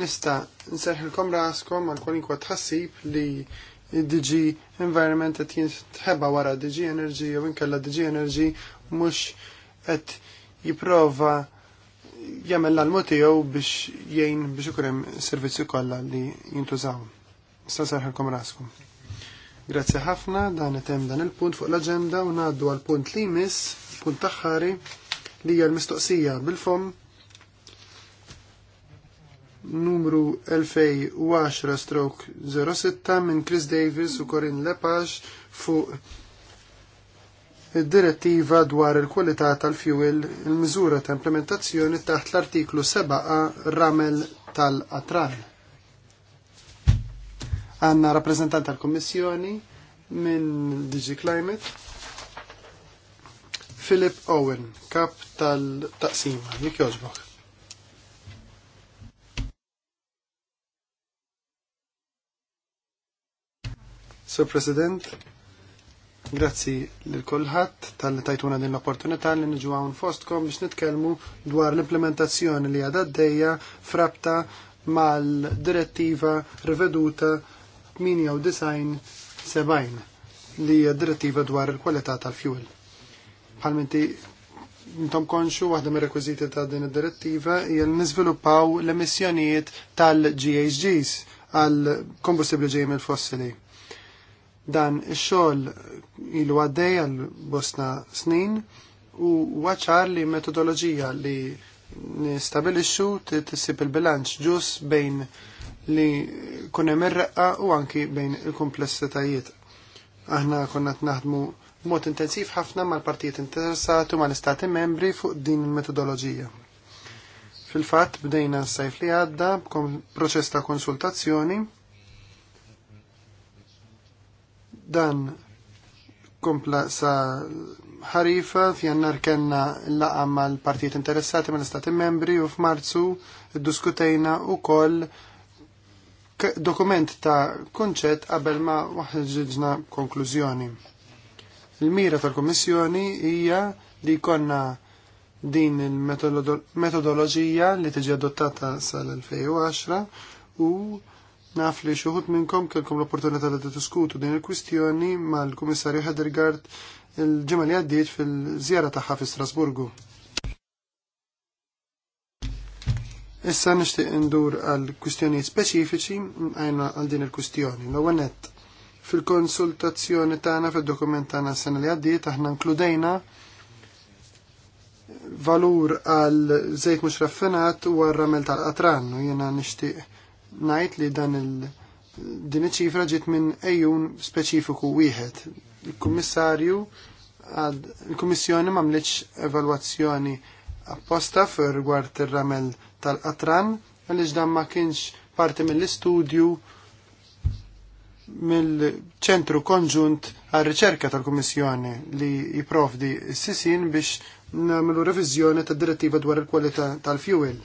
nista' nserħilkom raskom għal kwalinkwa tħassib li DG Environment qed jintħeba wara DG Energy jew inkella DG Energy mhux qed jipprova jagħmel l-almu tiegħu biex jgħin biex ikun hemm servizzi kollha li jintużaw. Nista' nserħilkom raskom. Grazzi ħafna dan item dan il-punt fuq l-agenda u ngħaddu għal punt li jmiss, punt taħħari li hija l-mistoqsija bil-fom numru 2010-06 minn Chris Davis u Corinne Lepage fuq id-direttiva dwar il-kwalità tal-fuel il-miżura ta' implementazzjoni taħt l-artiklu 7a ramel tal-atran. Għanna rappresentant tal-Kommissjoni minn DG Climate, Philip Owen, kap tal-Taqsima, jek joġbok. Sir President, grazzi l-kolħat tal-tajtuna din l-opportunità li nġu għawn fostkom biex nitkelmu dwar l-implementazzjoni li għadaddeja frabta mal-direttiva riveduta 98-70 li hija direttiva dwar il-kwalità tal-fuel. Palmenti, intom konxu waħda mir rekwiżiti ta' din id-direttiva hija li niżviluppaw l-emissjonijiet tal-GHGs għal kombustibbli ġej mill-fossili. Dan ix-xogħol ilu għaddej għal bosta snin u għacħar li metodoloġija li nistabilixxu tissib il-bilanċ ġus bejn li kunem ir-reqqa u anki bejn il-komplessitajiet. Aħna konna naħdmu mod intensiv ħafna mal-partijiet interessati u mal-istati membri fuq din il-metodoloġija. Fil-fatt bdejna s-sajf li għadda proċess ta' konsultazzjoni. Dan kompla sa ħarifa f'jannar kenna laqa mal-partijiet interessati mal-istati membri u f'Marzu diskutejna u koll dokument ta' kunċett qabel ma waħġiġna konklużjoni. Il-mira tal komissjoni hija li konna din il-metodoloġija li tiġi adottata sal-2010 u naf li xuħut minnkom kelkom l-opportunità li diskutu din il-kwistjoni mal-Kummissarju Hedergard il-ġimgħa li għaddiet fil-żjara tagħha fi Strasburgu. Issa nixtieq indur għal kwistjonijiet speċifiċi għajna għal din il-kwistjoni. L-ewwel nett fil-konsultazzjoni tagħna fid-dokument tagħna s-sena li għaddiet aħna nkludejna valur għal żejt mhux raffinat u għal ramel tal-qatran u jiena nixtieq ngħid li dan il- din ċifra ġiet minn ejjun speċifiku wieħed. Il-Kummissarju il-Kummissjoni mamliċ evalwazzjoni apposta fir gwart ir-ramel tal-qatran għaliex dan ma kienx parti mill-istudju mill-ċentru konġunt għal riċerka tal-Kummissjoni li jiprofdi s-sisin biex nagħmlu reviżjoni tad-direttiva dwar il-kwalità tal-fuel.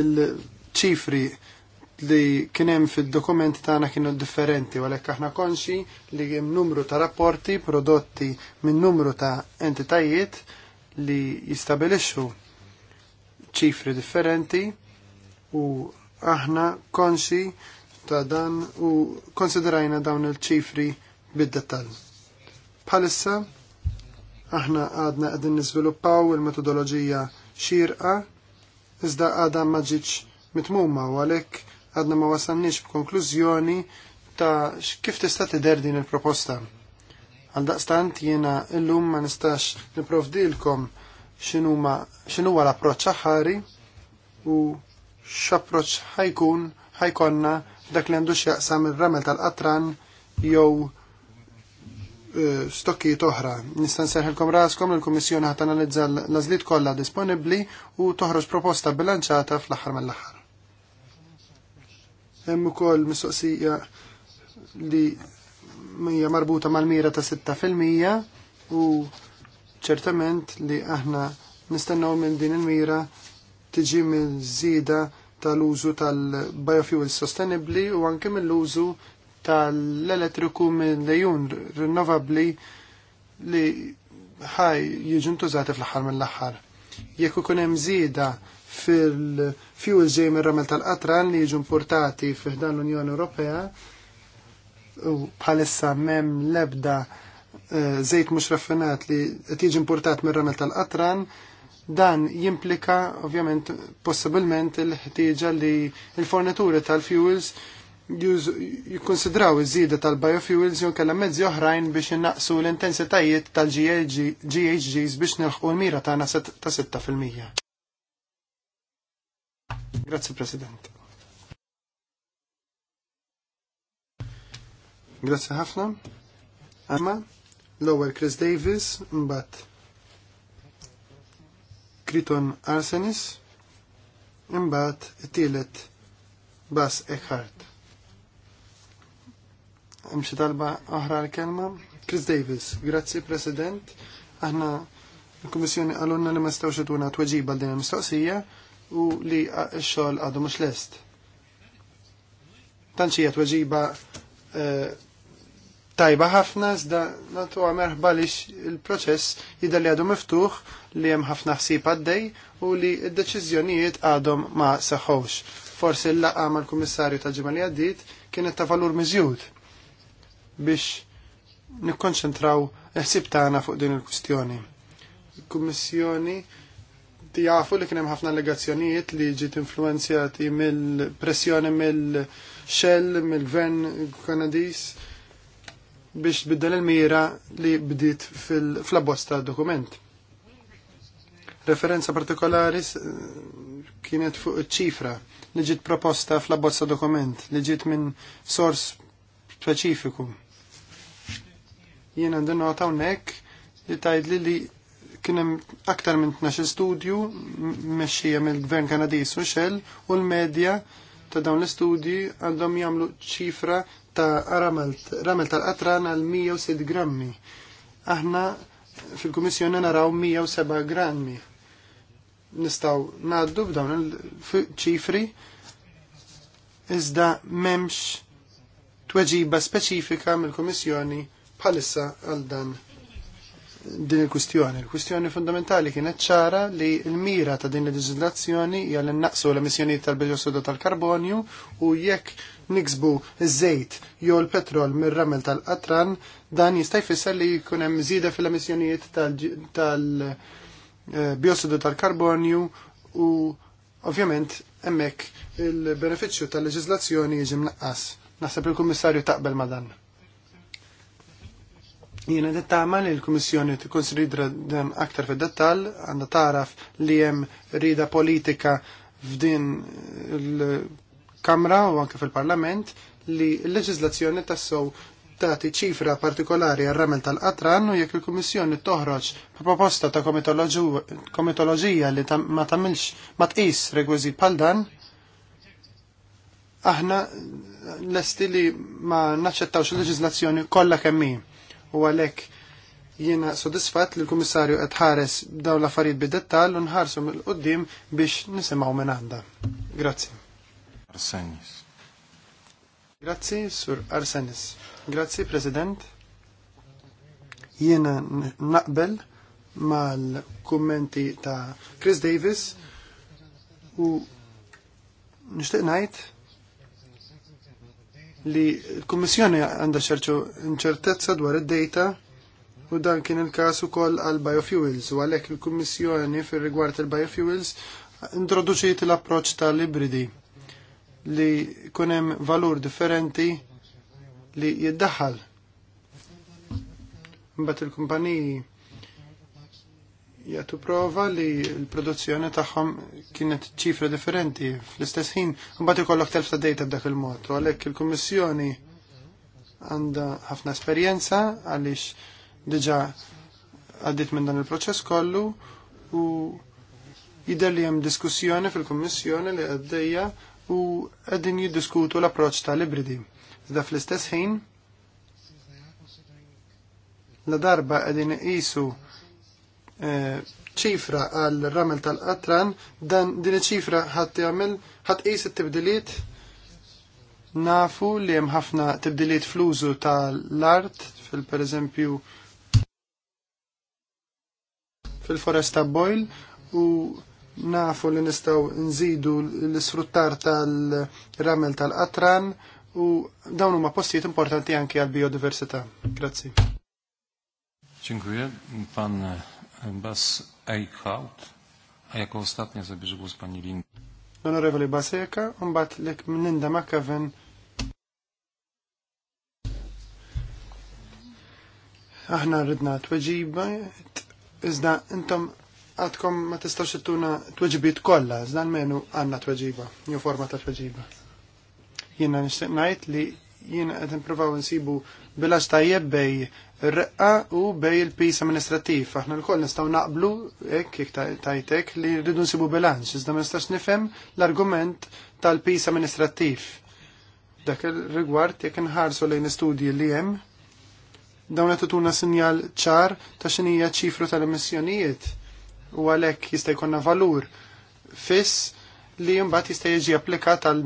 Il-ċifri li kienem fil-dokument tagħna kienu differenti, għalhekk aħna konxi li hemm numru ta' rapporti prodotti minn numru ta' entitajiet li jistabilixxu ċifri differenti u aħna konxi ta' dan u konsiderajna dawn il-ċifri bid-dettall. Bħalissa aħna għadna qegħdin niżviluppaw il-metodoloġija xirqa iżda għadha ma mitmuma u għalhekk għadna ma wasalniex b'konklużjoni ta' kif tista' tidher din il-proposta. Għaldaqstant jiena illum ma nistax niprovdilkom x'inhuwa l-approċċ aħari u x'approċċ ħajkun ħajkonna dak li għandu x'jaqsam il ramel tal-qatran jew e, stokki toħra. Nistan serħilkom raskom l-Komissjoni ħat analizza l-azlit kollha disponibbli u toħroġ proposta bilanċata fl-aħħar mill-aħħar. Hemm ukoll mistoqsija li Mija marbuta mal-mira ta' 6% u ċertament li aħna nistennaw minn din il-mira tiġi minn zida tal-użu tal-biofuels sostenibli u anke mill-użu tal-elettriku mill-lejun rinnovabli li ħaj jiġu ntużati fl-aħħar mill-aħħar. Jekk ikun hemm zida fil-fuel ġej mir-ramel tal-qatran li jiġu importati dan l-Unjoni Ewropea, u bħalissa mem lebda eh, zejt mux raffinat li tiġi importat mir ramel tal-qatran, dan jimplika ovvjament possibilment il-ħtieġa li il-fornituri tal-fuels jikkonsidraw iż-żieda tal-biofuels jew kellha mezzi oħrajn biex innaqsu l-intensitajiet tal-GHGs biex nilħqu l-mira tagħna ta' 6%. Grazzi President. Grazzi ħafna. Amma, Lower Chris Davis, mbagħad Kriton Arsenis, mbat it-tielet Bas Eckhart. Hemm xi talba oħra l-kelma? Chris Davis, grazzi President. Aħna l-Kummissjoni għalunna li ma stawx ituna tweġiba din il-mistoqsija u li x-xogħol għadu mhux lest. Tant xi tweġiba eh, tajba ħafna iżda natu merħba ħbalix il-proċess jidher li għadu miftuħ li hemm ħafna ħsib għaddej u li d-deċiżjonijiet għadhom ma saħħux. Forsi l-laqgħa mal-Kummissarju ta' ġimgħa li għaddiet kienet ta' valur miżjud biex nikkonċentraw ħsib tagħna fuq din il-kwistjoni. Il-Kummissjoni jafu li kien hemm ħafna allegazzjonijiet li ġiet influenzjati mill-pressjoni mill xell mill-Gvern Kanadis biex tbiddel il-mira li bdiet fil-flabosta dokument. Referenza partikolari kienet fuq ċifra li ġiet proposta fl-abbozza dokument li ġiet minn sors speċifiku. Jien għandin nota hawnhekk li tgħidli li kien hemm aktar minn 12 studju mexxija mill-Gvern Kanadiż u xell u l-medja ta' dawn l-istudji għandhom jagħmlu ċifra ta' ramel tal-qatran għal 106 grammi. Aħna fil-Kummissjoni naraw 107 grammi. Nistaw naddu b'dawn il-ċifri iżda memx tweġiba speċifika mill-Kummissjoni bħalissa għal dan din il-kwistjoni. Il-kwistjoni fundamentali kienet ċara li l-mira ta' din il legislazzjoni hija li naqsu l-emissjonijiet tal-biossidu tal-karbonju u jekk niksbu z żejt jew l-petrol mir-ramel tal-qatran dan jista' jfisser li jkun hemm żieda fil-emissjonijiet tal-biossidu eh, tal-karbonju u ovvjament hemmhekk il-benefiċċju tal leġiżlazzjoni jiġi mnaqqas. Naħseb il-Kummissarju taqbel ma' dan. Jiena nittama li l-Kummissjoni tikkonsidra dem aktar fid-dettall, għandha taraf li hemm rida politika f'din l-Kamra u anke fil-Parlament li l-leġiżlazzjoni tassow tagħti ċifra partikolari għal ramel tal-qatran u jekk il-Kummissjoni toħroġ proposta ta' komitoloġija li ma tagħmilx ma tqis rekwiżit bħal dan, aħna lesti li ma naċċettawx il-leġiżlazzjoni kollha kemm u għalhekk jiena sodisfatt li l-Kummissarju qed ħares dawn l-affarijiet bid-dettall u nħarsu mill-qudiem biex nisimgħu minn għandha. Grazzi. Arsenis. Grazzi, Sur Arsenis. Grazzi, President. Jiena naqbel mal-kummenti ta' Chris Davis u nishtiq ngħid li l-Kummissjoni għandha ċerċu inċertezza dwar id-data u dan kien il-każ ukoll għal biofuels u għalhekk il-Kummissjoni fir-rigward il-biofuels introduċiet l-approċċ tal-ibridi li kunem valur differenti li jiddaħħal. Mbagħad il-kumpaniji jgħatu prova li l-produzzjoni tagħhom kienet ċifra differenti fl-istess ħin mbagħad ikollok telf ta' data b'dak il-mod u għalhekk il-Kummissjoni għandha ħafna esperjenza għaliex diġà għaddit minn dan il-proċess kollu u jidher li hemm diskussjoni fil-Kummissjoni li għaddejja u qegħdin jiddiskutu l-approċċ tal-ibridi. Iżda fl-istess ħin la darba qegħdin iqisu Eh, ċifra għal ramel tal-qatran, dan din ċifra ħat jagħmel ħat qis it-tibdiliet nafu li hemm ħafna tibdiliet fl-użu tal-art fil pereżempju fil-foresta boil u nafu li nistgħu nżidu l-isfruttar tal-ramel tal-qatran u dawn huma postijiet importanti anke għall biodiversità Grazzi. Dziękuję. Pan Bas Eichhout, a jako ostatnia zabierze głos pani Linda. Onorevoli Baseka, umbat lek Linda McAven. Aħna rridna tweġiba, iżda intom għadkom ma tistax ittuna tweġibiet kollha, iżda almenu għandna tweġiba, jew forma ta' tweġiba. Jiena nixtieq ngħid li jiena qed nippruvaw insibu bilax tajjeb bej r u bej il-pis amministrativ. Aħna l-koll nistaw naqblu, ek, jek tajtek, li rridu nsibu bilanċ, iżda ma nistax nifhem l-argument tal-pis amministrativ. Dak il-rigward jekk nħarsu lejn istudji li hemm, dawn qed tutuna sinjal ċar ta' xinija ċifru tal-emissjonijiet u għalhekk jista' jkollna valur fiss li mbagħad jista' jiġi applikat għal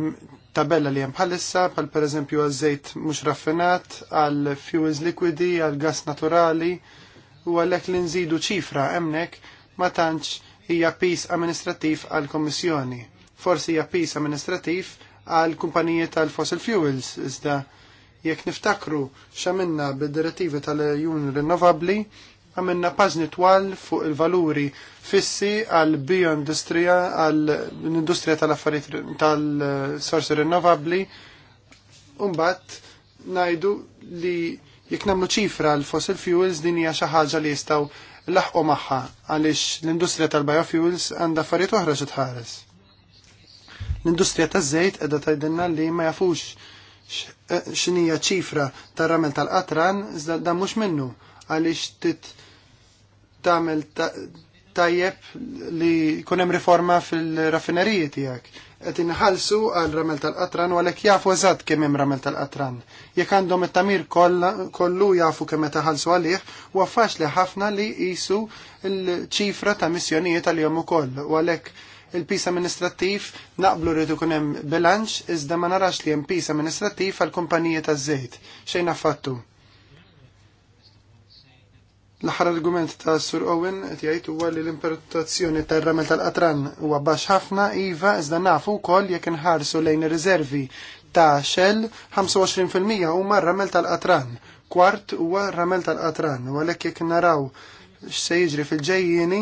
tabella li hemm bħalissa bħal pereżempju għaż-żejt mhux raffinat, għal fuels liquidi, għal gas naturali u għalhekk li nżidu ċifra hemmhekk ma tantx hija pis amministrattiv għall kommissjoni Forsi hija pis amministrattiv għal kumpaniji tal-fossil fuels iżda jekk niftakru x'għamilna bid-direttivi tal-Jun Rinnovabbli għamilna pażni twal fuq il-valuri fissi għal bioindustrija, għal l-industrija tal-affarijiet tal-sorsi rinnovabli, umbat najdu li jekk nagħmlu ċifra għal fossil fuels din hija xi ħaġa li jistgħu laħqu magħha għaliex l-industrija tal-biofuels għandha affarijiet oħra xi tħares. L-industrija taż-żejt qiegħda tgħidilna li ma jafux eh, x'inhija ċifra tar-ramel tal-qatran iżda dan mhux minnu għaliex tit tagħmel tajjeb li jkun hemm riforma fil-raffineriji tiegħek. Qed inħallsu għal ramel tal-qatran u għalhekk jafu eżatt kemm hemm ramel tal-qatran. Jekk għandhom it-tamir kollu jafu kemm meta ħallsu għalih, huwa faċli ħafna li qisu l-ċifra ta' missjonijiet għalihom ukoll u għalhekk il-pis amministrattiv naqblu rridu kun hemm bilanċ iżda ma narax li hemm pis amministrattiv għal kumpaniji taż-żejt. Xejn affattu. L-aħħar argument ta' Sur Owen qed jgħid huwa li l-importazzjoni tar-ramel tal-qatran huwa baxx ħafna iva iżda nafu wkoll jekk inħarsu lejn ir-riservi ta' Shell 25% huma r-ramel tal-qatran, kwart huwa r-ramel tal-qatran, u għalhekk jekk naraw x'se jiġri fil-ġejjieni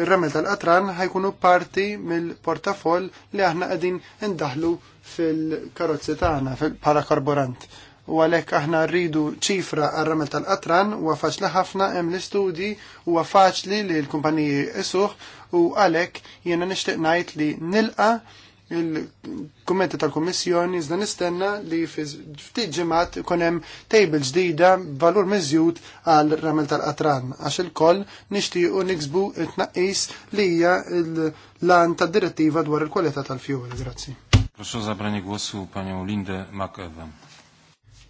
ir-ramel tal-qatran ħajkunu parti mill portafol li aħna qegħdin indaħlu fil-karozzi tagħna fil karburant u għalhekk aħna rridu ċifra għarramel ramel tal-qatran huwa faċli ħafna hemm l-istudji huwa faċli li l-kumpaniji isuħ u għalhekk jiena nixtieq ngħid li nilqa il-kummenti tal-Kummissjoni iżda nistenna li ftit ġimgħat ikun hemm ġdida valur miżjud għal ramel tal-qatran għax il-koll nixtiequ niksbu it-tnaqqis li hija l-lan tad-direttiva dwar il-kwalità tal-fjuri. Grazzi. Proszę o zabranie głosu panią Lindę McEwan.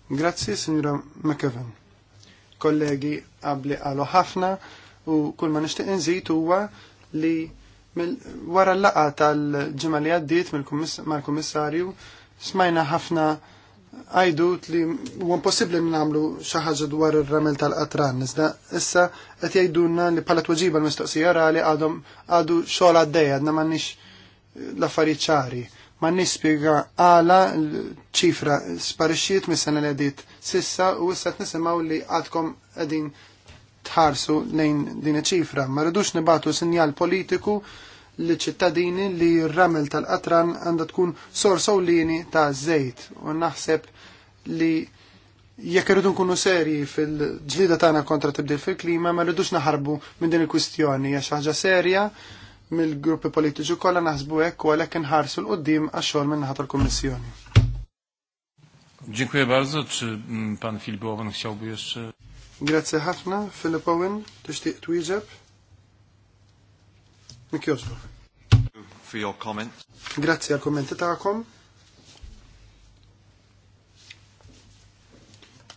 Grazzi, Signora McEvan. Kollegi qabli qalu ħafna u kull ma nixtieq inżid huwa li wara l-laqa tal-ġimgħa li għaddiet mal-Kummissarju smajna ħafna għajdut li huwa impossibbli nagħmlu xi ħaġa dwar ir-ramel tal-qatran. Iżda issa qed jgħidulna li bħala tweġiba l-mistoqsija orali għadhom għadu xogħol għaddejja għadna m'għandniex l-affarijiet ċari ma nispjega għala ċifra sparixiet mis-sena li għedit sissa u issa nisimaw li għadkom għedin tħarsu lejn din ċifra. Ma rridux nibatu sinjal politiku li ċittadini li r-ramel tal-qatran għanda tkun sorsa u lini ta' zejt u naħseb li jekk irridu nkunu serji fil-ġlida tagħna kontra tibdil fil-klima ma rridux naħarbu minn din il-kwistjoni hija xi ħaġa serja mill-gruppi politiċi kollha naħsbu hekk u għalhekk inħarsu l qudiem għax-xogħol minn naħa tal-Kummissjoni. Dziękuję bardzo. Czy mm, pan Filip Owen chciałby jeszcze... Grazie ħafna. Filip Owen, tixtieq twieġeb? Mik jozbuk. For your comment. Grazie għal kommenti tagħkom.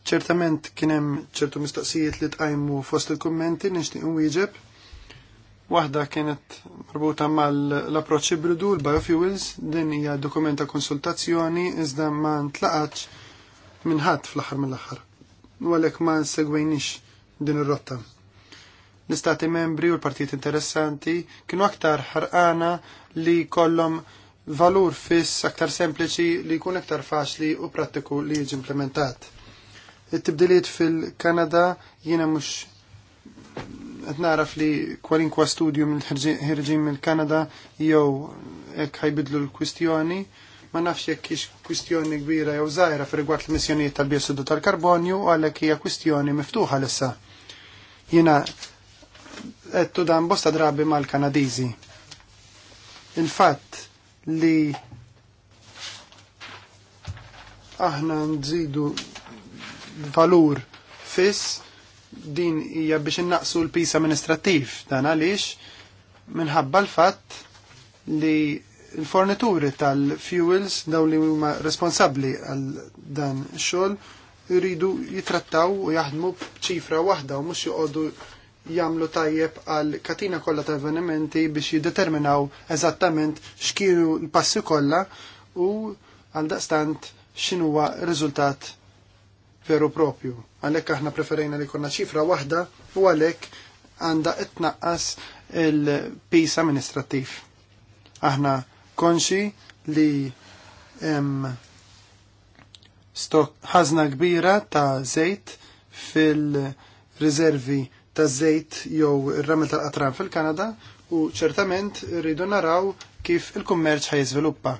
ċertament kien hemm ċertu mistoqsijiet li tqajmu fost il-kummenti nixtieq nwieġeb Waħda kienet marbuta mal-approċċ bridu l-biofuels, din hija dokumenta konsultazzjoni iżda ma ntlaqatx minħadd fl-aħħar mill-aħħar. U għalhekk ma nsegwejniex din ir-rotta. L-istati membri u l-partijiet interessanti kienu aktar ħarqana li kollom valur fiss aktar sempliċi li jkun aktar faċli u prattiku li jiġi implementat. It-tibdiliet fil-Kanada jiena mhux għet naraf li kwalinkwa studju ħirġin mill-Kanada jew ek ħajbidlu l-kwistjoni, ma nafx jekk hix kwistjoni kbira jew fi rigward l-missjonijiet tal biosidu tal-karbonju u għalhekk hija kwistjoni miftuħa issa. Jiena qed dan bosta drabi mal-Kanadiżi. Il-fatt li aħna nżidu valur fis din hija biex innaqsu l-pis amministrattiv dan għaliex minħabba l-fatt li l-fornituri tal-fuels daw li huma responsabbli għal dan xogħol iridu jitrattaw u jaħdmu b'ċifra waħda u mhux joqogħdu jagħmlu tajjeb għal katina kollha ta' avvenimenti biex jiddeterminaw eżattament x'kienu l-passi kollha u għal daqstant x'inhuwa r-riżultat veru propju. Għalhekk aħna preferejna li konna ċifra waħda u għalhekk għandha itnaqqas il-pis amministrattiv. Aħna konxi li hemm stok ħazna kbira ta' żejt fil rizervi ta' żejt jew ir-ramel tal-qatran fil-Kanada u ċertament rridu naraw kif il-kummerċ ħaj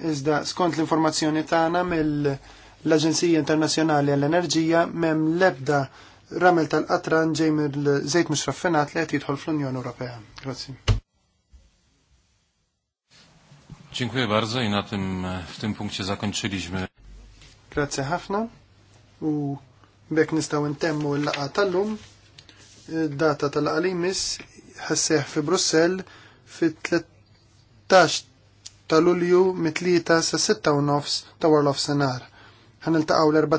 Iżda skont l-informazzjoni tagħna mill- l-Aġenzija Internazzjonali għall-Enerġija mem lebda ramel tal-qatran ġej mill-żejt mhux raffinat li qed jidħol fl-Unjoni Ewropea. Grazzi. Dziękuję bardzo i na tym, w tym punkcie zakończyliśmy. Grazie ħafna u bek nistaw ntemmu l-laqa tal-lum data tal-qalimis ħasseħ fi Brussel fi 13 ta' Lulju mit-3 sa' 6 u nofs ta' warlof senar. Ħaniltaqgħu l-14